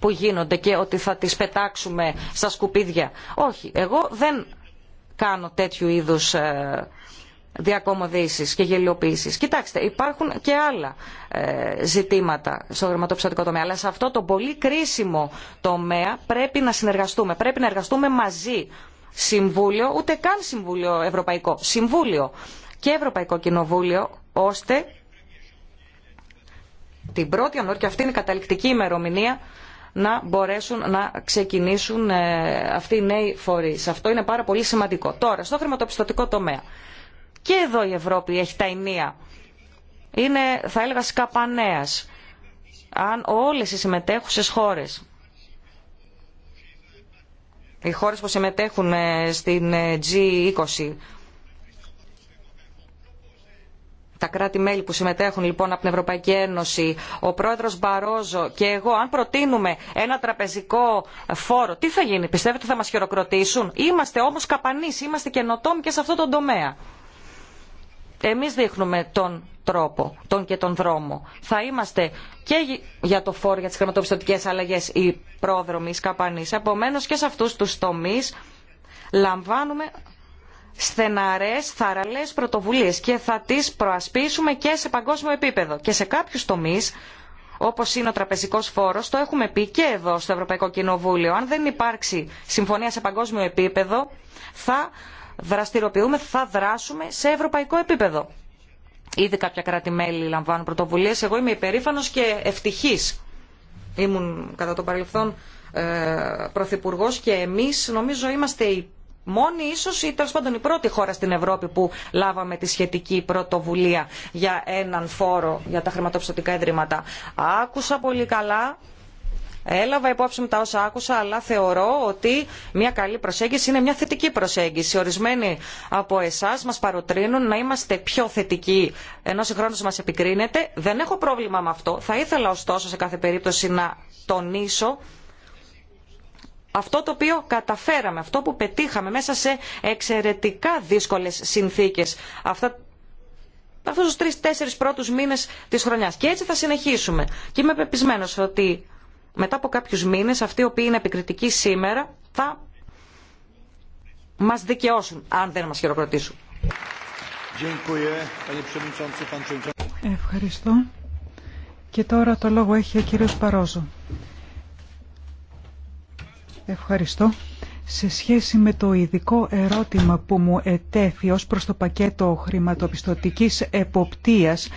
που γίνονται και ότι θα τις πετάξουμε στα σκουπίδια. Όχι, εγώ δεν κάνω τέτοιου είδους ε, διακομωδήσεις και γελιοποίησεις. Κοιτάξτε, υπάρχουν και άλλα ε, ζητήματα στο γραμματοψηφιακό τομέα, αλλά σε αυτό το πολύ κρίσιμο τομέα πρέπει να συνεργαστούμε, πρέπει να εργαστούμε μαζί. Συμβούλιο, ούτε καν Συμβούλιο Ευρωπαϊκό, Συμβούλιο και Ευρωπαϊκό Κοινοβούλιο ώστε την πρώτη η καταληκτική ημερομηνία, να μπορέσουν να ξεκινήσουν ε, αυτοί οι νέοι φορείς. Αυτό είναι πάρα πολύ σημαντικό. Τώρα, στο χρηματοπιστωτικό τομέα. εδώ η Ευρώπη έχει τα ενία. Είναι, θα έλεγα, σκαπανέας. Αν όλες οι νεοι φορεί. αυτο ειναι παρα πολυ σημαντικο τωρα στο χρηματοπιστωτικο τομεα και εδω η ευρωπη εχει τα ενια ειναι θα ελεγα σκαπανεα αν όλε οι συμμετέχουσε χώρε. οι χωρες που συμμετέχουν ε, στην ε, G20, τα κράτη-μέλη που συμμετέχουν λοιπόν από την Ευρωπαϊκή Ένωση, ο πρόεδρος Μπαρόζο και εγώ, αν προτείνουμε ένα τραπεζικό φόρο, τι θα γίνει, πιστεύετε ότι θα μας χειροκροτήσουν. Είμαστε όμως καπανείς, είμαστε καινοτόμοι και σε αυτό τον τομέα. Εμείς δείχνουμε τον τρόπο, τον και τον δρόμο. Θα είμαστε και για το φόρο για τις χρηματοπιστωτικές αλλαγές οι πρόδρομοι, οι σκαπανείς. Επομένως και σε αυτούς τους τομείς λαμβάνουμε στεναρές, θαραλές πρωτοβουλίες και θα τις προασπίσουμε και σε παγκόσμιο επίπεδο. Και σε κάποιους τομείς, όπως είναι ο τραπεζικός φόρος, το έχουμε πει και εδώ στο Ευρωπαϊκό Κοινοβούλιο, αν δεν υπάρξει συμφωνία σε παγκόσμιο επίπεδο, θα δραστηριοποιούμε, θα δράσουμε σε ευρωπαϊκό επίπεδο. Ήδη κάποια κράτη-μέλη λαμβάνουν πρωτοβουλίες, εγώ είμαι υπερήφανος και ευτυχής. Ήμουν κατά τον παρελθόν ε, και εμείς νομίζω είμαστε οι μόνη ίσω ή τέλο πάντων η πρώτη χώρα στην Ευρώπη που λάβαμε τη σχετική πρωτοβουλία για έναν φόρο για τα χρηματοπιστωτικά ιδρύματα. Άκουσα πολύ καλά. Έλαβα υπόψη μου τα όσα άκουσα, αλλά θεωρώ ότι μια καλή προσέγγιση είναι μια θετική προσέγγιση. Ορισμένοι από εσά μα παροτρύνουν να είμαστε πιο θετικοί, ενώ συγχρόνω μα επικρίνεται. Δεν έχω πρόβλημα με αυτό. Θα ήθελα ωστόσο σε κάθε περίπτωση να τονίσω αυτό το οποίο καταφέραμε, αυτό που πετύχαμε μέσα σε εξαιρετικά δύσκολες συνθήκες αυτά, αυτούς τους τρεις-τέσσερις πρώτους μήνες της χρονιάς. Και έτσι θα συνεχίσουμε. Και είμαι πεπισμένος ότι μετά από κάποιους μήνες αυτοί οι οποίοι είναι επικριτικοί σήμερα θα μας δικαιώσουν αν δεν μας χειροκροτήσουν. Ευχαριστώ. Και τώρα το λόγο έχει ο κύριος Παρόζο. Ευχαριστώ. Σε σχέση με το ειδικό ερώτημα που μου ετέθη ως προς το πακέτο χρηματοπιστωτικής εποπτείας,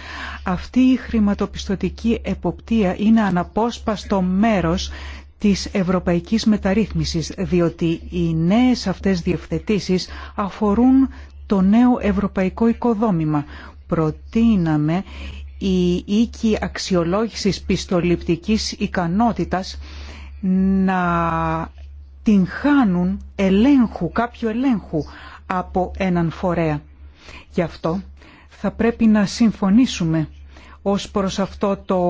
αυτή η χρηματοπιστωτική εποπτεία είναι αναπόσπαστο μέρος της ευρωπαϊκής μεταρρύθμισης, διότι οι νέες αυτές διευθετήσεις αφορούν το νέο ευρωπαϊκό οικοδόμημα. Προτείναμε η οίκη αξιολόγησης πιστοληπτικής ικανότητας να την χάνουν ελέγχου, κάποιο ελέγχου από έναν φορέα. Γι' αυτό θα πρέπει να συμφωνήσουμε ως προς αυτό το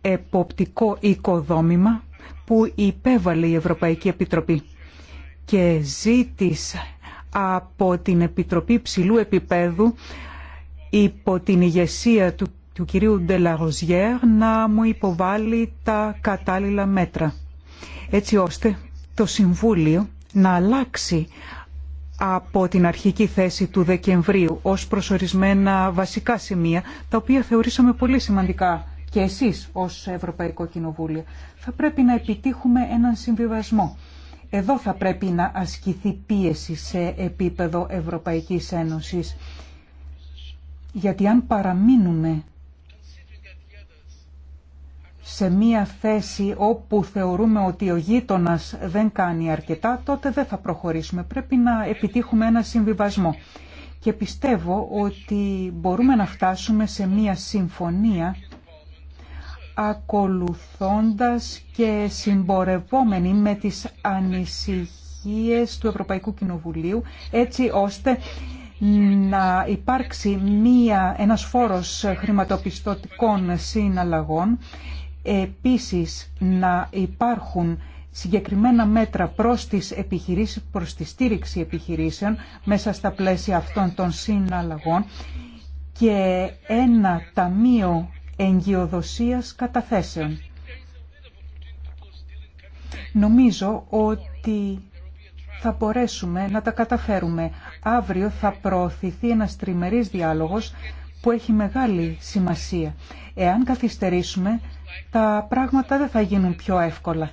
εποπτικό οικοδόμημα που υπέβαλε η Ευρωπαϊκή Επιτροπή και ζήτησε από την Επιτροπή Ψηλού Επιπέδου υπό την ηγεσία του, του κυρίου Ντελαροζιέρ να μου υποβάλει τα κατάλληλα μέτρα έτσι ώστε το Συμβούλιο να αλλάξει από την αρχική θέση του Δεκεμβρίου ως προσορισμένα βασικά σημεία, τα οποία θεωρήσαμε πολύ σημαντικά και εσείς ως Ευρωπαϊκό Κοινοβούλιο. Θα πρέπει να επιτύχουμε έναν συμβιβασμό. Εδώ θα πρέπει να ασκηθεί πίεση σε επίπεδο Ευρωπαϊκής Ένωσης. Γιατί αν παραμείνουμε σε μία θέση όπου θεωρούμε ότι ο γείτονα δεν κάνει αρκετά, τότε δεν θα προχωρήσουμε. Πρέπει να επιτύχουμε ένα συμβιβασμό. Και πιστεύω ότι μπορούμε να φτάσουμε σε μία συμφωνία ακολουθώντας και συμπορευόμενοι με τις ανησυχίες του Ευρωπαϊκού Κοινοβουλίου, έτσι ώστε να υπάρξει μία, ένας φόρος χρηματοπιστωτικών συναλλαγών Επίσης, να υπάρχουν συγκεκριμένα μέτρα προς τις επιχειρήσεις, προς τη στήριξη επιχειρήσεων μέσα στα πλαίσια αυτών των συναλλαγών και ένα ταμείο εγκυοδοσίας καταθέσεων. Νομίζω ότι θα μπορέσουμε να τα καταφέρουμε. Αύριο θα προωθηθεί ένας τριμερής διάλογος που έχει μεγάλη σημασία. Εάν καθυστερήσουμε τα πράγματα δεν θα γίνουν πιο εύκολα.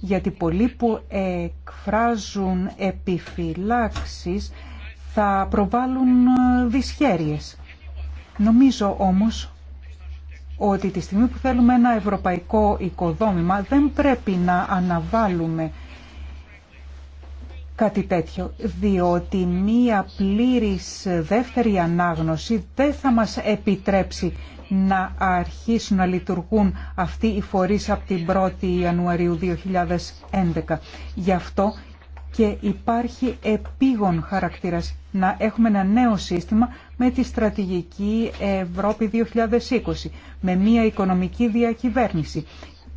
Γιατί πολλοί που εκφράζουν επιφυλάξεις θα προβάλλουν δυσχέρειες. Νομίζω όμως ότι τη στιγμή που θέλουμε ένα ευρωπαϊκό οικοδόμημα δεν πρέπει να αναβάλουμε κάτι τέτοιο, διότι μία πλήρης δεύτερη ανάγνωση δεν θα μας επιτρέψει να αρχίσουν να λειτουργούν αυτοί οι φορείς από την 1η Ιανουαρίου 2011. Γι' αυτό και υπάρχει επίγον χαρακτήρας να έχουμε ένα νέο σύστημα με τη στρατηγική Ευρώπη 2020, με μια οικονομική διακυβέρνηση.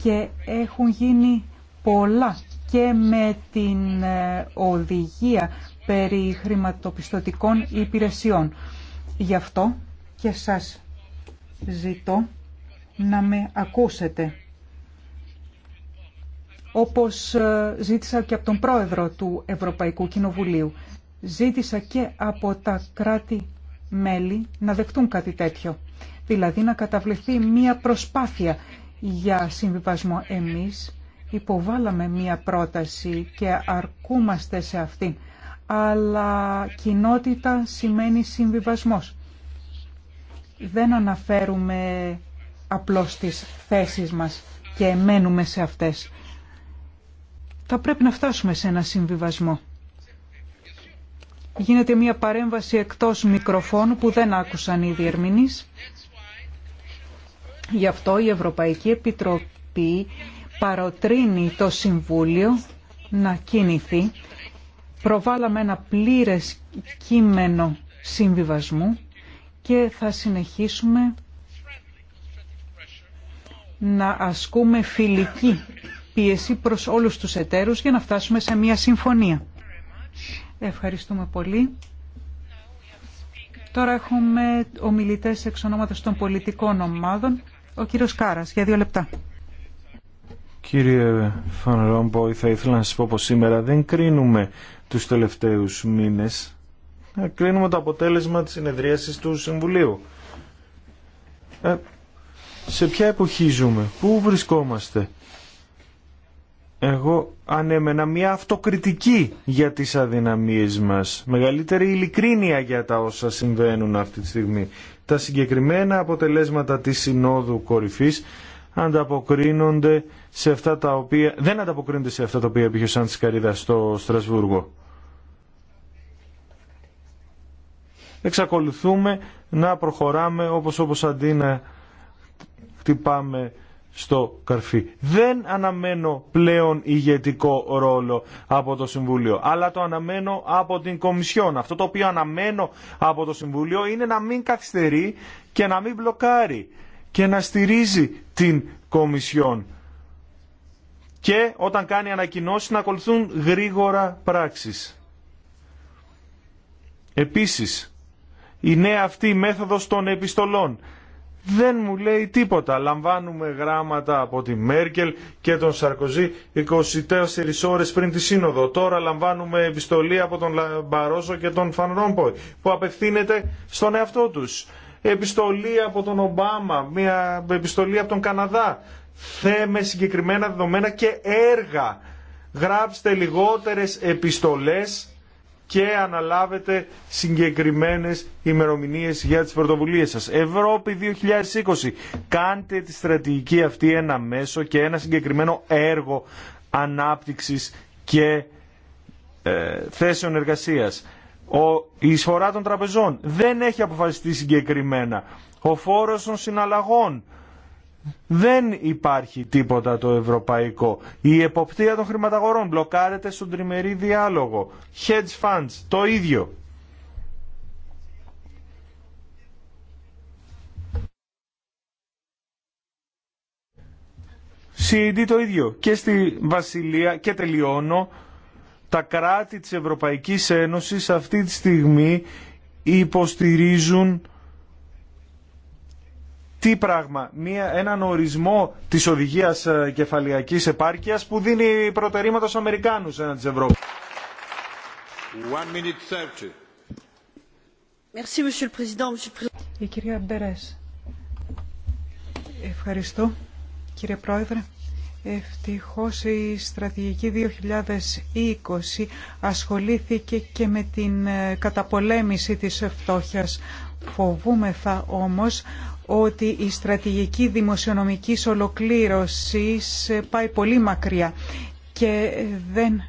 Και έχουν γίνει πολλά και με την ε, οδηγία περί χρηματοπιστωτικών υπηρεσιών. Γι' αυτό και σας ζητώ να με ακούσετε. Όπως ε, ζήτησα και από τον πρόεδρο του Ευρωπαϊκού Κοινοβουλίου, ζήτησα και από τα κράτη-μέλη να δεχτούν κάτι τέτοιο. Δηλαδή να καταβληθεί μία προσπάθεια για συμβιβασμό εμείς. Υποβάλαμε μία πρόταση και αρκούμαστε σε αυτήν. Αλλά κοινότητα σημαίνει συμβιβασμός δεν αναφέρουμε απλώς τις θέσεις μας και μένουμε σε αυτές. Θα πρέπει να φτάσουμε σε ένα συμβιβασμό. Γίνεται μια παρέμβαση εκτός μικροφώνου που δεν άκουσαν οι διερμηνείς. Γι' αυτό η Ευρωπαϊκή Επιτροπή παροτρύνει το Συμβούλιο να κινηθεί. Προβάλαμε ένα πλήρες κείμενο συμβιβασμού και θα συνεχίσουμε να ασκούμε φιλική πίεση προς όλους τους εταίρους για να φτάσουμε σε μια συμφωνία. Ευχαριστούμε πολύ. Τώρα έχουμε ομιλητές εξ ονόματος των πολιτικών ομάδων. Ο κύριος Κάρας, για δύο λεπτά. Κύριε Φαν θα ήθελα να σας πω πως σήμερα δεν κρίνουμε τους τελευταίους μήνες ε, κρίνουμε το αποτέλεσμα της συνεδρίασης του Συμβουλίου. Ε, σε ποια εποχή ζούμε, πού βρισκόμαστε. Εγώ ανέμενα μια αυτοκριτική για τις αδυναμίες μας, μεγαλύτερη ειλικρίνεια για τα όσα συμβαίνουν αυτή τη στιγμή. Τα συγκεκριμένα αποτελέσματα της Συνόδου Κορυφής ανταποκρίνονται σε αυτά τα οποία, δεν ανταποκρίνονται σε αυτά τα οποία πήγε ο Σάντης στο Στρασβούργο. εξακολουθούμε να προχωράμε όπως όπως αντί να χτυπάμε στο καρφί. Δεν αναμένω πλέον ηγετικό ρόλο από το Συμβούλιο, αλλά το αναμένω από την Κομισιόν. Αυτό το οποίο αναμένω από το Συμβούλιο είναι να μην καθυστερεί και να μην μπλοκάρει και να στηρίζει την Κομισιόν. Και όταν κάνει ανακοινώσεις να ακολουθούν γρήγορα πράξεις. Επίσης, η νέα αυτή μέθοδος των επιστολών. Δεν μου λέει τίποτα. Λαμβάνουμε γράμματα από τη Μέρκελ και τον Σαρκοζή 24 ώρες πριν τη Σύνοδο. Τώρα λαμβάνουμε επιστολή από τον Μπαρόζο και τον Φαν που απευθύνεται στον εαυτό τους. Επιστολή από τον Ομπάμα, μια επιστολή από τον Καναδά. Θέμε συγκεκριμένα δεδομένα και έργα. Γράψτε λιγότερες επιστολές και αναλάβετε συγκεκριμένες ημερομηνίες για τις πρωτοβουλίες σας. Ευρώπη 2020. Κάντε τη στρατηγική αυτή ένα μέσο και ένα συγκεκριμένο έργο ανάπτυξης και ε, θέσεων εργασίας. Ο, η εισφορά των τραπεζών δεν έχει αποφασιστεί συγκεκριμένα. Ο φόρος των συναλλαγών δεν υπάρχει τίποτα το ευρωπαϊκό. Η εποπτεία των χρηματαγορών μπλοκάρεται στον τριμερή διάλογο. Hedge funds, το ίδιο. CD το ίδιο. Και στη Βασιλεία, και τελειώνω, τα κράτη της Ευρωπαϊκής Ένωσης αυτή τη στιγμή υποστηρίζουν τι πράγμα, μία, έναν ορισμό της οδηγίας ε, κεφαλιακής επάρκειας που δίνει προτερήματα Αμερικάνου Αμερικάνους έναν της Ευρώπης. Η κυρία Μπερές. Ευχαριστώ κύριε Πρόεδρε. Ευτυχώς η στρατηγική 2020 ασχολήθηκε και με την ε, καταπολέμηση της φτώχειας. Φοβούμεθα όμως ότι η στρατηγική δημοσιονομικής ολοκλήρωσης πάει πολύ μακριά και δεν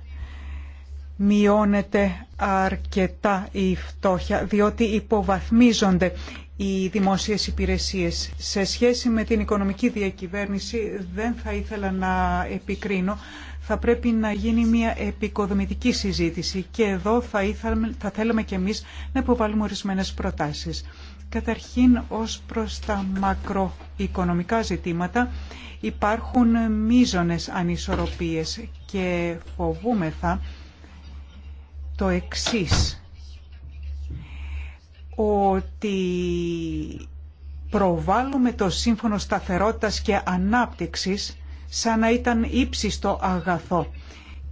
μειώνεται αρκετά η φτώχεια, διότι υποβαθμίζονται οι δημόσιες υπηρεσίες. Σε σχέση με την οικονομική διακυβέρνηση δεν θα ήθελα να επικρίνω. Θα πρέπει να γίνει μια επικοδομητική συζήτηση και εδώ θα, ήθελα, θα θέλαμε και εμείς να υποβάλουμε ορισμένες προτάσεις. Καταρχήν, ως προς τα μακροοικονομικά ζητήματα υπάρχουν μίζωνες ανισορροπίες και φοβούμεθα το εξής ότι προβάλλουμε το σύμφωνο σταθερότητας και ανάπτυξης σαν να ήταν ύψιστο αγαθό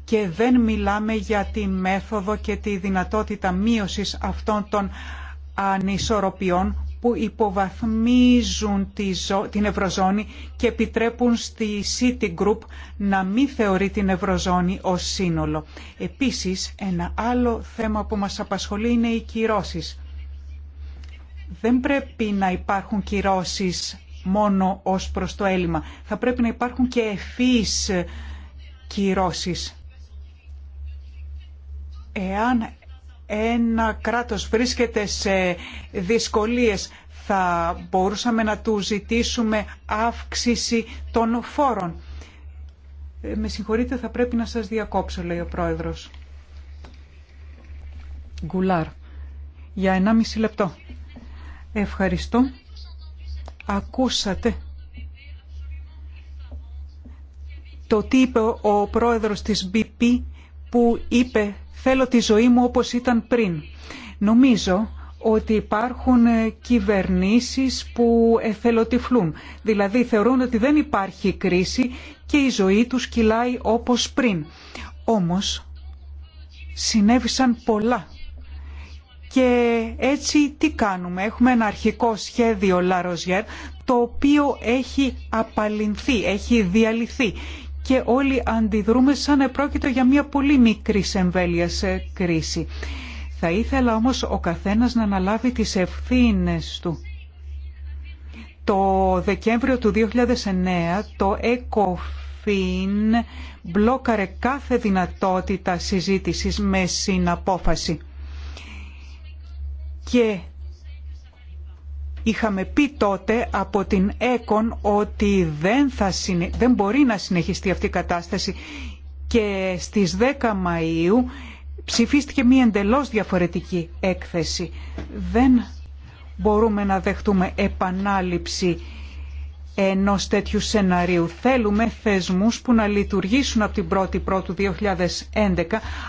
και δεν μιλάμε για τη μέθοδο και τη δυνατότητα μείωσης αυτών των ανισορροπιών που υποβαθμίζουν την Ευρωζώνη και επιτρέπουν στη Citigroup να μην θεωρεί την Ευρωζώνη ως σύνολο. Επίσης, ένα άλλο θέμα που μας απασχολεί είναι οι κυρώσεις. Δεν πρέπει να υπάρχουν κυρώσεις μόνο ως προς το έλλειμμα. Θα πρέπει να υπάρχουν και ευφύς κυρώσεις. Εάν ένα κράτος βρίσκεται σε δυσκολίες θα μπορούσαμε να του ζητήσουμε αύξηση των φόρων. Ε, με συγχωρείτε, θα πρέπει να σας διακόψω, λέει ο πρόεδρος. Γκουλάρ, για 1,5 λεπτό. Ευχαριστώ. Ακούσατε το τι είπε ο πρόεδρος της BP που είπε Θέλω τη ζωή μου όπως ήταν πριν. Νομίζω ότι υπάρχουν ε, κυβερνήσεις που εθελοτυφλούν. Δηλαδή θεωρούν ότι δεν υπάρχει κρίση και η ζωή τους κυλάει όπως πριν. Όμως συνέβησαν πολλά. Και έτσι τι κάνουμε. Έχουμε ένα αρχικό σχέδιο Λαροζιέρ το οποίο έχει απαλυνθεί, έχει διαλυθεί και όλοι αντιδρούμε σαν επρόκειτο για μια πολύ μικρή εμβέλεια κρίση. Θα ήθελα όμως ο καθένας να αναλάβει τις ευθύνες του. Το Δεκέμβριο του 2009 το ΕΚΟΦΗΝ μπλόκαρε κάθε δυνατότητα συζήτησης με συναπόφαση. Και Είχαμε πει τότε από την ΕΚΟΝ ότι δεν, θα δεν μπορεί να συνεχιστεί αυτή η κατάσταση και στις 10 Μαΐου ψηφίστηκε μία εντελώς διαφορετική έκθεση. Δεν μπορούμε να δεχτούμε επανάληψη ενό τέτοιου σενάριου. Θέλουμε θεσμούς που να λειτουργήσουν από την 1η 2011,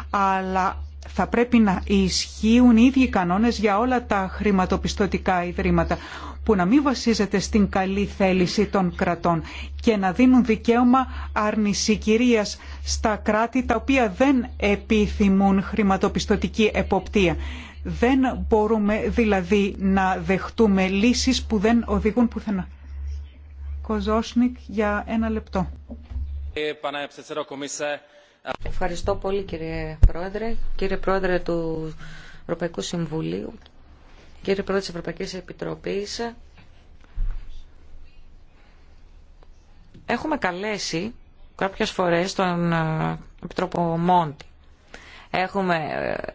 αλλά θα πρέπει να ισχύουν οι ίδιοι κανόνες για όλα τα χρηματοπιστωτικά ιδρύματα που να μην βασίζεται στην καλή θέληση των κρατών και να δίνουν δικαίωμα αρνησικυρίας στα κράτη τα οποία δεν επιθυμούν χρηματοπιστωτική εποπτεία. Δεν μπορούμε δηλαδή να δεχτούμε λύσεις που δεν οδηγούν πουθενά. Κοζόσνικ για ένα λεπτό. Ευχαριστώ πολύ κύριε Πρόεδρε, κύριε Πρόεδρε του Ευρωπαϊκού Συμβουλίου, κύριε Πρόεδρε της Ευρωπαϊκής Επιτροπής. Έχουμε καλέσει κάποιες φορές τον ε, Επιτρόπο Έχουμε ε,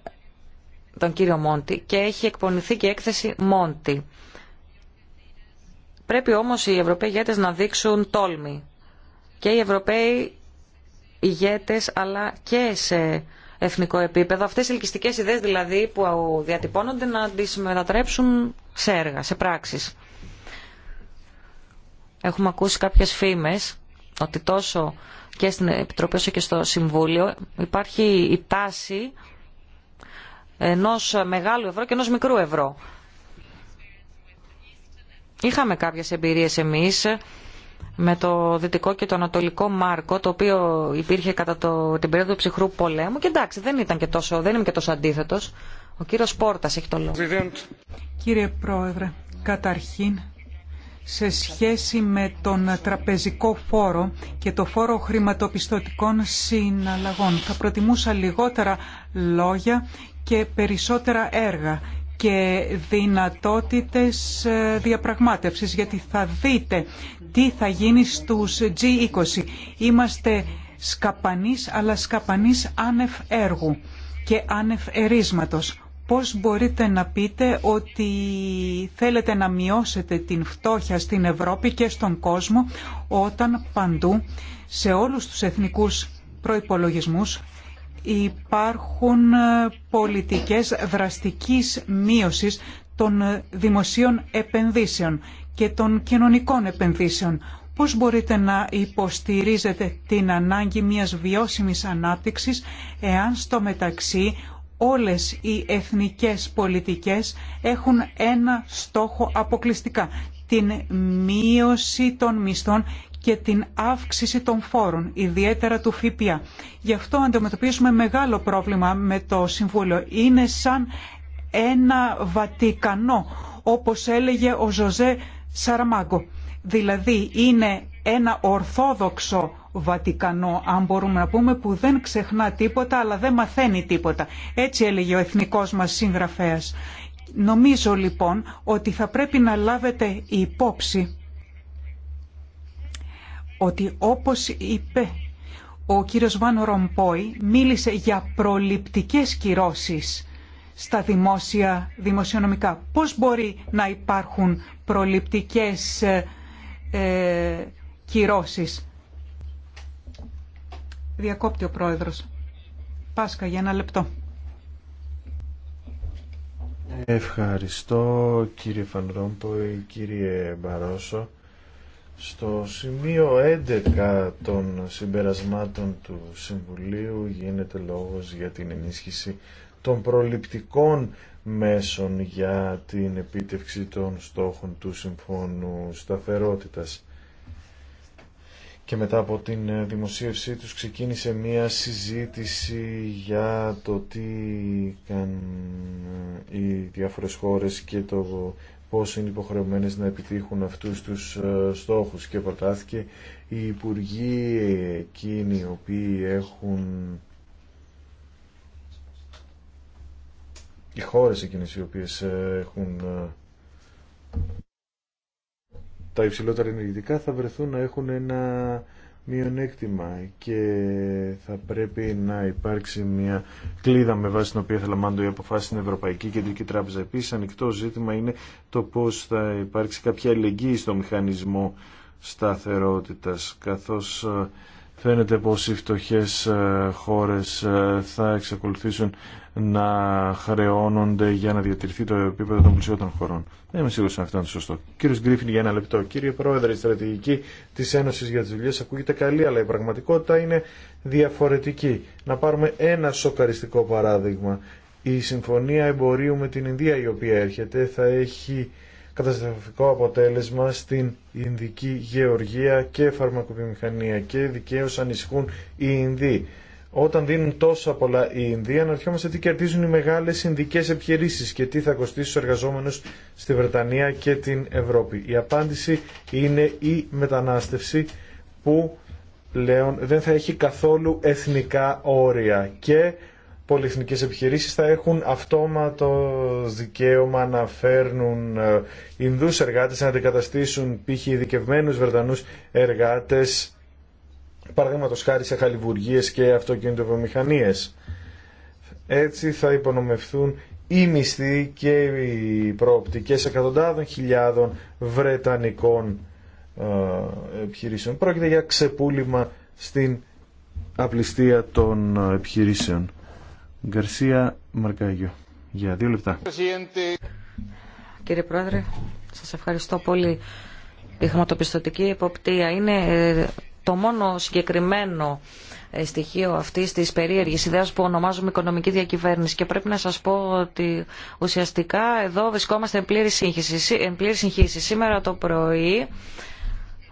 τον κύριο Μόντι και έχει εκπονηθεί και έκθεση Μόντι. Πρέπει όμως οι Ευρωπαίοι να δείξουν τόλμη. Και οι Ευρωπαίοι ηγέτες αλλά και σε εθνικό επίπεδο. Αυτές οι ελκυστικές ιδέες δηλαδή που διατυπώνονται να τις μετατρέψουν σε έργα, σε πράξεις. Έχουμε ακούσει κάποιες φήμες ότι τόσο και στην Επιτροπή όσο και στο Συμβούλιο υπάρχει η τάση ενός μεγάλου ευρώ και ενός μικρού ευρώ. Είχαμε κάποιες εμπειρίες εμείς με το δυτικό και το ανατολικό Μάρκο, το οποίο υπήρχε κατά το, την περίοδο ψυχρού πολέμου. Και εντάξει, δεν, ήταν και τόσο, δεν είμαι και τόσο αντίθετο. Ο κύριο Πόρτα έχει το λόγο. Κύριε Πρόεδρε, καταρχήν σε σχέση με τον τραπεζικό φόρο και το φόρο χρηματοπιστωτικών συναλλαγών. Θα προτιμούσα λιγότερα λόγια και περισσότερα έργα και δυνατότητες ε, διαπραγμάτευσης, γιατί θα δείτε τι θα γίνει στους G20. Είμαστε σκαπανείς, αλλά σκαπανείς άνευ έργου και άνευ ερίσματος. Πώς μπορείτε να πείτε ότι θέλετε να μειώσετε την φτώχεια στην Ευρώπη και στον κόσμο όταν παντού σε όλους τους εθνικούς προϋπολογισμούς υπάρχουν ε, πολιτικές δραστικής μείωσης των ε, δημοσίων επενδύσεων και των κοινωνικών επενδύσεων. Πώς μπορείτε να υποστηρίζετε την ανάγκη μιας βιώσιμης ανάπτυξης εάν στο μεταξύ όλες οι εθνικές πολιτικές έχουν ένα στόχο αποκλειστικά την μείωση των μισθών και την αύξηση των φόρων, ιδιαίτερα του ΦΠΑ. Γι' αυτό αντιμετωπίζουμε μεγάλο πρόβλημα με το Συμβούλιο. Είναι σαν ένα Βατικανό, όπως έλεγε ο Ζωζέ Σαραμάγκο. Δηλαδή είναι ένα ορθόδοξο Βατικανό, αν μπορούμε να πούμε, που δεν ξεχνά τίποτα αλλά δεν μαθαίνει τίποτα. Έτσι έλεγε ο εθνικός μας συγγραφέας. Νομίζω λοιπόν ότι θα πρέπει να λάβετε υπόψη ότι όπως είπε ο κύριος Βαν Ρομπόη, μίλησε για προληπτικές κυρώσεις στα δημόσια δημοσιονομικά. Πώς μπορεί να υπάρχουν προληπτικές ε, ε κυρώσεις. Διακόπτει ο πρόεδρος. Πάσκα για ένα λεπτό. Ευχαριστώ κύριε Φανρόμπο, κύριε Μπαρόσο. Στο σημείο 11 των συμπερασμάτων του Συμβουλίου γίνεται λόγος για την ενίσχυση των προληπτικών μέσων για την επίτευξη των στόχων του Συμφώνου Σταθερότητας. Και μετά από την δημοσίευσή τους ξεκίνησε μία συζήτηση για το τι κάνουν οι διάφορες χώρες και το πώς είναι υποχρεωμένες να επιτύχουν αυτούς τους ε, στόχους και προτάθηκε οι υπουργοί εκείνοι οι οποίοι έχουν οι χώρες εκείνες οι οποίες ε, έχουν ε, τα υψηλότερα ενεργητικά θα βρεθούν να έχουν ένα μειονέκτημα και θα πρέπει να υπάρξει μια κλίδα με βάση την οποία θα λαμβάνονται οι αποφάσει στην Ευρωπαϊκή Κεντρική Τράπεζα. Επίση, ανοιχτό ζήτημα είναι το πώ θα υπάρξει κάποια αλληλεγγύη στο μηχανισμό σταθερότητα, καθώ ε, φαίνεται πω οι φτωχέ ε, χώρε ε, θα εξακολουθήσουν να χρεώνονται για να διατηρηθεί το επίπεδο των πλουσιότερων χωρών. Δεν είμαι σίγουρο αν αυτό είναι το σωστό. Κύριο Γκρίφιν, για ένα λεπτό. Κύριε Πρόεδρε, η στρατηγική τη Ένωση για τι Δουλειέ ακούγεται καλή, αλλά η πραγματικότητα είναι διαφορετική. Να πάρουμε ένα σοκαριστικό παράδειγμα. Η συμφωνία εμπορίου με την Ινδία η οποία έρχεται θα έχει καταστροφικό αποτέλεσμα στην Ινδική γεωργία και φαρμακοβιομηχανία και δικαίω ανησυχούν οι Ινδοί. Όταν δίνουν τόσα πολλά οι Ινδοί, αναρωτιόμαστε τι κερδίζουν οι μεγάλες Ινδικέ επιχειρήσεις και τι θα κοστίσει στου εργαζόμενους στη Βρετανία και την Ευρώπη. Η απάντηση είναι η μετανάστευση που πλέον δεν θα έχει καθόλου εθνικά όρια και πολυεθνικές επιχειρήσεις θα έχουν αυτόματο δικαίωμα να φέρνουν ε, Ινδού εργάτε, να αντικαταστήσουν π.χ. ειδικευμένου βρετανού εργάτε παραδείγματο χάρη σε χαλιβουργίες και αυτοκινητοβιομηχανίε. Έτσι θα υπονομευθούν οι μισθοί και οι σε εκατοντάδων χιλιάδων Βρετανικών ε, επιχειρήσεων. Πρόκειται για ξεπούλημα στην απληστία των ε, επιχειρήσεων. Γκαρσία Μαρκάγιο. Για δύο λεπτά. Κύριε Πρόεδρε, σας ευχαριστώ πολύ. Η χρηματοπιστωτική εποπτεία είναι ε, το μόνο συγκεκριμένο ε, στοιχείο αυτή τη περίεργη ιδέα που ονομάζουμε οικονομική διακυβέρνηση. Και πρέπει να σα πω ότι ουσιαστικά εδώ βρισκόμαστε εν πλήρη συγχύση. Σήμερα το πρωί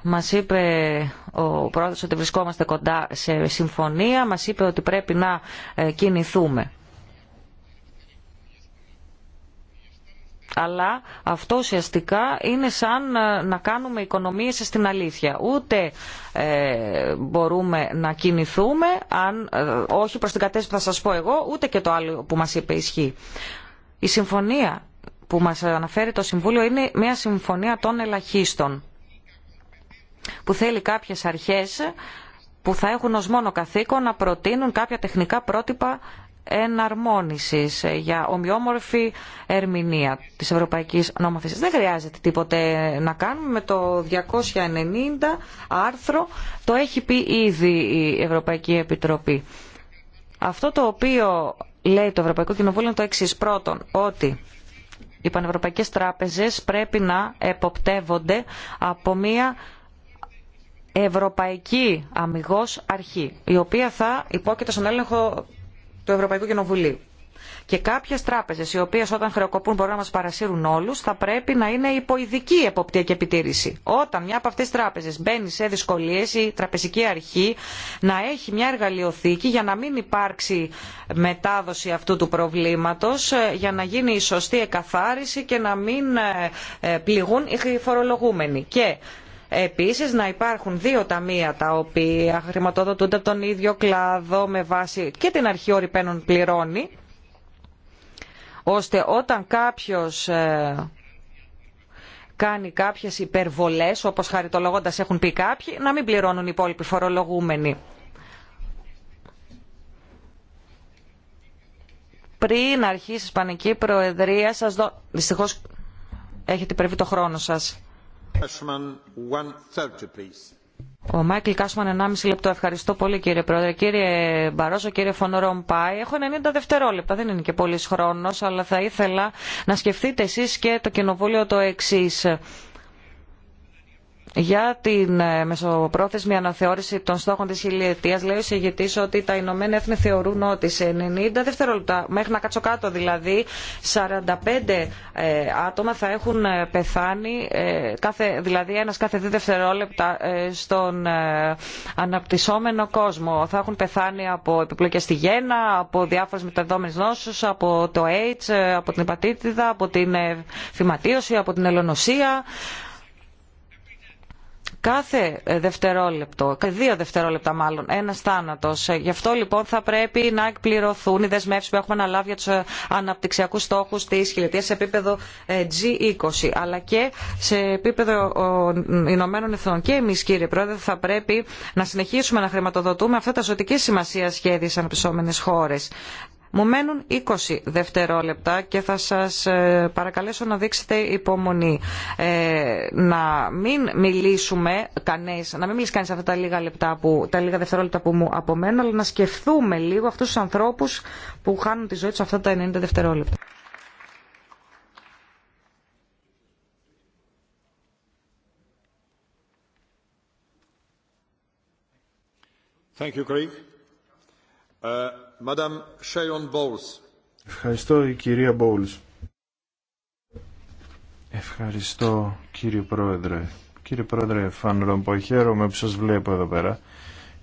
μα είπε ο πρόεδρο ότι βρισκόμαστε κοντά σε συμφωνία, μα είπε ότι πρέπει να ε, κινηθούμε. αλλά αυτό ουσιαστικά είναι σαν ε, να κάνουμε οικονομίες στην αλήθεια. Ούτε ε, μπορούμε να κινηθούμε, αν, ε, όχι προς την κατέστη που θα σας πω εγώ, ούτε και το άλλο που μας είπε ισχύει. Η συμφωνία που μας αναφέρει το Συμβούλιο είναι μια συμφωνία των ελαχίστων, που θέλει κάποιες αρχές που θα έχουν ως μόνο καθήκον να προτείνουν κάποια τεχνικά πρότυπα εναρμόνισης ε, για ομοιόμορφη ερμηνεία της ευρωπαϊκής νομοθεσίας. Δεν χρειάζεται τίποτε να κάνουμε με το 290 άρθρο, το έχει πει ήδη η Ευρωπαϊκή Επιτροπή. Αυτό το οποίο λέει το Ευρωπαϊκό Κοινοβούλιο είναι το εξή. Πρώτον, ότι οι πανευρωπαϊκές τράπεζες πρέπει να εποπτεύονται από μία ευρωπαϊκή αμυγός αρχή, η οποία θα υπόκειται στον έλεγχο του Ευρωπαϊκού Κοινοβουλίου. Και κάποιε τράπεζε, οι οποίε όταν χρεοκοπούν μπορούν να μα παρασύρουν όλου, θα πρέπει να είναι υπό εποπτεία και επιτήρηση. Όταν μια από αυτέ τι τράπεζε μπαίνει σε δυσκολίε, η τραπεζική αρχή να έχει μια εργαλειοθήκη για να μην υπάρξει μετάδοση αυτού του προβλήματο, ε, για να γίνει η σωστή εκαθάριση και να μην ε, ε, πληγούν οι φορολογούμενοι. Και Επίσης να υπάρχουν δύο ταμεία τα οποία χρηματοδοτούνται από τον ίδιο κλάδο με βάση και την αρχή ορυπαίνων πληρώνει ώστε όταν κάποιος ε, κάνει κάποιες υπερβολές όπως χαριτολογώντας έχουν πει κάποιοι να μην πληρώνουν οι υπόλοιποι φορολογούμενοι. Πριν αρχίσει η Ισπανική Προεδρία σας δω... Δυστυχώς έχετε υπερβεί το χρόνο σας. Ο Μάικλ Κάσμαν, 1,5 λεπτό. Ευχαριστώ πολύ κύριε Πρόεδρε. Κύριε Μπαρόζο, κύριε Φωνορόμ έχω 90 δευτερόλεπτα, δεν είναι και πολύς χρόνο, αλλά θα ήθελα να σκεφτείτε εσεί και το Κοινοβούλιο το εξή για την ε, μεσοπρόθεσμη αναθεώρηση των στόχων της χιλιετίας λέει ο εισηγητής ότι τα Ηνωμένα Έθνη θεωρούν ότι σε 90 δευτερόλεπτα μέχρι να κάτσω κάτω δηλαδή 45 ε, άτομα θα έχουν ε, πεθάνει κάθε, δηλαδή ένας κάθε δύο δευτερόλεπτα στον αναπτυσσόμενο κόσμο θα έχουν πεθάνει από επιπλοκές στη γέννα από διάφορες μεταδόμενες νόσους από το AIDS, από την υπατήτηδα από την φυματίωση, από την ελονοσία κάθε ε, δευτερόλεπτο, δύο δευτερόλεπτα μάλλον, ένα θάνατο. Ε, γι' αυτό λοιπόν θα πρέπει να εκπληρωθούν οι δεσμεύσει που έχουμε αναλάβει για του ε, αναπτυξιακού στόχου τη χιλιετία σε επίπεδο G20, αλλά και σε επίπεδο Ηνωμένων Εθνών. Και εμεί, κύριε Πρόεδρε, θα πρέπει να συνεχίσουμε να χρηματοδοτούμε αυτά τα ζωτική σημασία σχέδια στι αναπτυσσόμενε χώρε. Μου μένουν 20 δευτερόλεπτα και θα σας ε, παρακαλέσω να δείξετε υπομονή. Ε, να μην μιλήσουμε κανείς, να μην μιλήσει κανείς αυτά τα λίγα, λεπτά που, τα λίγα δευτερόλεπτα που μου απομένουν, αλλά να σκεφτούμε λίγο αυτούς τους ανθρώπους που χάνουν τη ζωή τους αυτά τα 90 δευτερόλεπτα. Thank you, ε, Ευχαριστώ η κυρία Μπόουλς. Ευχαριστώ κύριε Πρόεδρε. Κύριε Πρόεδρε Φαν Ρομπο, χαίρομαι που σας βλέπω εδώ πέρα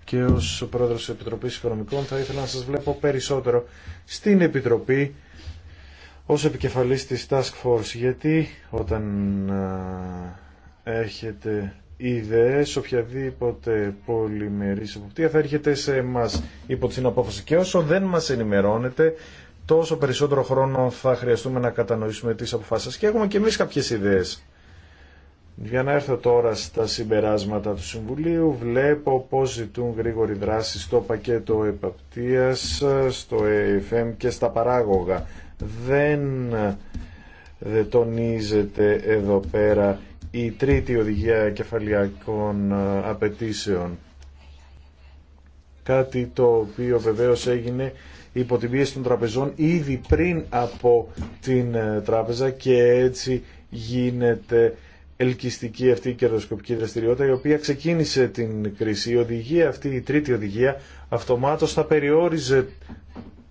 και ως Πρόεδρος της Επιτροπής Οικονομικών θα ήθελα να σας βλέπω περισσότερο στην Επιτροπή ως επικεφαλής της Task Force γιατί όταν ε, έχετε ιδέε οποιαδήποτε πολυμερή εποπτεία θα έρχεται σε εμά υπό την απόφαση και όσο δεν μα ενημερώνετε τόσο περισσότερο χρόνο θα χρειαστούμε να κατανοήσουμε τι αποφάσει και έχουμε και εμεί κάποιε ιδέε. Για να έρθω τώρα στα συμπεράσματα του Συμβουλίου, βλέπω πώς ζητούν γρήγορη δράση στο πακέτο επαπτείας, στο ΕΕΦΜ και στα παράγωγα. Δεν ε, δε τονίζεται εδώ πέρα η τρίτη οδηγία κεφαλιακών ε, απαιτήσεων. Κάτι το οποίο βεβαίως έγινε υπό την πίεση των τραπεζών ήδη πριν από την ε, τράπεζα και έτσι γίνεται ελκυστική αυτή η κερδοσκοπική δραστηριότητα η οποία ξεκίνησε την κρίση. Η αυτή, η τρίτη οδηγία, αυτομάτως θα περιόριζε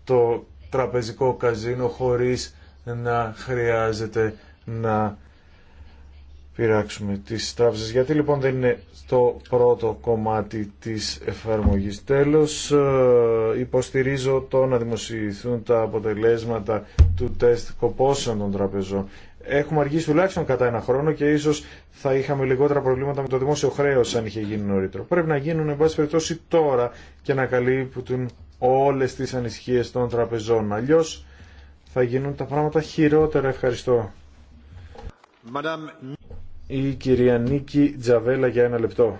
το τραπεζικό καζίνο χωρίς να χρειάζεται να πειράξουμε τις τράπεζες. Γιατί λοιπόν δεν είναι το πρώτο κομμάτι της εφαρμογής. Τέλος, ε, υποστηρίζω το να δημοσιευθούν τα αποτελέσματα του τεστ κοπόσεων των τραπεζών. Έχουμε αργήσει τουλάχιστον κατά ένα χρόνο και ίσω θα είχαμε λιγότερα προβλήματα με το δημόσιο χρέο αν είχε γίνει νωρίτερο. Πρέπει να γίνουν, εν περιπτώσει, τώρα και να καλύπτουν όλε τι ανησυχίε των τραπεζών. Αλλιώ θα γίνουν τα πράγματα χειρότερα. Ευχαριστώ η κυρία Νίκη Τζαβέλα για ένα λεπτό.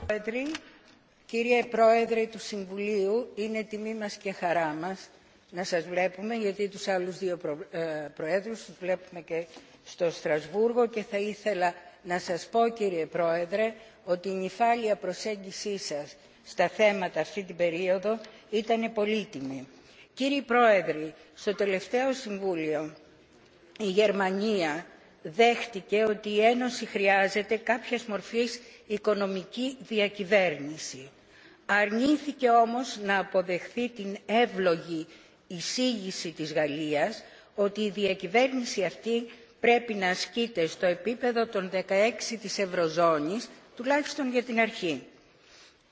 Κύριε Πρόεδρε του Συμβουλίου, είναι τιμή μας και χαρά μας να σας βλέπουμε, γιατί τους άλλους δύο ε, Προέδρους τους βλέπουμε και στο Στρασβούργο και θα ήθελα να σας πω, κύριε Πρόεδρε, ότι η νυφάλια προσέγγισή σας στα θέματα αυτή την περίοδο ήταν πολύτιμη. Κύριε Πρόεδρε, στο τελευταίο Συμβούλιο η Γερμανία δέχτηκε ότι η ένωση χρειάζεται κάποιας μορφής οικονομική διακυβέρνηση. αρνήθηκε όμως να αποδεχθεί την εύλογη εισήγηση της γαλλίας ότι η διακυβέρνηση αυτή πρέπει να ασκείται στο επίπεδο των 16 της ευρωζώνης τουλάχιστον για την αρχή.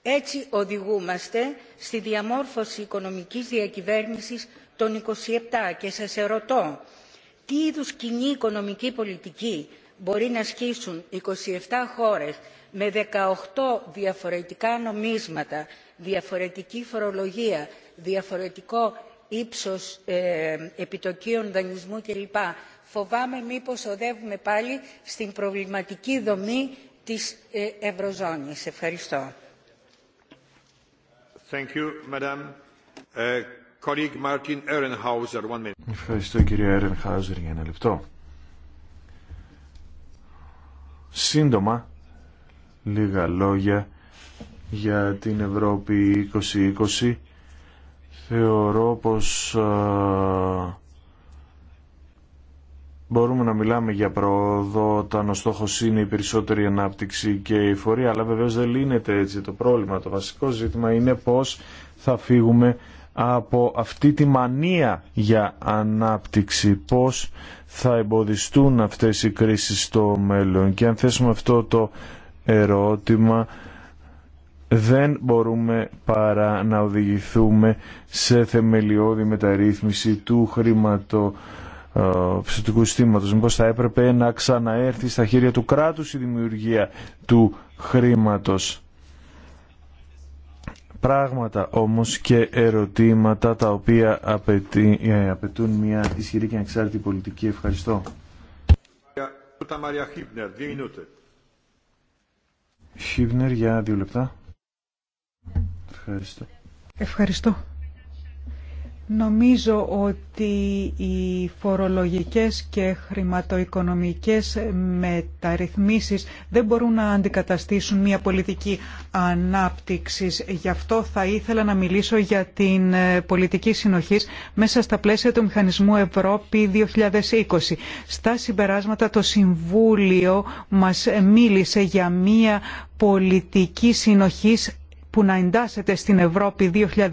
έτσι οδηγούμαστε στη διαμόρφωση οικονομικής διακυβέρνησης των 27 και σας ερωτώ τι είδους κοινή οικονομική πολιτική μπορεί να ασκήσουν 27 χώρες με 18 διαφορετικά νομίσματα, διαφορετική φορολογία, διαφορετικό ύψος ε, επιτοκίων δανεισμού κλπ. Φοβάμαι μήπως οδεύουμε πάλι στην προβληματική δομή της ε, Ευρωζώνης. Ευχαριστώ. Ε, Ευχαριστώ κύριε Ερενχάουζερ για ένα λεπτό. Σύντομα, λίγα λόγια για την Ευρώπη 2020. Θεωρώ πως μπορούμε να μιλάμε για πρόοδο όταν ο στόχος είναι η περισσότερη ανάπτυξη και η φορεία, αλλά βεβαίως δεν λύνεται έτσι το πρόβλημα. Το βασικό ζήτημα είναι πως θα φύγουμε από αυτή τη μανία για ανάπτυξη, πώς θα εμποδιστούν αυτές οι κρίσεις στο μέλλον. Και αν θέσουμε αυτό το ερώτημα, δεν μπορούμε παρά να οδηγηθούμε σε θεμελιώδη μεταρρύθμιση του χρήματο ψηφιακού ε, συστήματος. Μήπως θα έπρεπε να ξαναέρθει στα χέρια του κράτους η δημιουργία του χρήματος πράγματα όμως και ερωτήματα τα οποία ε, απαιτούν μια ισχυρή και ανεξάρτητη πολιτική. Ευχαριστώ. Χίπνερ για δύο λεπτά. Ευχαριστώ. Ευχαριστώ. Νομίζω ότι οι φορολογικές και χρηματοοικονομικές μεταρρυθμίσεις δεν μπορούν να αντικαταστήσουν μια πολιτική ανάπτυξης. Γι' αυτό θα ήθελα να μιλήσω για την ε, πολιτική συνοχής μέσα στα πλαίσια του Μηχανισμού Ευρώπη 2020. Στα συμπεράσματα το Συμβούλιο μας μίλησε για μια πολιτική συνοχής που να εντάσσεται στην Ευρώπη 2020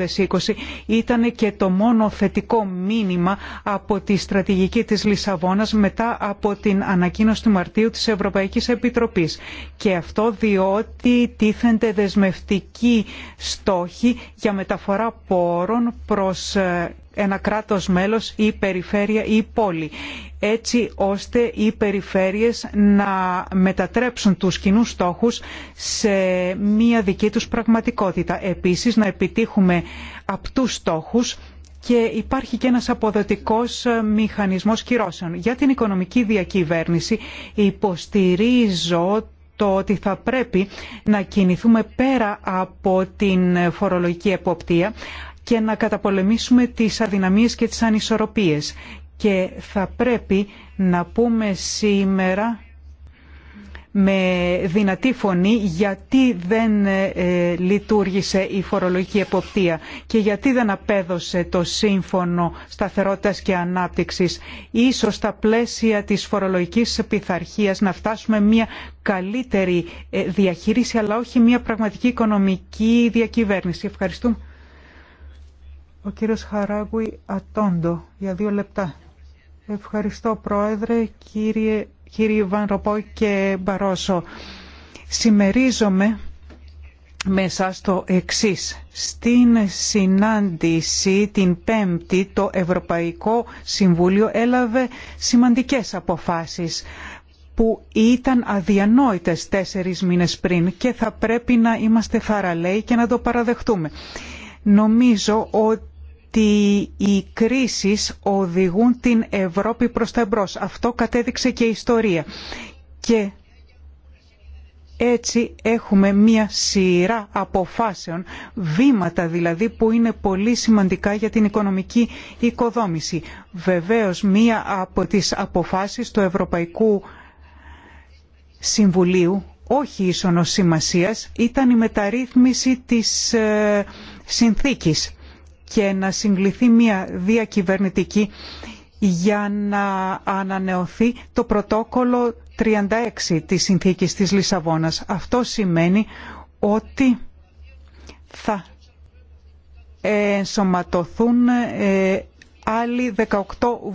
ήταν και το μόνο θετικό μήνυμα από τη στρατηγική της Λισαβόνας μετά από την ανακοίνωση του Μαρτίου της Ευρωπαϊκής Επιτροπής. Και αυτό διότι τίθενται δεσμευτικοί στόχοι για μεταφορά πόρων προς ε, ένα κράτος μέλος ή περιφέρεια ή πόλη έτσι ώστε οι περιφέρειες να μετατρέψουν τους κοινούς στόχους σε μία δική τους πραγματικότητα. Επίσης να επιτύχουμε απτούς στόχους και υπάρχει και ένας αποδοτικός ε, μηχανισμός κυρώσεων. Για την οικονομική διακυβέρνηση υποστηρίζω το ότι θα πρέπει να κινηθούμε πέρα από την φορολογική εποπτεία και να καταπολεμήσουμε τις αδυναμίες και τις ανισορροπίες. Και θα πρέπει να πούμε σήμερα με δυνατή φωνή γιατί δεν ε, λειτουργήσε η φορολογική εποπτεία και γιατί δεν απέδωσε το σύμφωνο σταθερότητας και ανάπτυξης. Ίσως στα πλαίσια της φορολογικής πειθαρχίας να φτάσουμε μια καλύτερη ε, διαχείριση αλλά όχι μια πραγματική οικονομική διακυβέρνηση. Ευχαριστούμε. Ο κύριος Χαράγουι Ατόντο, για δύο λεπτά. Ευχαριστώ Πρόεδρε, κύριε, κύριε Βαν και Μπαρόσο. Σημερίζομαι μέσα στο το εξής. Στην συνάντηση την Πέμπτη το Ευρωπαϊκό Συμβούλιο έλαβε σημαντικές αποφάσεις που ήταν αδιανόητες τέσσερις μήνες πριν και θα πρέπει να είμαστε θαραλέοι και να το παραδεχτούμε. Νομίζω ότι ότι οι κρίσεις οδηγούν την Ευρώπη προς τα εμπρός. Αυτό κατέδειξε και η ιστορία. Και έτσι έχουμε μία σειρά αποφάσεων, βήματα δηλαδή που είναι πολύ σημαντικά για την οικονομική οικοδόμηση. Βεβαίως μία από τις αποφάσεις του Ευρωπαϊκού Συμβουλίου, όχι ίσονος ήταν η μεταρρύθμιση της ε, συνθήκης και να συγκληθεί μια διακυβερνητική για να ανανεωθεί το πρωτόκολλο 36 της συνθήκης της Λισαβόνας. Αυτό σημαίνει ότι θα ενσωματωθούν ε, άλλοι 18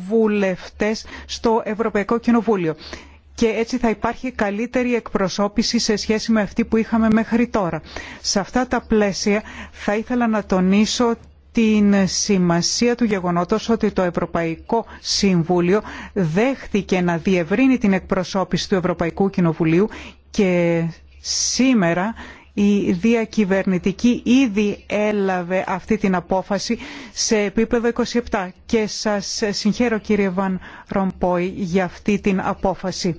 βουλευτές στο Ευρωπαϊκό Κοινοβούλιο και έτσι θα υπάρχει καλύτερη εκπροσώπηση σε σχέση με αυτή που είχαμε μέχρι τώρα. Σε αυτά τα πλαίσια θα ήθελα να τονίσω την σημασία του γεγονότος ότι το Ευρωπαϊκό Συμβούλιο δέχτηκε να διευρύνει την εκπροσώπηση του Ευρωπαϊκού Κοινοβουλίου και σήμερα η διακυβερνητική ήδη έλαβε αυτή την απόφαση σε επίπεδο 27 και σας συγχαίρω κύριε Βαν Ρομπόη για αυτή την απόφαση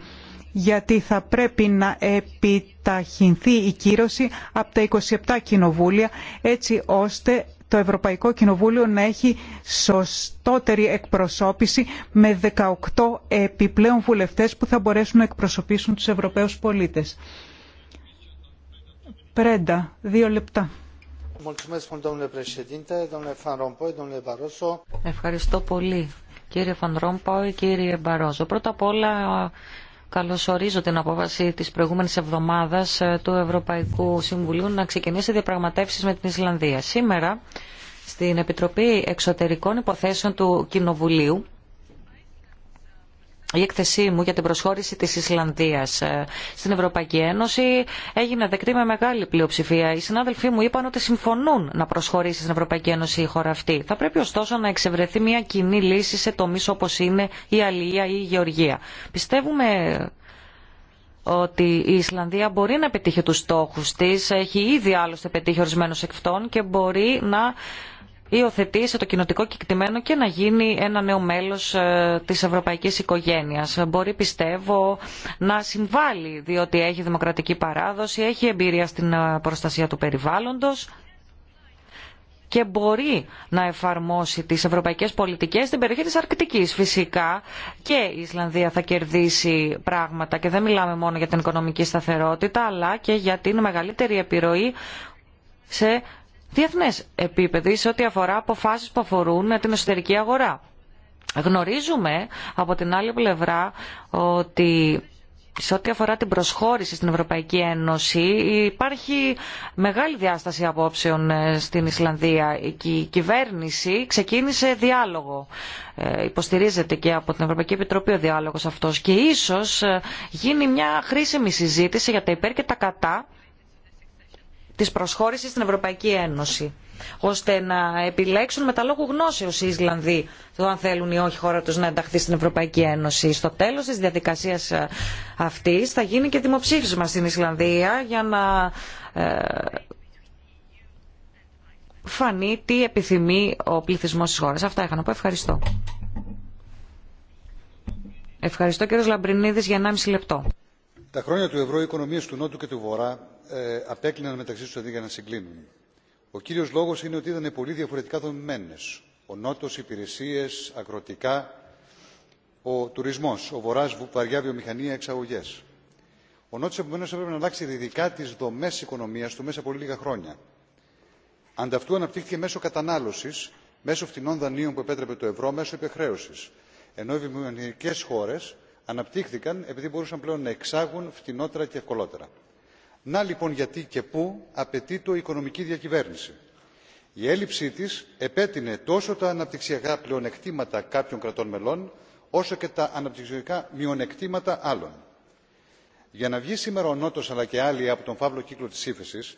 γιατί θα πρέπει να επιταχυνθεί η κύρωση από τα 27 κοινοβούλια έτσι ώστε το Ευρωπαϊκό Κοινοβούλιο να έχει σωστότερη εκπροσώπηση με 18 επιπλέον βουλευτές που θα μπορέσουν να εκπροσωπήσουν τους Ευρωπαίους πολίτες. Πρέντα, δύο λεπτά. Ευχαριστώ πολύ κύριε Φαν και κύριε Μπαρόζο. Πρώτα απ' όλα Καλωσορίζω την απόφαση τη προηγούμενη εβδομάδα ε, του Ευρωπαϊκού Συμβουλίου να ξεκινήσει διαπραγματεύσει με την Ισλανδία. Σήμερα στην Επιτροπή Εξωτερικών Υποθέσεων του Κοινοβουλίου η έκθεσή μου για την προσχώρηση της Ισλανδίας ε, στην Ευρωπαϊκή Ένωση έγινε δεκτή με μεγάλη πλειοψηφία. Οι συνάδελφοί μου είπαν ότι συμφωνούν να προσχωρήσει στην Ευρωπαϊκή Ένωση η χώρα αυτή. Θα πρέπει ωστόσο να εξευρεθεί μια κοινή λύση σε τομείς όπως είναι η αλληλεία ή η γεωργία. Πιστεύουμε ότι η Ισλανδία μπορεί να πετύχει τους στόχους της, έχει ήδη άλλωστε πετύχει ορισμένους εκφτών και μπορεί να σε το κοινοτικό κεκτημένο και να γίνει ένα νέο μέλος ε, της ευρωπαϊκής οικογένειας. Μπορεί πιστεύω να συμβάλλει διότι έχει δημοκρατική παράδοση, έχει εμπειρία στην ε, προστασία του περιβάλλοντος και μπορεί να εφαρμόσει τις ευρωπαϊκές πολιτικές στην περιοχή της Αρκτικής. Φυσικά και η Ισλανδία θα κερδίσει πράγματα και δεν μιλάμε μόνο για την οικονομική σταθερότητα αλλά και για την μεγαλύτερη επιρροή σε Διεθνέ επίπεδο σε ό,τι αφορά αποφάσει που αφορούν την εσωτερική αγορά. Γνωρίζουμε από την άλλη πλευρά ότι σε ό,τι αφορά την προσχώρηση στην Ευρωπαϊκή Ένωση υπάρχει μεγάλη διάσταση απόψεων ε, στην Ισλανδία. Η κυβέρνηση ξεκίνησε διάλογο. Ε, υποστηρίζεται και από την Ευρωπαϊκή Επιτροπή ο διάλογος αυτός και ίσως ε, γίνει μια χρήσιμη συζήτηση για τα υπέρ και τα κατά της προσχώρησης στην Ευρωπαϊκή Ένωση ώστε να επιλέξουν με τα λόγου γνώσεως οι Ισλανδοί το αν θέλουν ή όχι η χώρα τους να ενταχθεί στην Ευρωπαϊκή Ένωση. Στο τέλος της διαδικασίας ε, αυτής θα γίνει και δημοψήφισμα στην Ισλανδία για να ε, φανεί τι επιθυμεί ο πληθυσμός της χώρας. Αυτά είχα να πω. Ευχαριστώ. Ευχαριστώ κύριο Λαμπρινίδης για 1,5 λεπτό. Τα χρόνια του ευρώ του Νότου και του Βορρά ε, απέκλειναν μεταξύ του αντί για να συγκλίνουν. Ο κύριο λόγο είναι ότι ήταν πολύ διαφορετικά δομημένε. Ο Νότο, υπηρεσίε, αγροτικά, ο τουρισμό, ο Βορρά, βαριά βιομηχανία, εξαγωγέ. Ο Νότο επομένω έπρεπε να αλλάξει διδικά τι δομέ οικονομία του μέσα πολύ λίγα χρόνια. Ανταυτού αναπτύχθηκε μέσω κατανάλωση, μέσω φτηνών δανείων που επέτρεπε το ευρώ, μέσω υπεχρέωση. Ενώ οι βιομηχανικέ χώρε αναπτύχθηκαν επειδή μπορούσαν πλέον να εξάγουν φτηνότερα και ευκολότερα να λοιπόν γιατί και πού απαιτεί το οικονομική διακυβέρνηση. η έλλειψή της επέτεινε τόσο τα αναπτυξιακά πλεονεκτήματα κάποιων κρατών μελών όσο και τα αναπτυξιακά μειονεκτήματα άλλων. για να βγει σήμερα ο νότος αλλά και άλλοι από τον φαύλο κύκλο της ύφεσης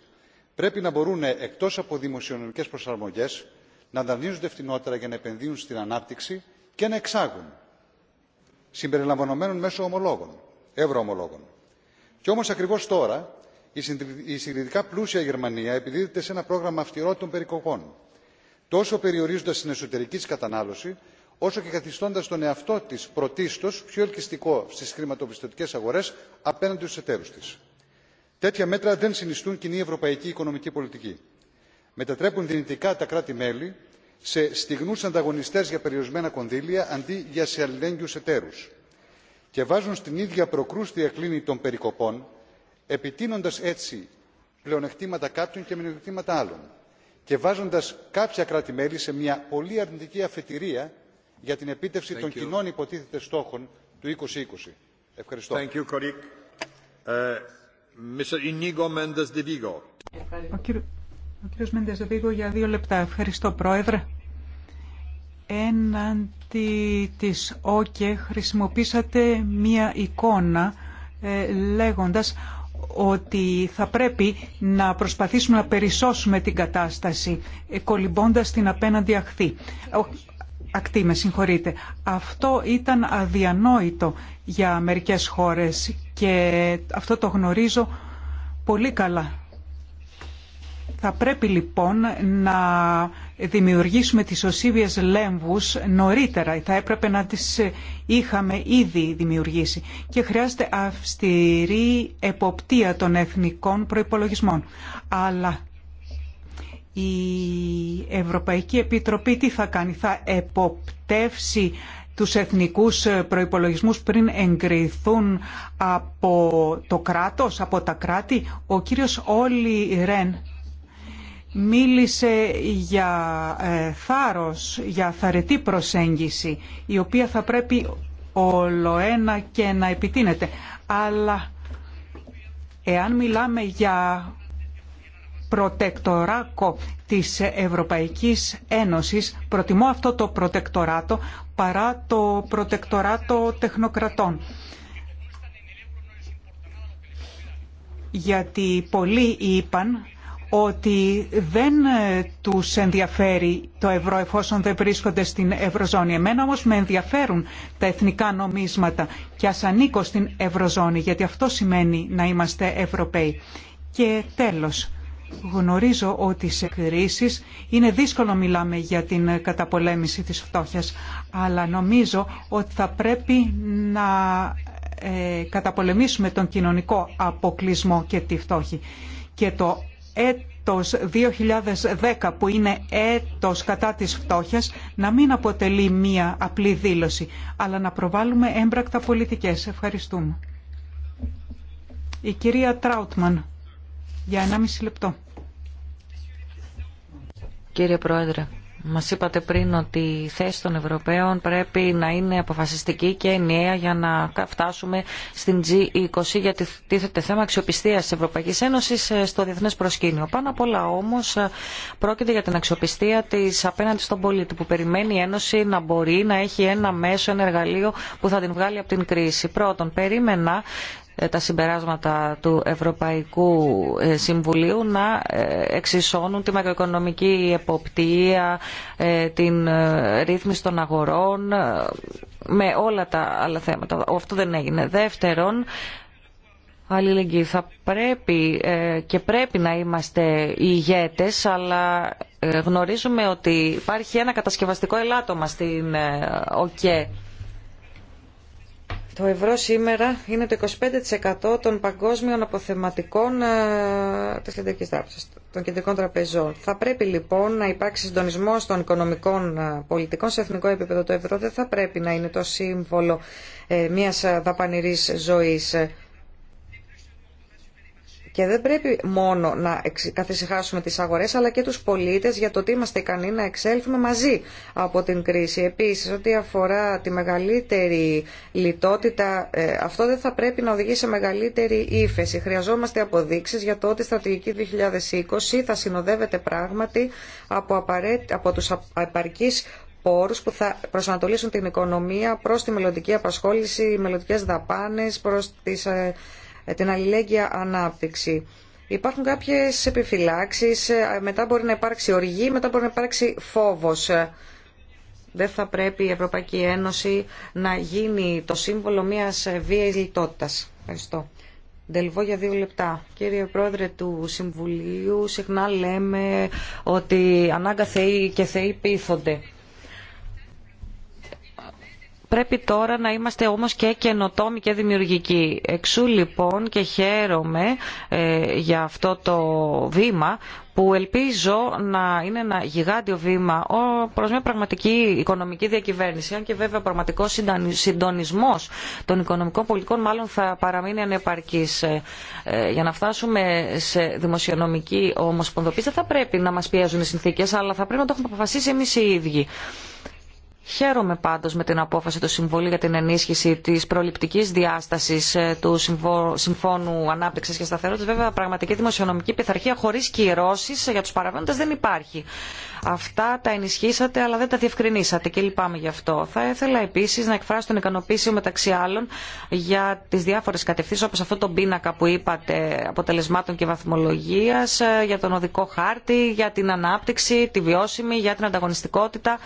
πρέπει να μπορούν εκτός από δημοσιονομικές προσαρμογές να δανείζονται φτηνότερα για να επενδύουν στην ανάπτυξη και να εξάγουν συμπεριλαμβανομένων μέσω ομολόγων ευρωομολόγων. κι όμως ακριβώς τώρα η συγκριτικά πλούσια γερμανία επιδίδεται σε ένα πρόγραμμα των περικοπών τόσο περιορίζοντα την εσωτερική τη κατανάλωση όσο και καθιστώντα τον εαυτό τη πρωτίστω πιο ελκυστικό στι χρηματοπιστωτικέ αγορέ απέναντι στου εταίρου τη. τέτοια μέτρα δεν συνιστούν κοινή ευρωπαϊκή οικονομική πολιτική. μετατρέπουν δυνητικά τα κράτη μέλη σε στιγνού ανταγωνιστέ για περιορισμένα κονδύλια αντί για σε αλληλέγγυου εταίρου και βάζουν στην ίδια προκρούστια κλίνη των περικοπών επιτείνοντας έτσι πλεονεκτήματα κάποιων και μειονεκτήματα άλλων και βάζοντας κάποια κράτη μέλη σε μια πολύ αρνητική αφετηρία για την επίτευξη των κοινών υποτίθεται στόχων του. 2020. Ευχαριστώ. για δύο λεπτά. Ευχαριστώ πρόεδρε. Έναντι της ΟΚΕ χρησιμοποίησατε μία εικόνα ε, λέγοντας ότι θα πρέπει να προσπαθήσουμε να περισσώσουμε την κατάσταση, ε, κολυμπώντας την απέναντι αχθή. Ακτή, με συγχωρείτε. Αυτό ήταν αδιανόητο για μερικές χώρες και αυτό το γνωρίζω πολύ καλά. Θα πρέπει λοιπόν να δημιουργήσουμε τις οσίβιες λέμβους νωρίτερα. Θα έπρεπε να τις ε, είχαμε ήδη δημιουργήσει. Και χρειάζεται αυστηρή εποπτεία των εθνικών προϋπολογισμών. Αλλά η Ευρωπαϊκή Επιτροπή τι θα κάνει. Θα εποπτεύσει τους εθνικούς ε, προϋπολογισμούς πριν εγκριθούν από το κράτος, από τα κράτη. Ο κύριος Όλι Ρεν μίλησε για ε, θάρρος, για θαρετή προσέγγιση, η οποία θα πρέπει όλο ένα και να επιτείνεται. Αλλά εάν μιλάμε για προτεκτοράκο της Ευρωπαϊκής Ένωσης, προτιμώ αυτό το προτεκτοράτο παρά το προτεκτοράτο τεχνοκρατών. Γιατί πολλοί είπαν ότι δεν ε, τους ενδιαφέρει το ευρώ εφόσον δεν βρίσκονται στην Ευρωζώνη. Εμένα όμως με ενδιαφέρουν τα εθνικά νομίσματα και ας ανήκω στην Ευρωζώνη γιατί αυτό σημαίνει να είμαστε Ευρωπαίοι. Και τέλος, γνωρίζω ότι σε κρίσεις είναι δύσκολο μιλάμε για την καταπολέμηση της φτώχειας αλλά νομίζω ότι θα πρέπει να ε, καταπολεμήσουμε τον κοινωνικό αποκλεισμό και τη φτώχεια. Και το έτος 2010 που είναι έτος κατά της φτώχειας να μην αποτελεί μία απλή δήλωση, αλλά να προβάλλουμε έμπρακτα πολιτικές. Ευχαριστούμε. Η κυρία Τράουτμαν, για ένα μισή λεπτό. Κύριε Πρόεδρε, μας είπατε πριν ότι η θέση των Ευρωπαίων πρέπει να είναι αποφασιστική και ενιαία για να φτάσουμε στην G20 γιατί τίθεται θέμα αξιοπιστίας της Ευρωπαϊκής Ένωσης ε, στο διεθνές προσκήνιο. Πάνω απ' όλα όμως ε, πρόκειται για την αξιοπιστία της απέναντι στον πολίτη που περιμένει η Ένωση να μπορεί να έχει ένα μέσο, ένα εργαλείο που θα την βγάλει από την κρίση. Πρώτον, περίμενα ε, τα συμπεράσματα του Ευρωπαϊκού ε, Συμβουλίου να ε, εξισώνουν τη μακροοικονομική εποπτεία, την ρύθμιση των αγορών με όλα τα άλλα θέματα. Αυτό δεν έγινε. Δεύτερον, αλληλεγγύη. Θα πρέπει και πρέπει να είμαστε ηγέτες, αλλά γνωρίζουμε ότι υπάρχει ένα κατασκευαστικό ελάττωμα στην ΟΚΕ. Το ευρώ σήμερα είναι το 25% των παγκόσμιων αποθεματικών ε, της τράπεζας, των κεντρικών τραπεζών. Θα πρέπει λοιπόν να υπάρξει συντονισμό των οικονομικών ε, πολιτικών σε εθνικό επίπεδο. Το ευρώ δεν θα πρέπει να είναι το σύμβολο ε, μιας ε, δαπανηρής ζωής. Και δεν πρέπει μόνο να καθησυχάσουμε τις αγορές αλλά και τους πολίτες για το ότι είμαστε ικανοί να εξέλθουμε μαζί από την κρίση. Επίσης, ό,τι αφορά τη μεγαλύτερη λιτότητα, ε, αυτό δεν θα πρέπει να οδηγεί σε μεγαλύτερη ύφεση. Χρειαζόμαστε αποδείξεις για το ότι η στρατηγική 2020 θα συνοδεύεται πράγματι από, απαραίτη, από τους επαρκείς πόρους που θα προσανατολίσουν την οικονομία προς τη μελλοντική απασχόληση, μελλοντικές δαπάνες, προς τις ε, ε, την αλληλέγγυα ανάπτυξη. Υπάρχουν κάποιες επιφυλάξεις, ε, μετά μπορεί να υπάρξει οργή, μετά μπορεί να υπάρξει φόβος. Ε, δεν θα πρέπει η Ευρωπαϊκή Ένωση να γίνει το σύμβολο μιας βίαιης λιτότητας. Ευχαριστώ. Ντελβό για δύο λεπτά. Κύριε Πρόεδρε του Συμβουλίου, συχνά λέμε ότι ανάγκα θεοί και θεοί πείθονται. Πρέπει τώρα να είμαστε όμως και καινοτόμοι και δημιουργικοί. Εξού λοιπόν και χαίρομαι ε, για αυτό το βήμα που ελπίζω να είναι ένα γιγάντιο βήμα προς μια πραγματική οικονομική διακυβέρνηση. Αν και βέβαια ο πραγματικός συντονισμός των οικονομικών πολιτικών μάλλον θα παραμείνει ανεπαρκής. Ε, ε, για να φτάσουμε σε δημοσιονομική ομοσπονδοποίηση δεν θα πρέπει να μας πιέζουν οι συνθήκες αλλά θα πρέπει να το έχουμε αποφασίσει εμείς οι ίδιοι. Χαίρομαι πάντως με την απόφαση του Συμβουλίου για την ενίσχυση της προληπτικής διάστασης ε, του Συμφώνου Ανάπτυξης και Σταθερότητας. Βέβαια, πραγματική δημοσιονομική πειθαρχία χωρίς κυρώσεις για τους παραβαίνοντες δεν υπάρχει. Αυτά τα ενισχύσατε αλλά δεν τα διευκρινίσατε και λυπάμαι γι' αυτό. Θα ήθελα επίσης να εκφράσω την ικανοποίηση μεταξύ άλλων για τις διάφορες κατευθύνσεις όπως αυτό το πίνακα που είπατε αποτελεσμάτων και βαθμολογίας, ε, για τον οδικό χάρτη, για την ανάπτυξη, τη βιώσιμη, για την ανταγωνιστικότητα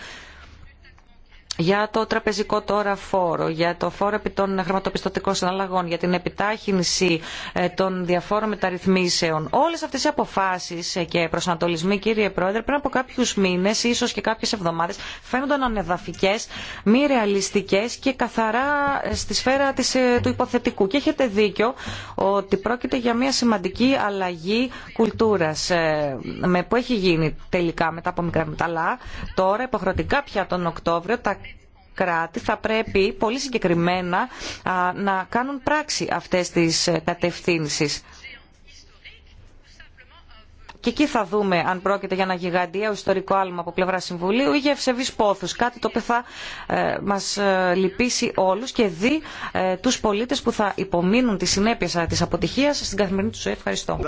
για το τραπεζικό τώρα φόρο, για το φόρο επί των χρηματοπιστωτικών συναλλαγών, για την επιτάχυνση ε, των διαφόρων μεταρρυθμίσεων. Όλες αυτές οι αποφάσεις ε, και προσανατολισμοί, κύριε Πρόεδρε, πριν από κάποιους μήνες, ίσως και κάποιες εβδομάδες, φαίνονταν ανεδαφικές, μη ρεαλιστικές και καθαρά ε, στη σφαίρα της, του υποθετικού. Και έχετε δίκιο ότι πρόκειται για μια σημαντική αλλαγή κουλτούρας που έχει γίνει τελικά μετά από μικρά μεταλλά. Τώρα υποχρεωτικά πια τον Οκτώβριο τα κράτη θα πρέπει πολύ συγκεκριμένα να κάνουν πράξη αυτές τις ε, κατευθύνσεις. Και εκεί θα δούμε αν πρόκειται για ένα γιγαντιαίο ιστορικό άλμα από πλευρά Συμβουλίου ή για ευσεβεί πόθους. Κάτι το οποίο θα ε, μα ε, λυπήσει όλου και δει ε, του πολίτε που θα υπομείνουν τη συνέπεια ε, της αποτυχίας στην καθημερινή του Ευχαριστώ.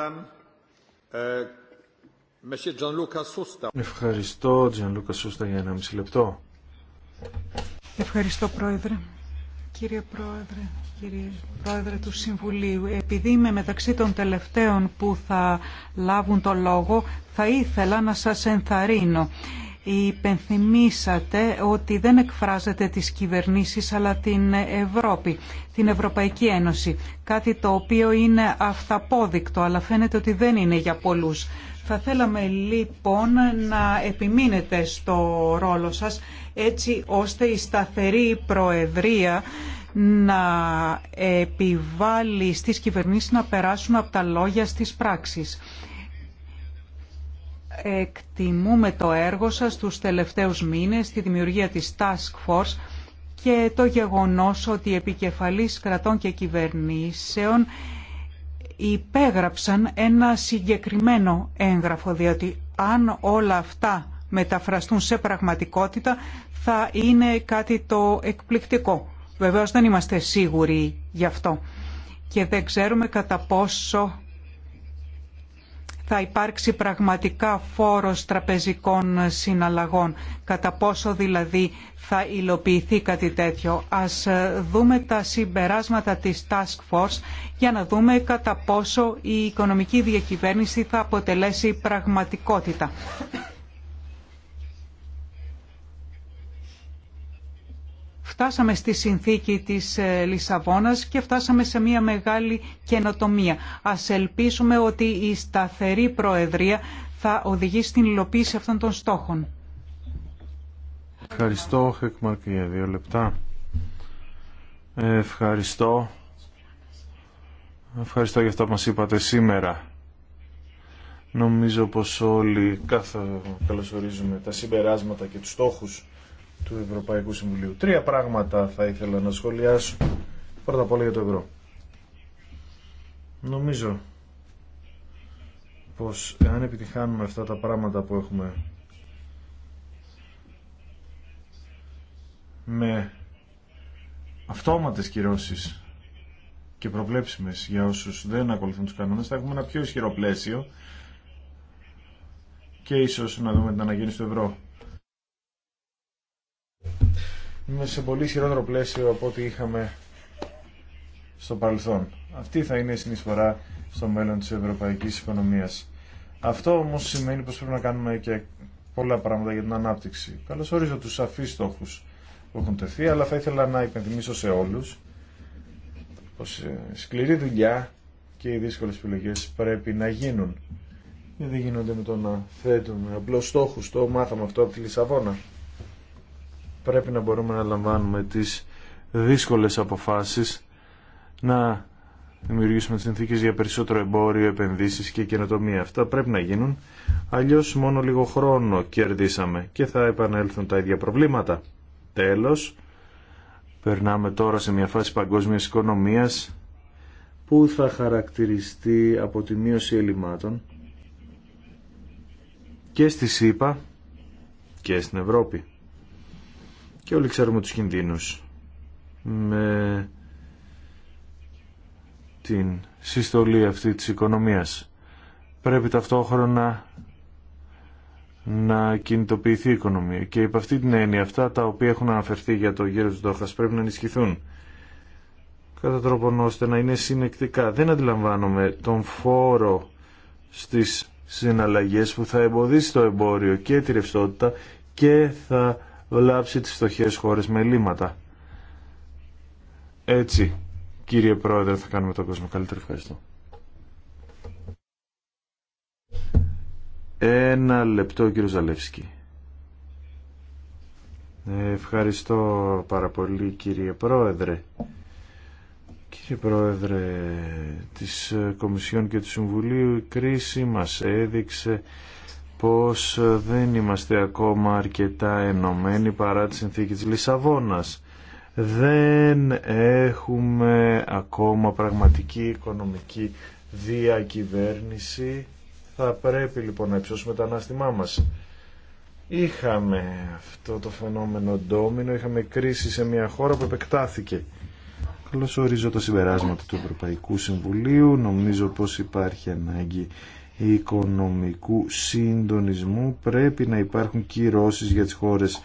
Ευχαριστώ, Τζιάν Λούκα Σούστα, για ένα μισή λεπτό. Ευχαριστώ, Πρόεδρε. Κύριε Πρόεδρε, κύριε Πρόεδρε του Συμβουλίου, επειδή είμαι μεταξύ των τελευταίων που θα λάβουν το λόγο, θα ήθελα να σας ενθαρρύνω. Υπενθυμίσατε ότι δεν εκφράζετε τις κυβερνήσεις αλλά την Ευρώπη, την Ευρωπαϊκή Ένωση. Κάτι το οποίο είναι αυταπόδεικτο αλλά φαίνεται ότι δεν είναι για πολλούς. Θα θέλαμε λοιπόν να επιμείνετε στο ρόλο σας έτσι ώστε η σταθερή προεδρία να επιβάλλει στις κυβερνήσεις να περάσουν από τα λόγια στις πράξεις. Εκτιμούμε το έργο σας τους τελευταίους μήνες στη δημιουργία της Task Force και το γεγονός ότι επικεφαλής κρατών και κυβερνήσεων υπέγραψαν ένα συγκεκριμένο έγγραφο, διότι αν όλα αυτά μεταφραστούν σε πραγματικότητα θα είναι κάτι το εκπληκτικό. Βεβαίως δεν είμαστε σίγουροι γι' αυτό και δεν ξέρουμε κατά πόσο θα υπάρξει πραγματικά φόρος τραπεζικών συναλλαγών. Κατά πόσο δηλαδή θα υλοποιηθεί κάτι τέτοιο. Ας δούμε τα συμπεράσματα της Task Force για να δούμε κατά πόσο η οικονομική διακυβέρνηση θα αποτελέσει πραγματικότητα. Φτάσαμε στη συνθήκη της ε, Λισαβόνας και φτάσαμε σε μια μεγάλη καινοτομία. Ας ελπίσουμε ότι η σταθερή Προεδρία θα οδηγήσει στην υλοποίηση αυτών των στόχων. Ευχαριστώ, Χεκμαρκ, για δύο λεπτά. Ευχαριστώ. Ευχαριστώ για αυτά που μας είπατε σήμερα. Νομίζω πως όλοι καθα... καλωσορίζουμε τα συμπεράσματα και τους στόχους του Ευρωπαϊκού Συμβουλίου. Τρία πράγματα θα ήθελα να σχολιάσω. Πρώτα απ' όλα για το ευρώ. Νομίζω πως αν επιτυχάνουμε αυτά τα πράγματα που έχουμε με αυτόματες κυρώσεις και προβλέψιμες για όσους δεν ακολουθούν τους κανόνες θα έχουμε ένα πιο ισχυρό πλαίσιο και ίσως να δούμε την αναγέννηση του ευρώ σε πολύ ισχυρότερο πλαίσιο από ό,τι είχαμε στο παρελθόν. Αυτή θα είναι η συνεισφορά στο μέλλον της ευρωπαϊκής οικονομίας. Αυτό όμως σημαίνει πως πρέπει να κάνουμε και πολλά πράγματα για την ανάπτυξη. Καλώς ορίζω τους σαφείς στόχους που έχουν τεθεί, αλλά θα ήθελα να υπενθυμίσω σε όλους πως ε, σκληρή δουλειά και οι δύσκολες επιλογές πρέπει να γίνουν. Δεν γίνονται με το να θέτουμε απλώς στόχους, το μάθαμε αυτό από τη Λισαβόνα πρέπει να μπορούμε να λαμβάνουμε τις δύσκολες αποφάσεις να δημιουργήσουμε τις συνθήκες για περισσότερο εμπόριο, επενδύσεις και καινοτομία. Αυτά πρέπει να γίνουν, αλλιώς μόνο λίγο χρόνο κερδίσαμε και θα επανέλθουν τα ίδια προβλήματα. Τέλος, περνάμε τώρα σε μια φάση παγκόσμιας οικονομίας που θα χαρακτηριστεί από τη μείωση ελλημάτων και στη ΣΥΠΑ και στην Ευρώπη και όλοι ξέρουμε τους κινδύνους με την συστολή αυτή της οικονομίας. Πρέπει ταυτόχρονα να κινητοποιηθεί η οικονομία και υπ' αυτή την έννοια αυτά τα οποία έχουν αναφερθεί για το γύρο του Ντόχας πρέπει να ενισχυθούν κατά τρόπον ώστε να είναι συνεκτικά. Δεν αντιλαμβάνομαι τον φόρο στις συναλλαγές που θα εμποδίσει το εμπόριο και τη ρευστότητα και θα βλάψει τις φτωχές χώρες με λύματα. Έτσι, κύριε Πρόεδρε, θα κάνουμε τον κόσμο καλύτερο. Ευχαριστώ. Ένα λεπτό, κύριο Ζαλεύσκη. Ευχαριστώ πάρα πολύ, κύριε Πρόεδρε. Κύριε Πρόεδρε της Κομισιόν και του Συμβουλίου, η κρίση μας έδειξε πως ε, δεν είμαστε ακόμα αρκετά ενωμένοι παρά τη συνθήκη της Λισαβόνας. Δεν έχουμε ακόμα πραγματική οικονομική διακυβέρνηση. Θα πρέπει λοιπόν να υψώσουμε τα ανάστημά μας. Είχαμε αυτό το φαινόμενο ντόμινο, είχαμε κρίση σε μια χώρα που επεκτάθηκε. Καλώς ορίζω τα συμπεράσματα του Ευρωπαϊκού Συμβουλίου. Νομίζω πως υπάρχει ανάγκη οικονομικού συντονισμού πρέπει να υπάρχουν κυρώσεις για τις χώρες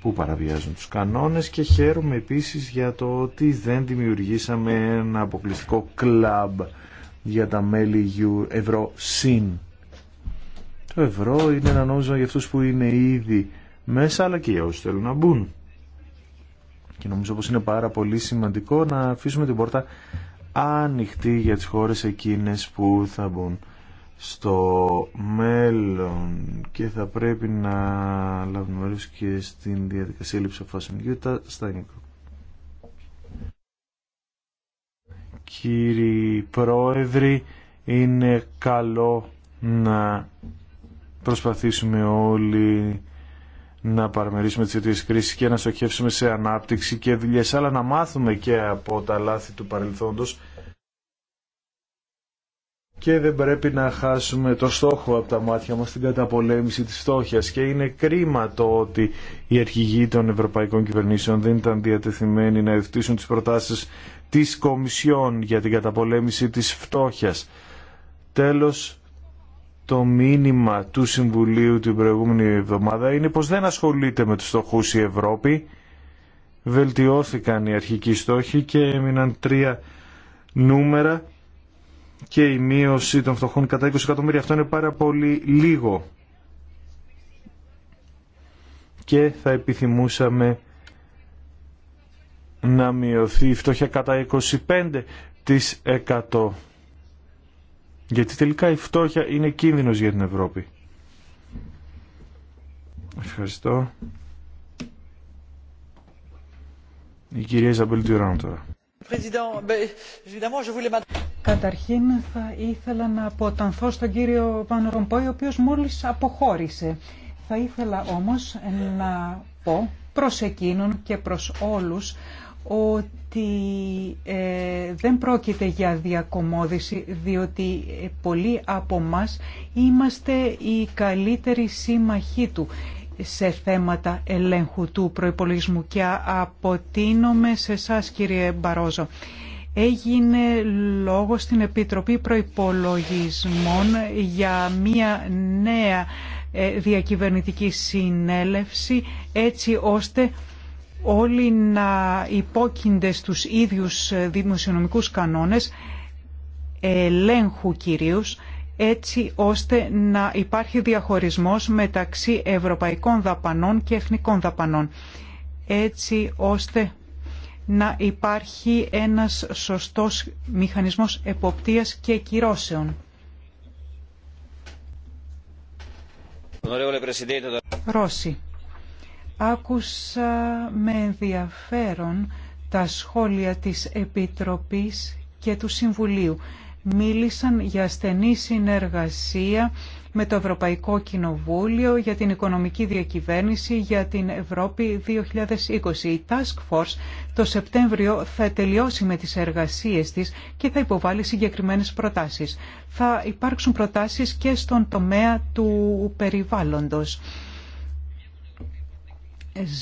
που παραβιάζουν τους κανόνες και χαίρομαι επίσης για το ότι δεν δημιουργήσαμε ένα αποκλειστικό κλαμπ για τα μέλη Ευρώ-ΣΥΝ. Το ευρώ είναι ένα νόμισμα για αυτούς που είναι ήδη μέσα αλλά και για όσους θέλουν να μπουν. Και νομίζω πως είναι πάρα πολύ σημαντικό να αφήσουμε την πόρτα ανοιχτή για τις χώρες εκείνες που θα μπουν στο μέλλον και θα πρέπει να λάβουμε μέρο και στην διαδικασία λήψη αποφάσεων. Γιούτα Στάνικο. Κύριοι Πρόεδροι, είναι καλό να προσπαθήσουμε όλοι να παραμερίσουμε τις αιτίες κρίσεις και να στοχεύσουμε σε ανάπτυξη και δουλειές, αλλά να μάθουμε και από τα λάθη του παρελθόντος και δεν πρέπει να χάσουμε το στόχο από τα μάτια μας στην καταπολέμηση της φτώχειας και είναι κρίμα το ότι οι αρχηγοί των ευρωπαϊκών κυβερνήσεων δεν ήταν διατεθειμένοι να ευθύσουν τις προτάσεις της Κομισιόν για την καταπολέμηση της φτώχειας. Τέλος, το μήνυμα του Συμβουλίου την προηγούμενη εβδομάδα είναι πως δεν ασχολείται με τους στοχούς η Ευρώπη. Βελτιώθηκαν οι αρχικοί στόχοι και έμειναν τρία νούμερα και η μείωση των φτωχών κατά 20 εκατομμύρια. Αυτό είναι πάρα πολύ λίγο. Και θα επιθυμούσαμε να μειωθεί η φτώχεια κατά 25%. Γιατί τελικά η φτώχεια είναι κίνδυνος για την Ευρώπη. Ευχαριστώ. Η κυρία Ιζαμπέλ τώρα. Καταρχήν θα ήθελα να αποτανθώ στον κύριο Πανρομπόη, ο οποίος μόλις αποχώρησε. Θα ήθελα όμως να πω προς εκείνον και προς όλους ότι ε, δεν πρόκειται για διακομόδηση διότι ε, πολλοί από μας είμαστε οι καλύτεροι σύμμαχοί του σε θέματα ελέγχου του προϋπολογισμού και αποτείνομαι σε εσά κύριε Μπαρόζο έγινε λόγο στην Επιτροπή Προϋπολογισμών για μια νέα ε, διακυβερνητική συνέλευση έτσι ώστε όλοι να υπόκεινται στους ίδιους ε, δημοσιονομικούς κανόνες ελέγχου κυρίως έτσι ώστε να υπάρχει διαχωρισμός μεταξύ ευρωπαϊκών δαπανών και εθνικών δαπανών έτσι ώστε να υπάρχει ένας σωστός μηχανισμός εποπτείας και κυρώσεων. Ρώση. Άκουσα με ενδιαφέρον τα σχόλια της Επιτροπής και του Συμβουλίου. Μίλησαν για στενή συνεργασία με το Ευρωπαϊκό Κοινοβούλιο για την Οικονομική Διακυβέρνηση για την Ευρώπη 2020. Η Task Force το Σεπτέμβριο θα τελειώσει με τις εργασίες της και θα υποβάλει συγκεκριμένες προτάσεις. Θα υπάρξουν προτάσεις και στον τομέα του περιβάλλοντος.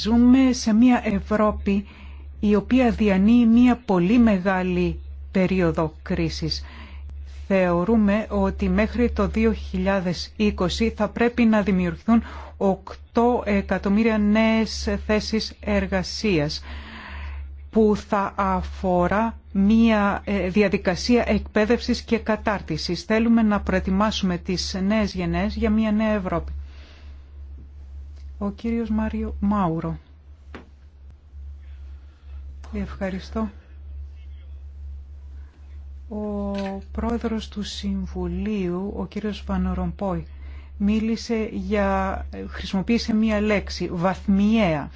Ζούμε σε μια Ευρώπη η οποία διανύει μια πολύ μεγάλη περίοδο κρίσης θεωρούμε ότι μέχρι το 2020 θα πρέπει να δημιουργηθούν 8 εκατομμύρια νέες θέσεις εργασίας που θα αφορά μία ε, διαδικασία εκπαίδευσης και κατάρτισης. Θέλουμε να προετοιμάσουμε τις νέες γενναίες για μία νέα Ευρώπη. Ο κύριος Μάριο Μάουρο. Ευχαριστώ. Ο πρόεδρος του Συμβουλίου, ο κύριος Βανορομπόη, μίλησε για, χρησιμοποίησε μία λέξη, βαθμιαία.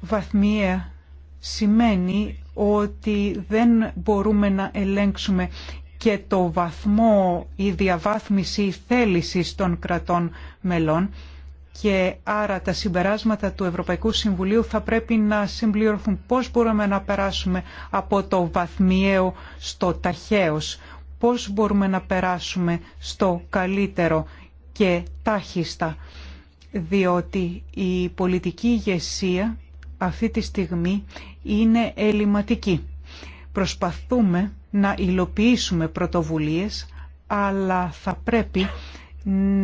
Βαθμιαία σημαίνει ότι δεν μπορούμε να ελέγξουμε και το βαθμό ή διαβάθμιση θέλησης των κρατών μελών και άρα τα συμπεράσματα του Ευρωπαϊκού Συμβουλίου θα πρέπει να συμπληρωθούν. Πώς μπορούμε να περάσουμε από το βαθμιαίο στο ταχαίος, πώς μπορούμε να περάσουμε στο καλύτερο και τάχιστα, διότι η πολιτική ηγεσία αυτή τη στιγμή είναι ελληματική. Προσπαθούμε να υλοποιήσουμε πρωτοβουλίες, αλλά θα πρέπει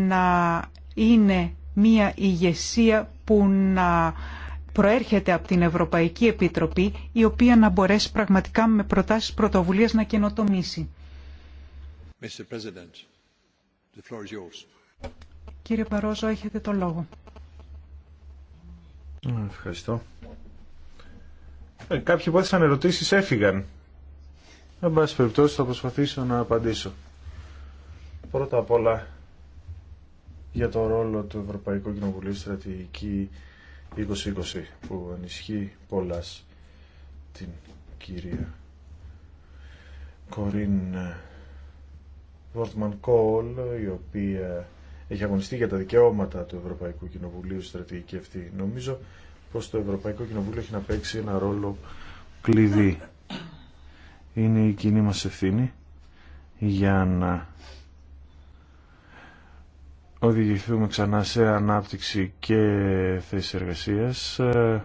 να είναι μία ηγεσία που να προέρχεται από την Ευρωπαϊκή Επιτροπή, η οποία να μπορέσει πραγματικά με προτάσεις πρωτοβουλίας να καινοτομήσει. Κύριε Παρόζο, έχετε το λόγο. Ευχαριστώ. Ε, κάποιοι που έθεσαν ερωτήσεις έφυγαν. Εν πάση περιπτώσει θα προσπαθήσω να απαντήσω. Πρώτα απ' όλα για το ρόλο του Ευρωπαϊκού Κοινοβουλίου Στρατηγική 2020 που ενισχύει πολλά την κυρία Κορίν Βόρτμαν ε, Κόλ η οποία έχει αγωνιστεί για τα δικαιώματα του Ευρωπαϊκού Κοινοβουλίου στρατηγική αυτή. Νομίζω πως το Ευρωπαϊκό Κοινοβούλιο έχει να παίξει ένα ρόλο κλειδί. Είναι η κοινή μας ευθύνη για να οδηγηθούμε ξανά σε ανάπτυξη και θέσεις εργασία ε,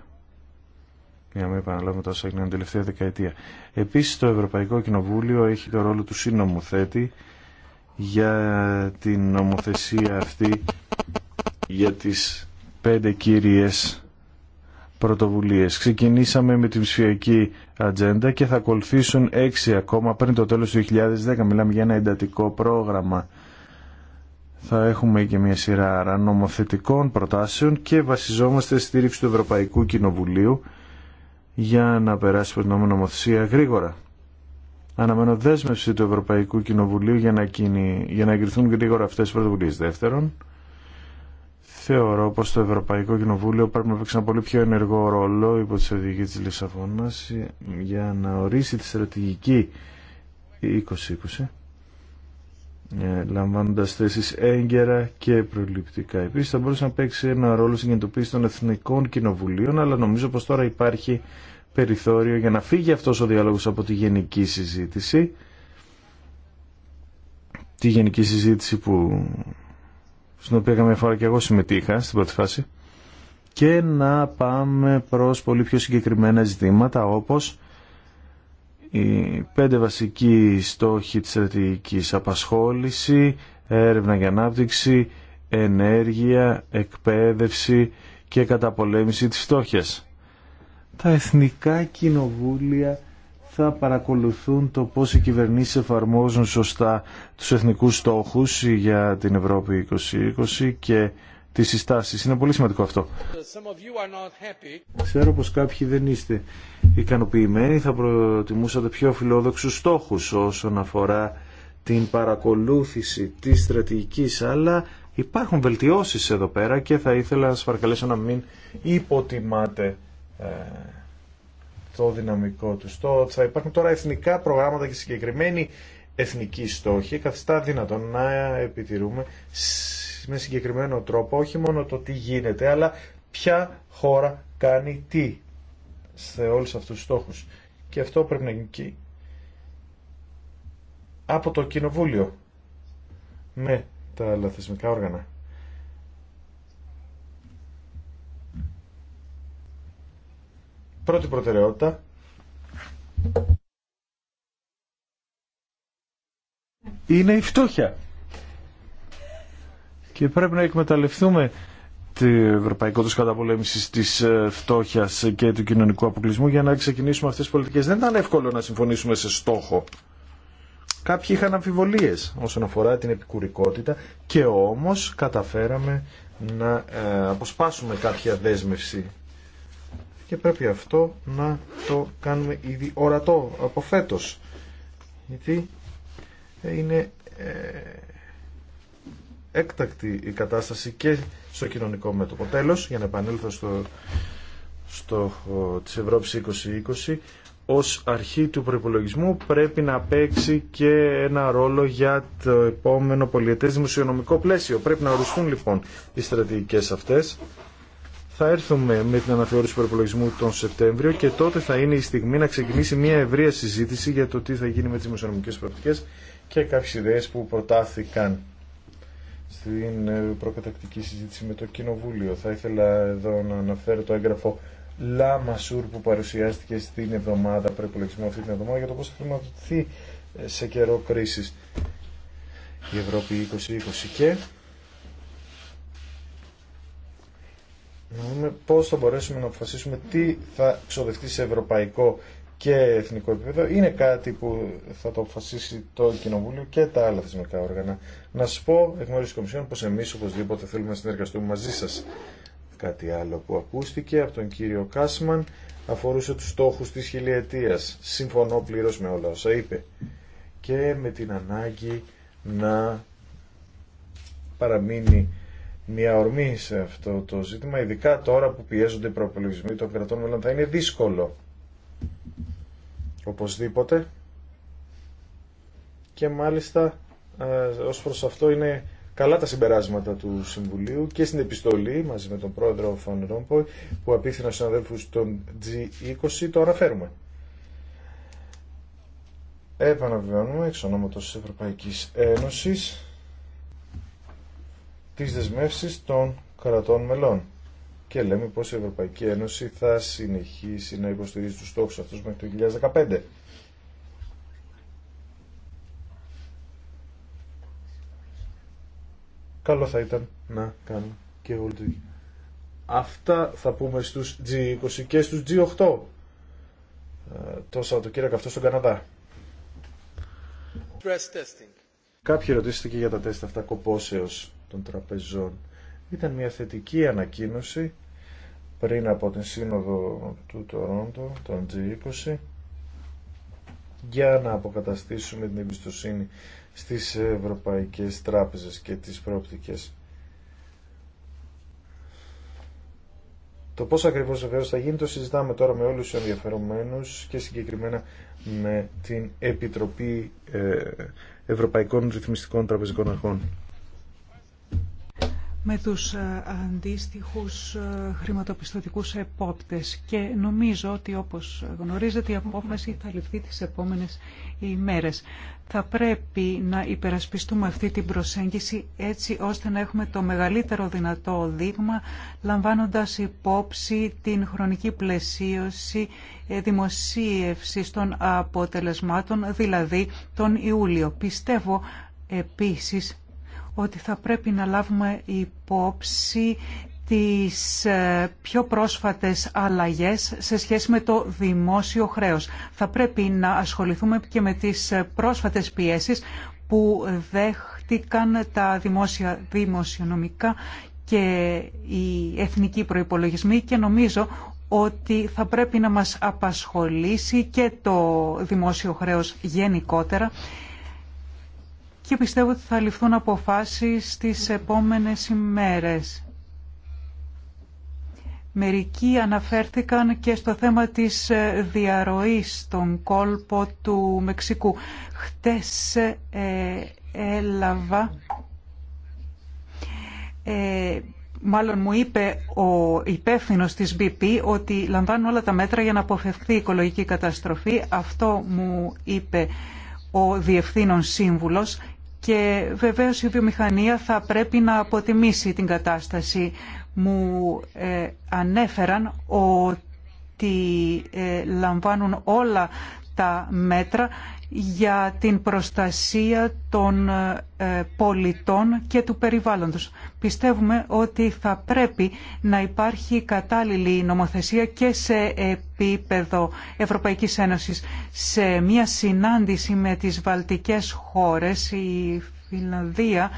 για να μην επαναλάβουμε τα όσα έγιναν την τελευταία δεκαετία. Επίσης το Ευρωπαϊκό Κοινοβούλιο έχει το ρόλο του συνομοθέτη για την νομοθεσία αυτή για τις πέντε κύριες πρωτοβουλίες. Ξεκινήσαμε με την ψηφιακή ατζέντα και θα ακολουθήσουν έξι ακόμα πριν το τέλος του 2010. Μιλάμε για ένα εντατικό πρόγραμμα θα έχουμε και μια σειρά νομοθετικών προτάσεων και βασιζόμαστε στη στήριξη του Ευρωπαϊκού Κοινοβουλίου για να περάσει την νομοθεσία γρήγορα. Αναμένω δέσμευση του Ευρωπαϊκού Κοινοβουλίου για να, κινη... για να εγκριθούν γρήγορα αυτές οι πρωτοβουλίες. Δεύτερον, θεωρώ πως το Ευρωπαϊκό Κοινοβούλιο πρέπει να παίξει ένα πολύ πιο ενεργό ρόλο υπό τη στρατηγική της Λισαβόνας για να ορίσει τη στρατηγική 2020 ε, λαμβάνοντας θέσεις έγκαιρα και προληπτικά. Επίσης θα μπορούσε να παίξει ένα ρόλο στην κινητοποίηση των εθνικών κοινοβουλίων, αλλά νομίζω πως τώρα υπάρχει περιθώριο για να φύγει αυτός ο διάλογος από τη γενική συζήτηση, τη γενική συζήτηση που, στην οποία καμιά φορά και εγώ συμμετείχα στην πρώτη φάση, και να πάμε προς πολύ πιο συγκεκριμένα ζητήματα όπως οι πέντε βασικοί στόχοι της στρατηγικής απασχόληση, έρευνα και ανάπτυξη, ενέργεια, εκπαίδευση και καταπολέμηση της φτώχειας. Τα εθνικά κοινοβούλια θα παρακολουθούν το πώς οι κυβερνήσεις εφαρμόζουν σωστά τους εθνικούς στόχους για την Ευρώπη 2020 και τις συστάσεις. Είναι πολύ σημαντικό αυτό. Ξέρω πως κάποιοι δεν είστε ικανοποιημένοι, θα προτιμούσατε πιο φιλόδοξους στόχους όσον αφορά την παρακολούθηση της στρατηγικής, αλλά υπάρχουν βελτιώσεις εδώ πέρα και θα ήθελα να σας παρακαλέσω να μην υποτιμάτε ε, το δυναμικό του. στόχου. θα υπάρχουν τώρα εθνικά προγράμματα και συγκεκριμένοι εθνικοί στόχοι καθιστά δυνατόν να επιτηρούμε με συγκεκριμένο τρόπο όχι μόνο το τι γίνεται αλλά ποια χώρα κάνει τι σε όλους αυτούς τους στόχους. Και αυτό πρέπει να γίνει από το Κοινοβούλιο με τα άλλα όργανα. Πρώτη προτεραιότητα είναι η φτώχεια και πρέπει να εκμεταλλευτούμε το ευρωπαϊκό του καταπολέμηση τη ε, φτώχεια και του κοινωνικού αποκλεισμού για να ξεκινήσουμε αυτέ τι πολιτικέ. Δεν ήταν εύκολο να συμφωνήσουμε σε στόχο. Κάποιοι είχαν αμφιβολίε όσον αφορά την επικουρικότητα και όμως καταφέραμε να ε, αποσπάσουμε κάποια δέσμευση και πρέπει αυτό να το κάνουμε ήδη ορατό από φέτος γιατί είναι ε, έκτακτη η κατάσταση και στο κοινωνικό μέτωπο. Τέλος, για να επανέλθω στο στόχο της Ευρώπης 2020, ως αρχή του προπολογισμού πρέπει να παίξει και ένα ρόλο για το επόμενο πολιετές δημοσιονομικό πλαίσιο. Πρέπει να οριστούν λοιπόν οι στρατηγικές αυτές. Θα έρθουμε με την αναθεώρηση του προπολογισμού τον Σεπτέμβριο και τότε θα είναι η στιγμή να ξεκινήσει μια ευρεία συζήτηση για το τι θα γίνει με τις δημοσιονομικές πρακτικές και κάποιες ιδέες που προτάθηκαν στην ε, προκατακτική συζήτηση με το Κοινοβούλιο. Θα ήθελα εδώ να αναφέρω το έγγραφο Λάμασουρ που παρουσιάστηκε στην εβδομάδα, πρέπει αυτή την εβδομάδα, για το πώς θα χρηματοδοτηθεί ε, σε καιρό κρίσης η Ευρώπη 2020 και να δούμε πώς θα μπορέσουμε να αποφασίσουμε τι θα ξοδευτεί σε ευρωπαϊκό και εθνικό επίπεδο είναι κάτι που θα το αποφασίσει το Κοινοβούλιο και τα άλλα θεσμικά όργανα. Να σα πω εκ μέρου τη Κομισιόν πω εμεί οπωσδήποτε θέλουμε να συνεργαστούμε μαζί σα. Κάτι άλλο που ακούστηκε από τον κύριο Κάσμαν αφορούσε του στόχου τη χιλιετία. Συμφωνώ πλήρω με όλα όσα είπε και με την ανάγκη να παραμείνει μια ορμή σε αυτό το ζήτημα, ειδικά τώρα που πιέζονται οι προπολογισμοί των κρατών μελών. Θα είναι δύσκολο οπωσδήποτε και μάλιστα ε, ως προς αυτό είναι καλά τα συμπεράσματα του Συμβουλίου και στην επιστολή μαζί με τον πρόεδρο Φαν Ρόμποϊ που απίθυνα στους αδέλφους των G20 το αναφέρουμε. Επαναβεβαιώνουμε εξ ονόματος της Ευρωπαϊκής Ένωσης τις δεσμεύσεις των κρατών μελών και λέμε πως η Ευρωπαϊκή Ένωση θα συνεχίσει να υποστηρίζει τους στόχους αυτούς μέχρι το 2015. Καλό θα ήταν να κάνουν και όλοι Αυτά θα πούμε στους G20 και στους G8 ε, το Σαββατοκύριακο αυτό στον Καναδά. Κάποιοι ρωτήσετε και για τα τεστ αυτά κοπόσεως των τραπεζών. Ήταν μια θετική ανακοίνωση πριν από την σύνοδο του Τορόντο, τον G20, για να αποκαταστήσουμε την εμπιστοσύνη στις ευρωπαϊκές τράπεζες και τις πρόπτικες. Το πώς ακριβώς βεβαίως θα γίνει το συζητάμε τώρα με όλους τους ενδιαφερομένους και συγκεκριμένα με την Επιτροπή ε, Ευρωπαϊκών Ρυθμιστικών Τραπεζικών Αρχών με τους ε, αντίστοιχους ε, χρηματοπιστωτικούς επόπτες και νομίζω ότι όπως γνωρίζετε η απόφαση θα ληφθεί τις επόμενες ημέρες. Θα πρέπει να υπερασπιστούμε αυτή την προσέγγιση έτσι ώστε να έχουμε το μεγαλύτερο δυνατό δείγμα λαμβάνοντας υπόψη την χρονική πλαισίωση ε, δημοσίευση των αποτελεσμάτων, δηλαδή τον Ιούλιο. Πιστεύω επίσης ότι θα πρέπει να λάβουμε υπόψη τις ε, πιο πρόσφατες αλλαγές σε σχέση με το δημόσιο χρέος. Θα πρέπει να ασχοληθούμε και με τις ε, πρόσφατες πιέσεις που δέχτηκαν τα δημόσια, δημοσιονομικά και οι εθνικοί προϋπολογισμοί και νομίζω ότι θα πρέπει να μας απασχολήσει και το δημόσιο χρέος γενικότερα και πιστεύω ότι θα ληφθούν αποφάσεις τις επόμενες ημέρες. Μερικοί αναφέρθηκαν και στο θέμα της ε, διαρροής στον κόλπο του Μεξικού. Χτες ε, έλαβα, ε, μάλλον μου είπε ο υπεύθυνο της BP ότι λαμβάνουν όλα τα μέτρα για να αποφευθεί η οικολογική καταστροφή. Αυτό μου είπε ο Διευθύνων Σύμβουλος και βεβαίως η βιομηχανία θα πρέπει να αποτιμήσει την κατάσταση. Μου ε, ανέφεραν ότι ε, λαμβάνουν όλα τα μέτρα για την προστασία των ε, πολιτών και του περιβάλλοντος. Πιστεύουμε ότι θα πρέπει να υπάρχει κατάλληλη νομοθεσία και σε επίπεδο Ευρωπαϊκής Ένωσης. Σε μια συνάντηση με τις βαλτικές χώρες η Φιλανδία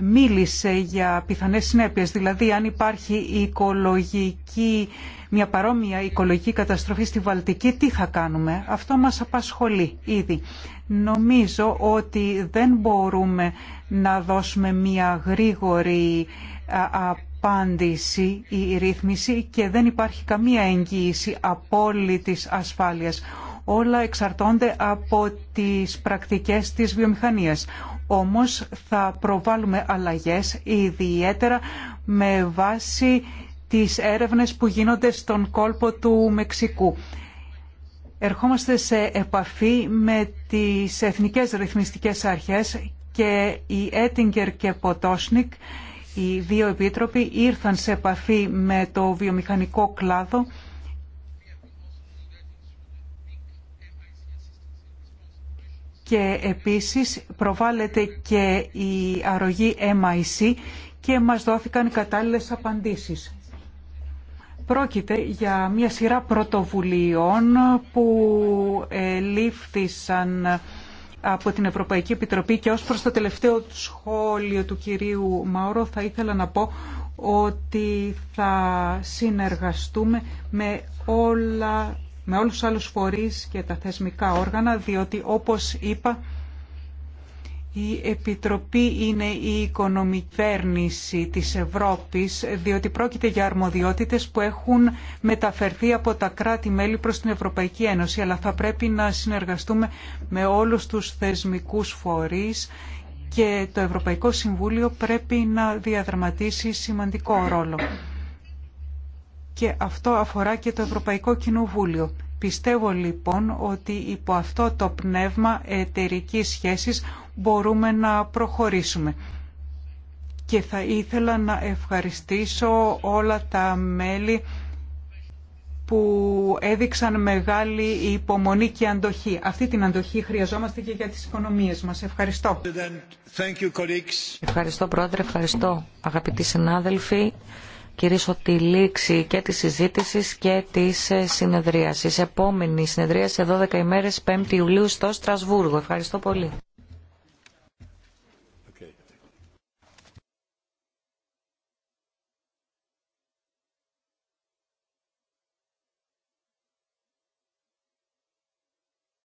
μίλησε για πιθανές συνέπειες, δηλαδή αν υπάρχει οικολογική, μια παρόμοια οικολογική καταστροφή στη Βαλτική, τι θα κάνουμε. Αυτό μας απασχολεί ήδη. Νομίζω ότι δεν μπορούμε να δώσουμε μια γρήγορη απάντηση ή ρύθμιση και δεν υπάρχει καμία εγγύηση απόλυτης ασφάλειας όλα εξαρτώνται από τις πρακτικές της βιομηχανίας. Όμως θα προβάλλουμε αλλαγές ιδιαίτερα με βάση τις έρευνες που γίνονται στον κόλπο του Μεξικού. Ερχόμαστε σε επαφή με τις εθνικές ρυθμιστικές αρχές και η Έτιγκερ και Ποτόσνικ, οι δύο επίτροποι, ήρθαν σε επαφή με το βιομηχανικό κλάδο και επίσης προβάλλεται και η αρρωγή MIC και μας δόθηκαν κατάλληλες απαντήσεις. Πρόκειται για μια σειρά πρωτοβουλίων που λήφθησαν από την Ευρωπαϊκή Επιτροπή και ως προς το τελευταίο σχόλιο του κυρίου Μαώρο θα ήθελα να πω ότι θα συνεργαστούμε με όλα με όλους τους άλλους φορείς και τα θεσμικά όργανα, διότι όπως είπα η Επιτροπή είναι η οικονομική της Ευρώπης, διότι πρόκειται για αρμοδιότητες που έχουν μεταφερθεί από τα κράτη-μέλη προς την Ευρωπαϊκή Ένωση, αλλά θα πρέπει να συνεργαστούμε με όλους τους θεσμικούς φορείς και το Ευρωπαϊκό Συμβούλιο πρέπει να διαδραματίσει σημαντικό ρόλο και αυτό αφορά και το Ευρωπαϊκό Κοινοβούλιο. Πιστεύω λοιπόν ότι υπό αυτό το πνεύμα εταιρικής σχέσης μπορούμε να προχωρήσουμε. Και θα ήθελα να ευχαριστήσω όλα τα μέλη που έδειξαν μεγάλη υπομονή και αντοχή. Αυτή την αντοχή χρειαζόμαστε και για τις οικονομίες μας. Ευχαριστώ. Ευχαριστώ πρόεδρε, ευχαριστώ αγαπητοί συνάδελφοι κηρύσω τη λήξη και της συζήτησης και της ε, συνεδρίασης. Επόμενη συνεδρία σε 12 ημέρες 5 Ιουλίου στο Στρασβούργο. Ευχαριστώ πολύ.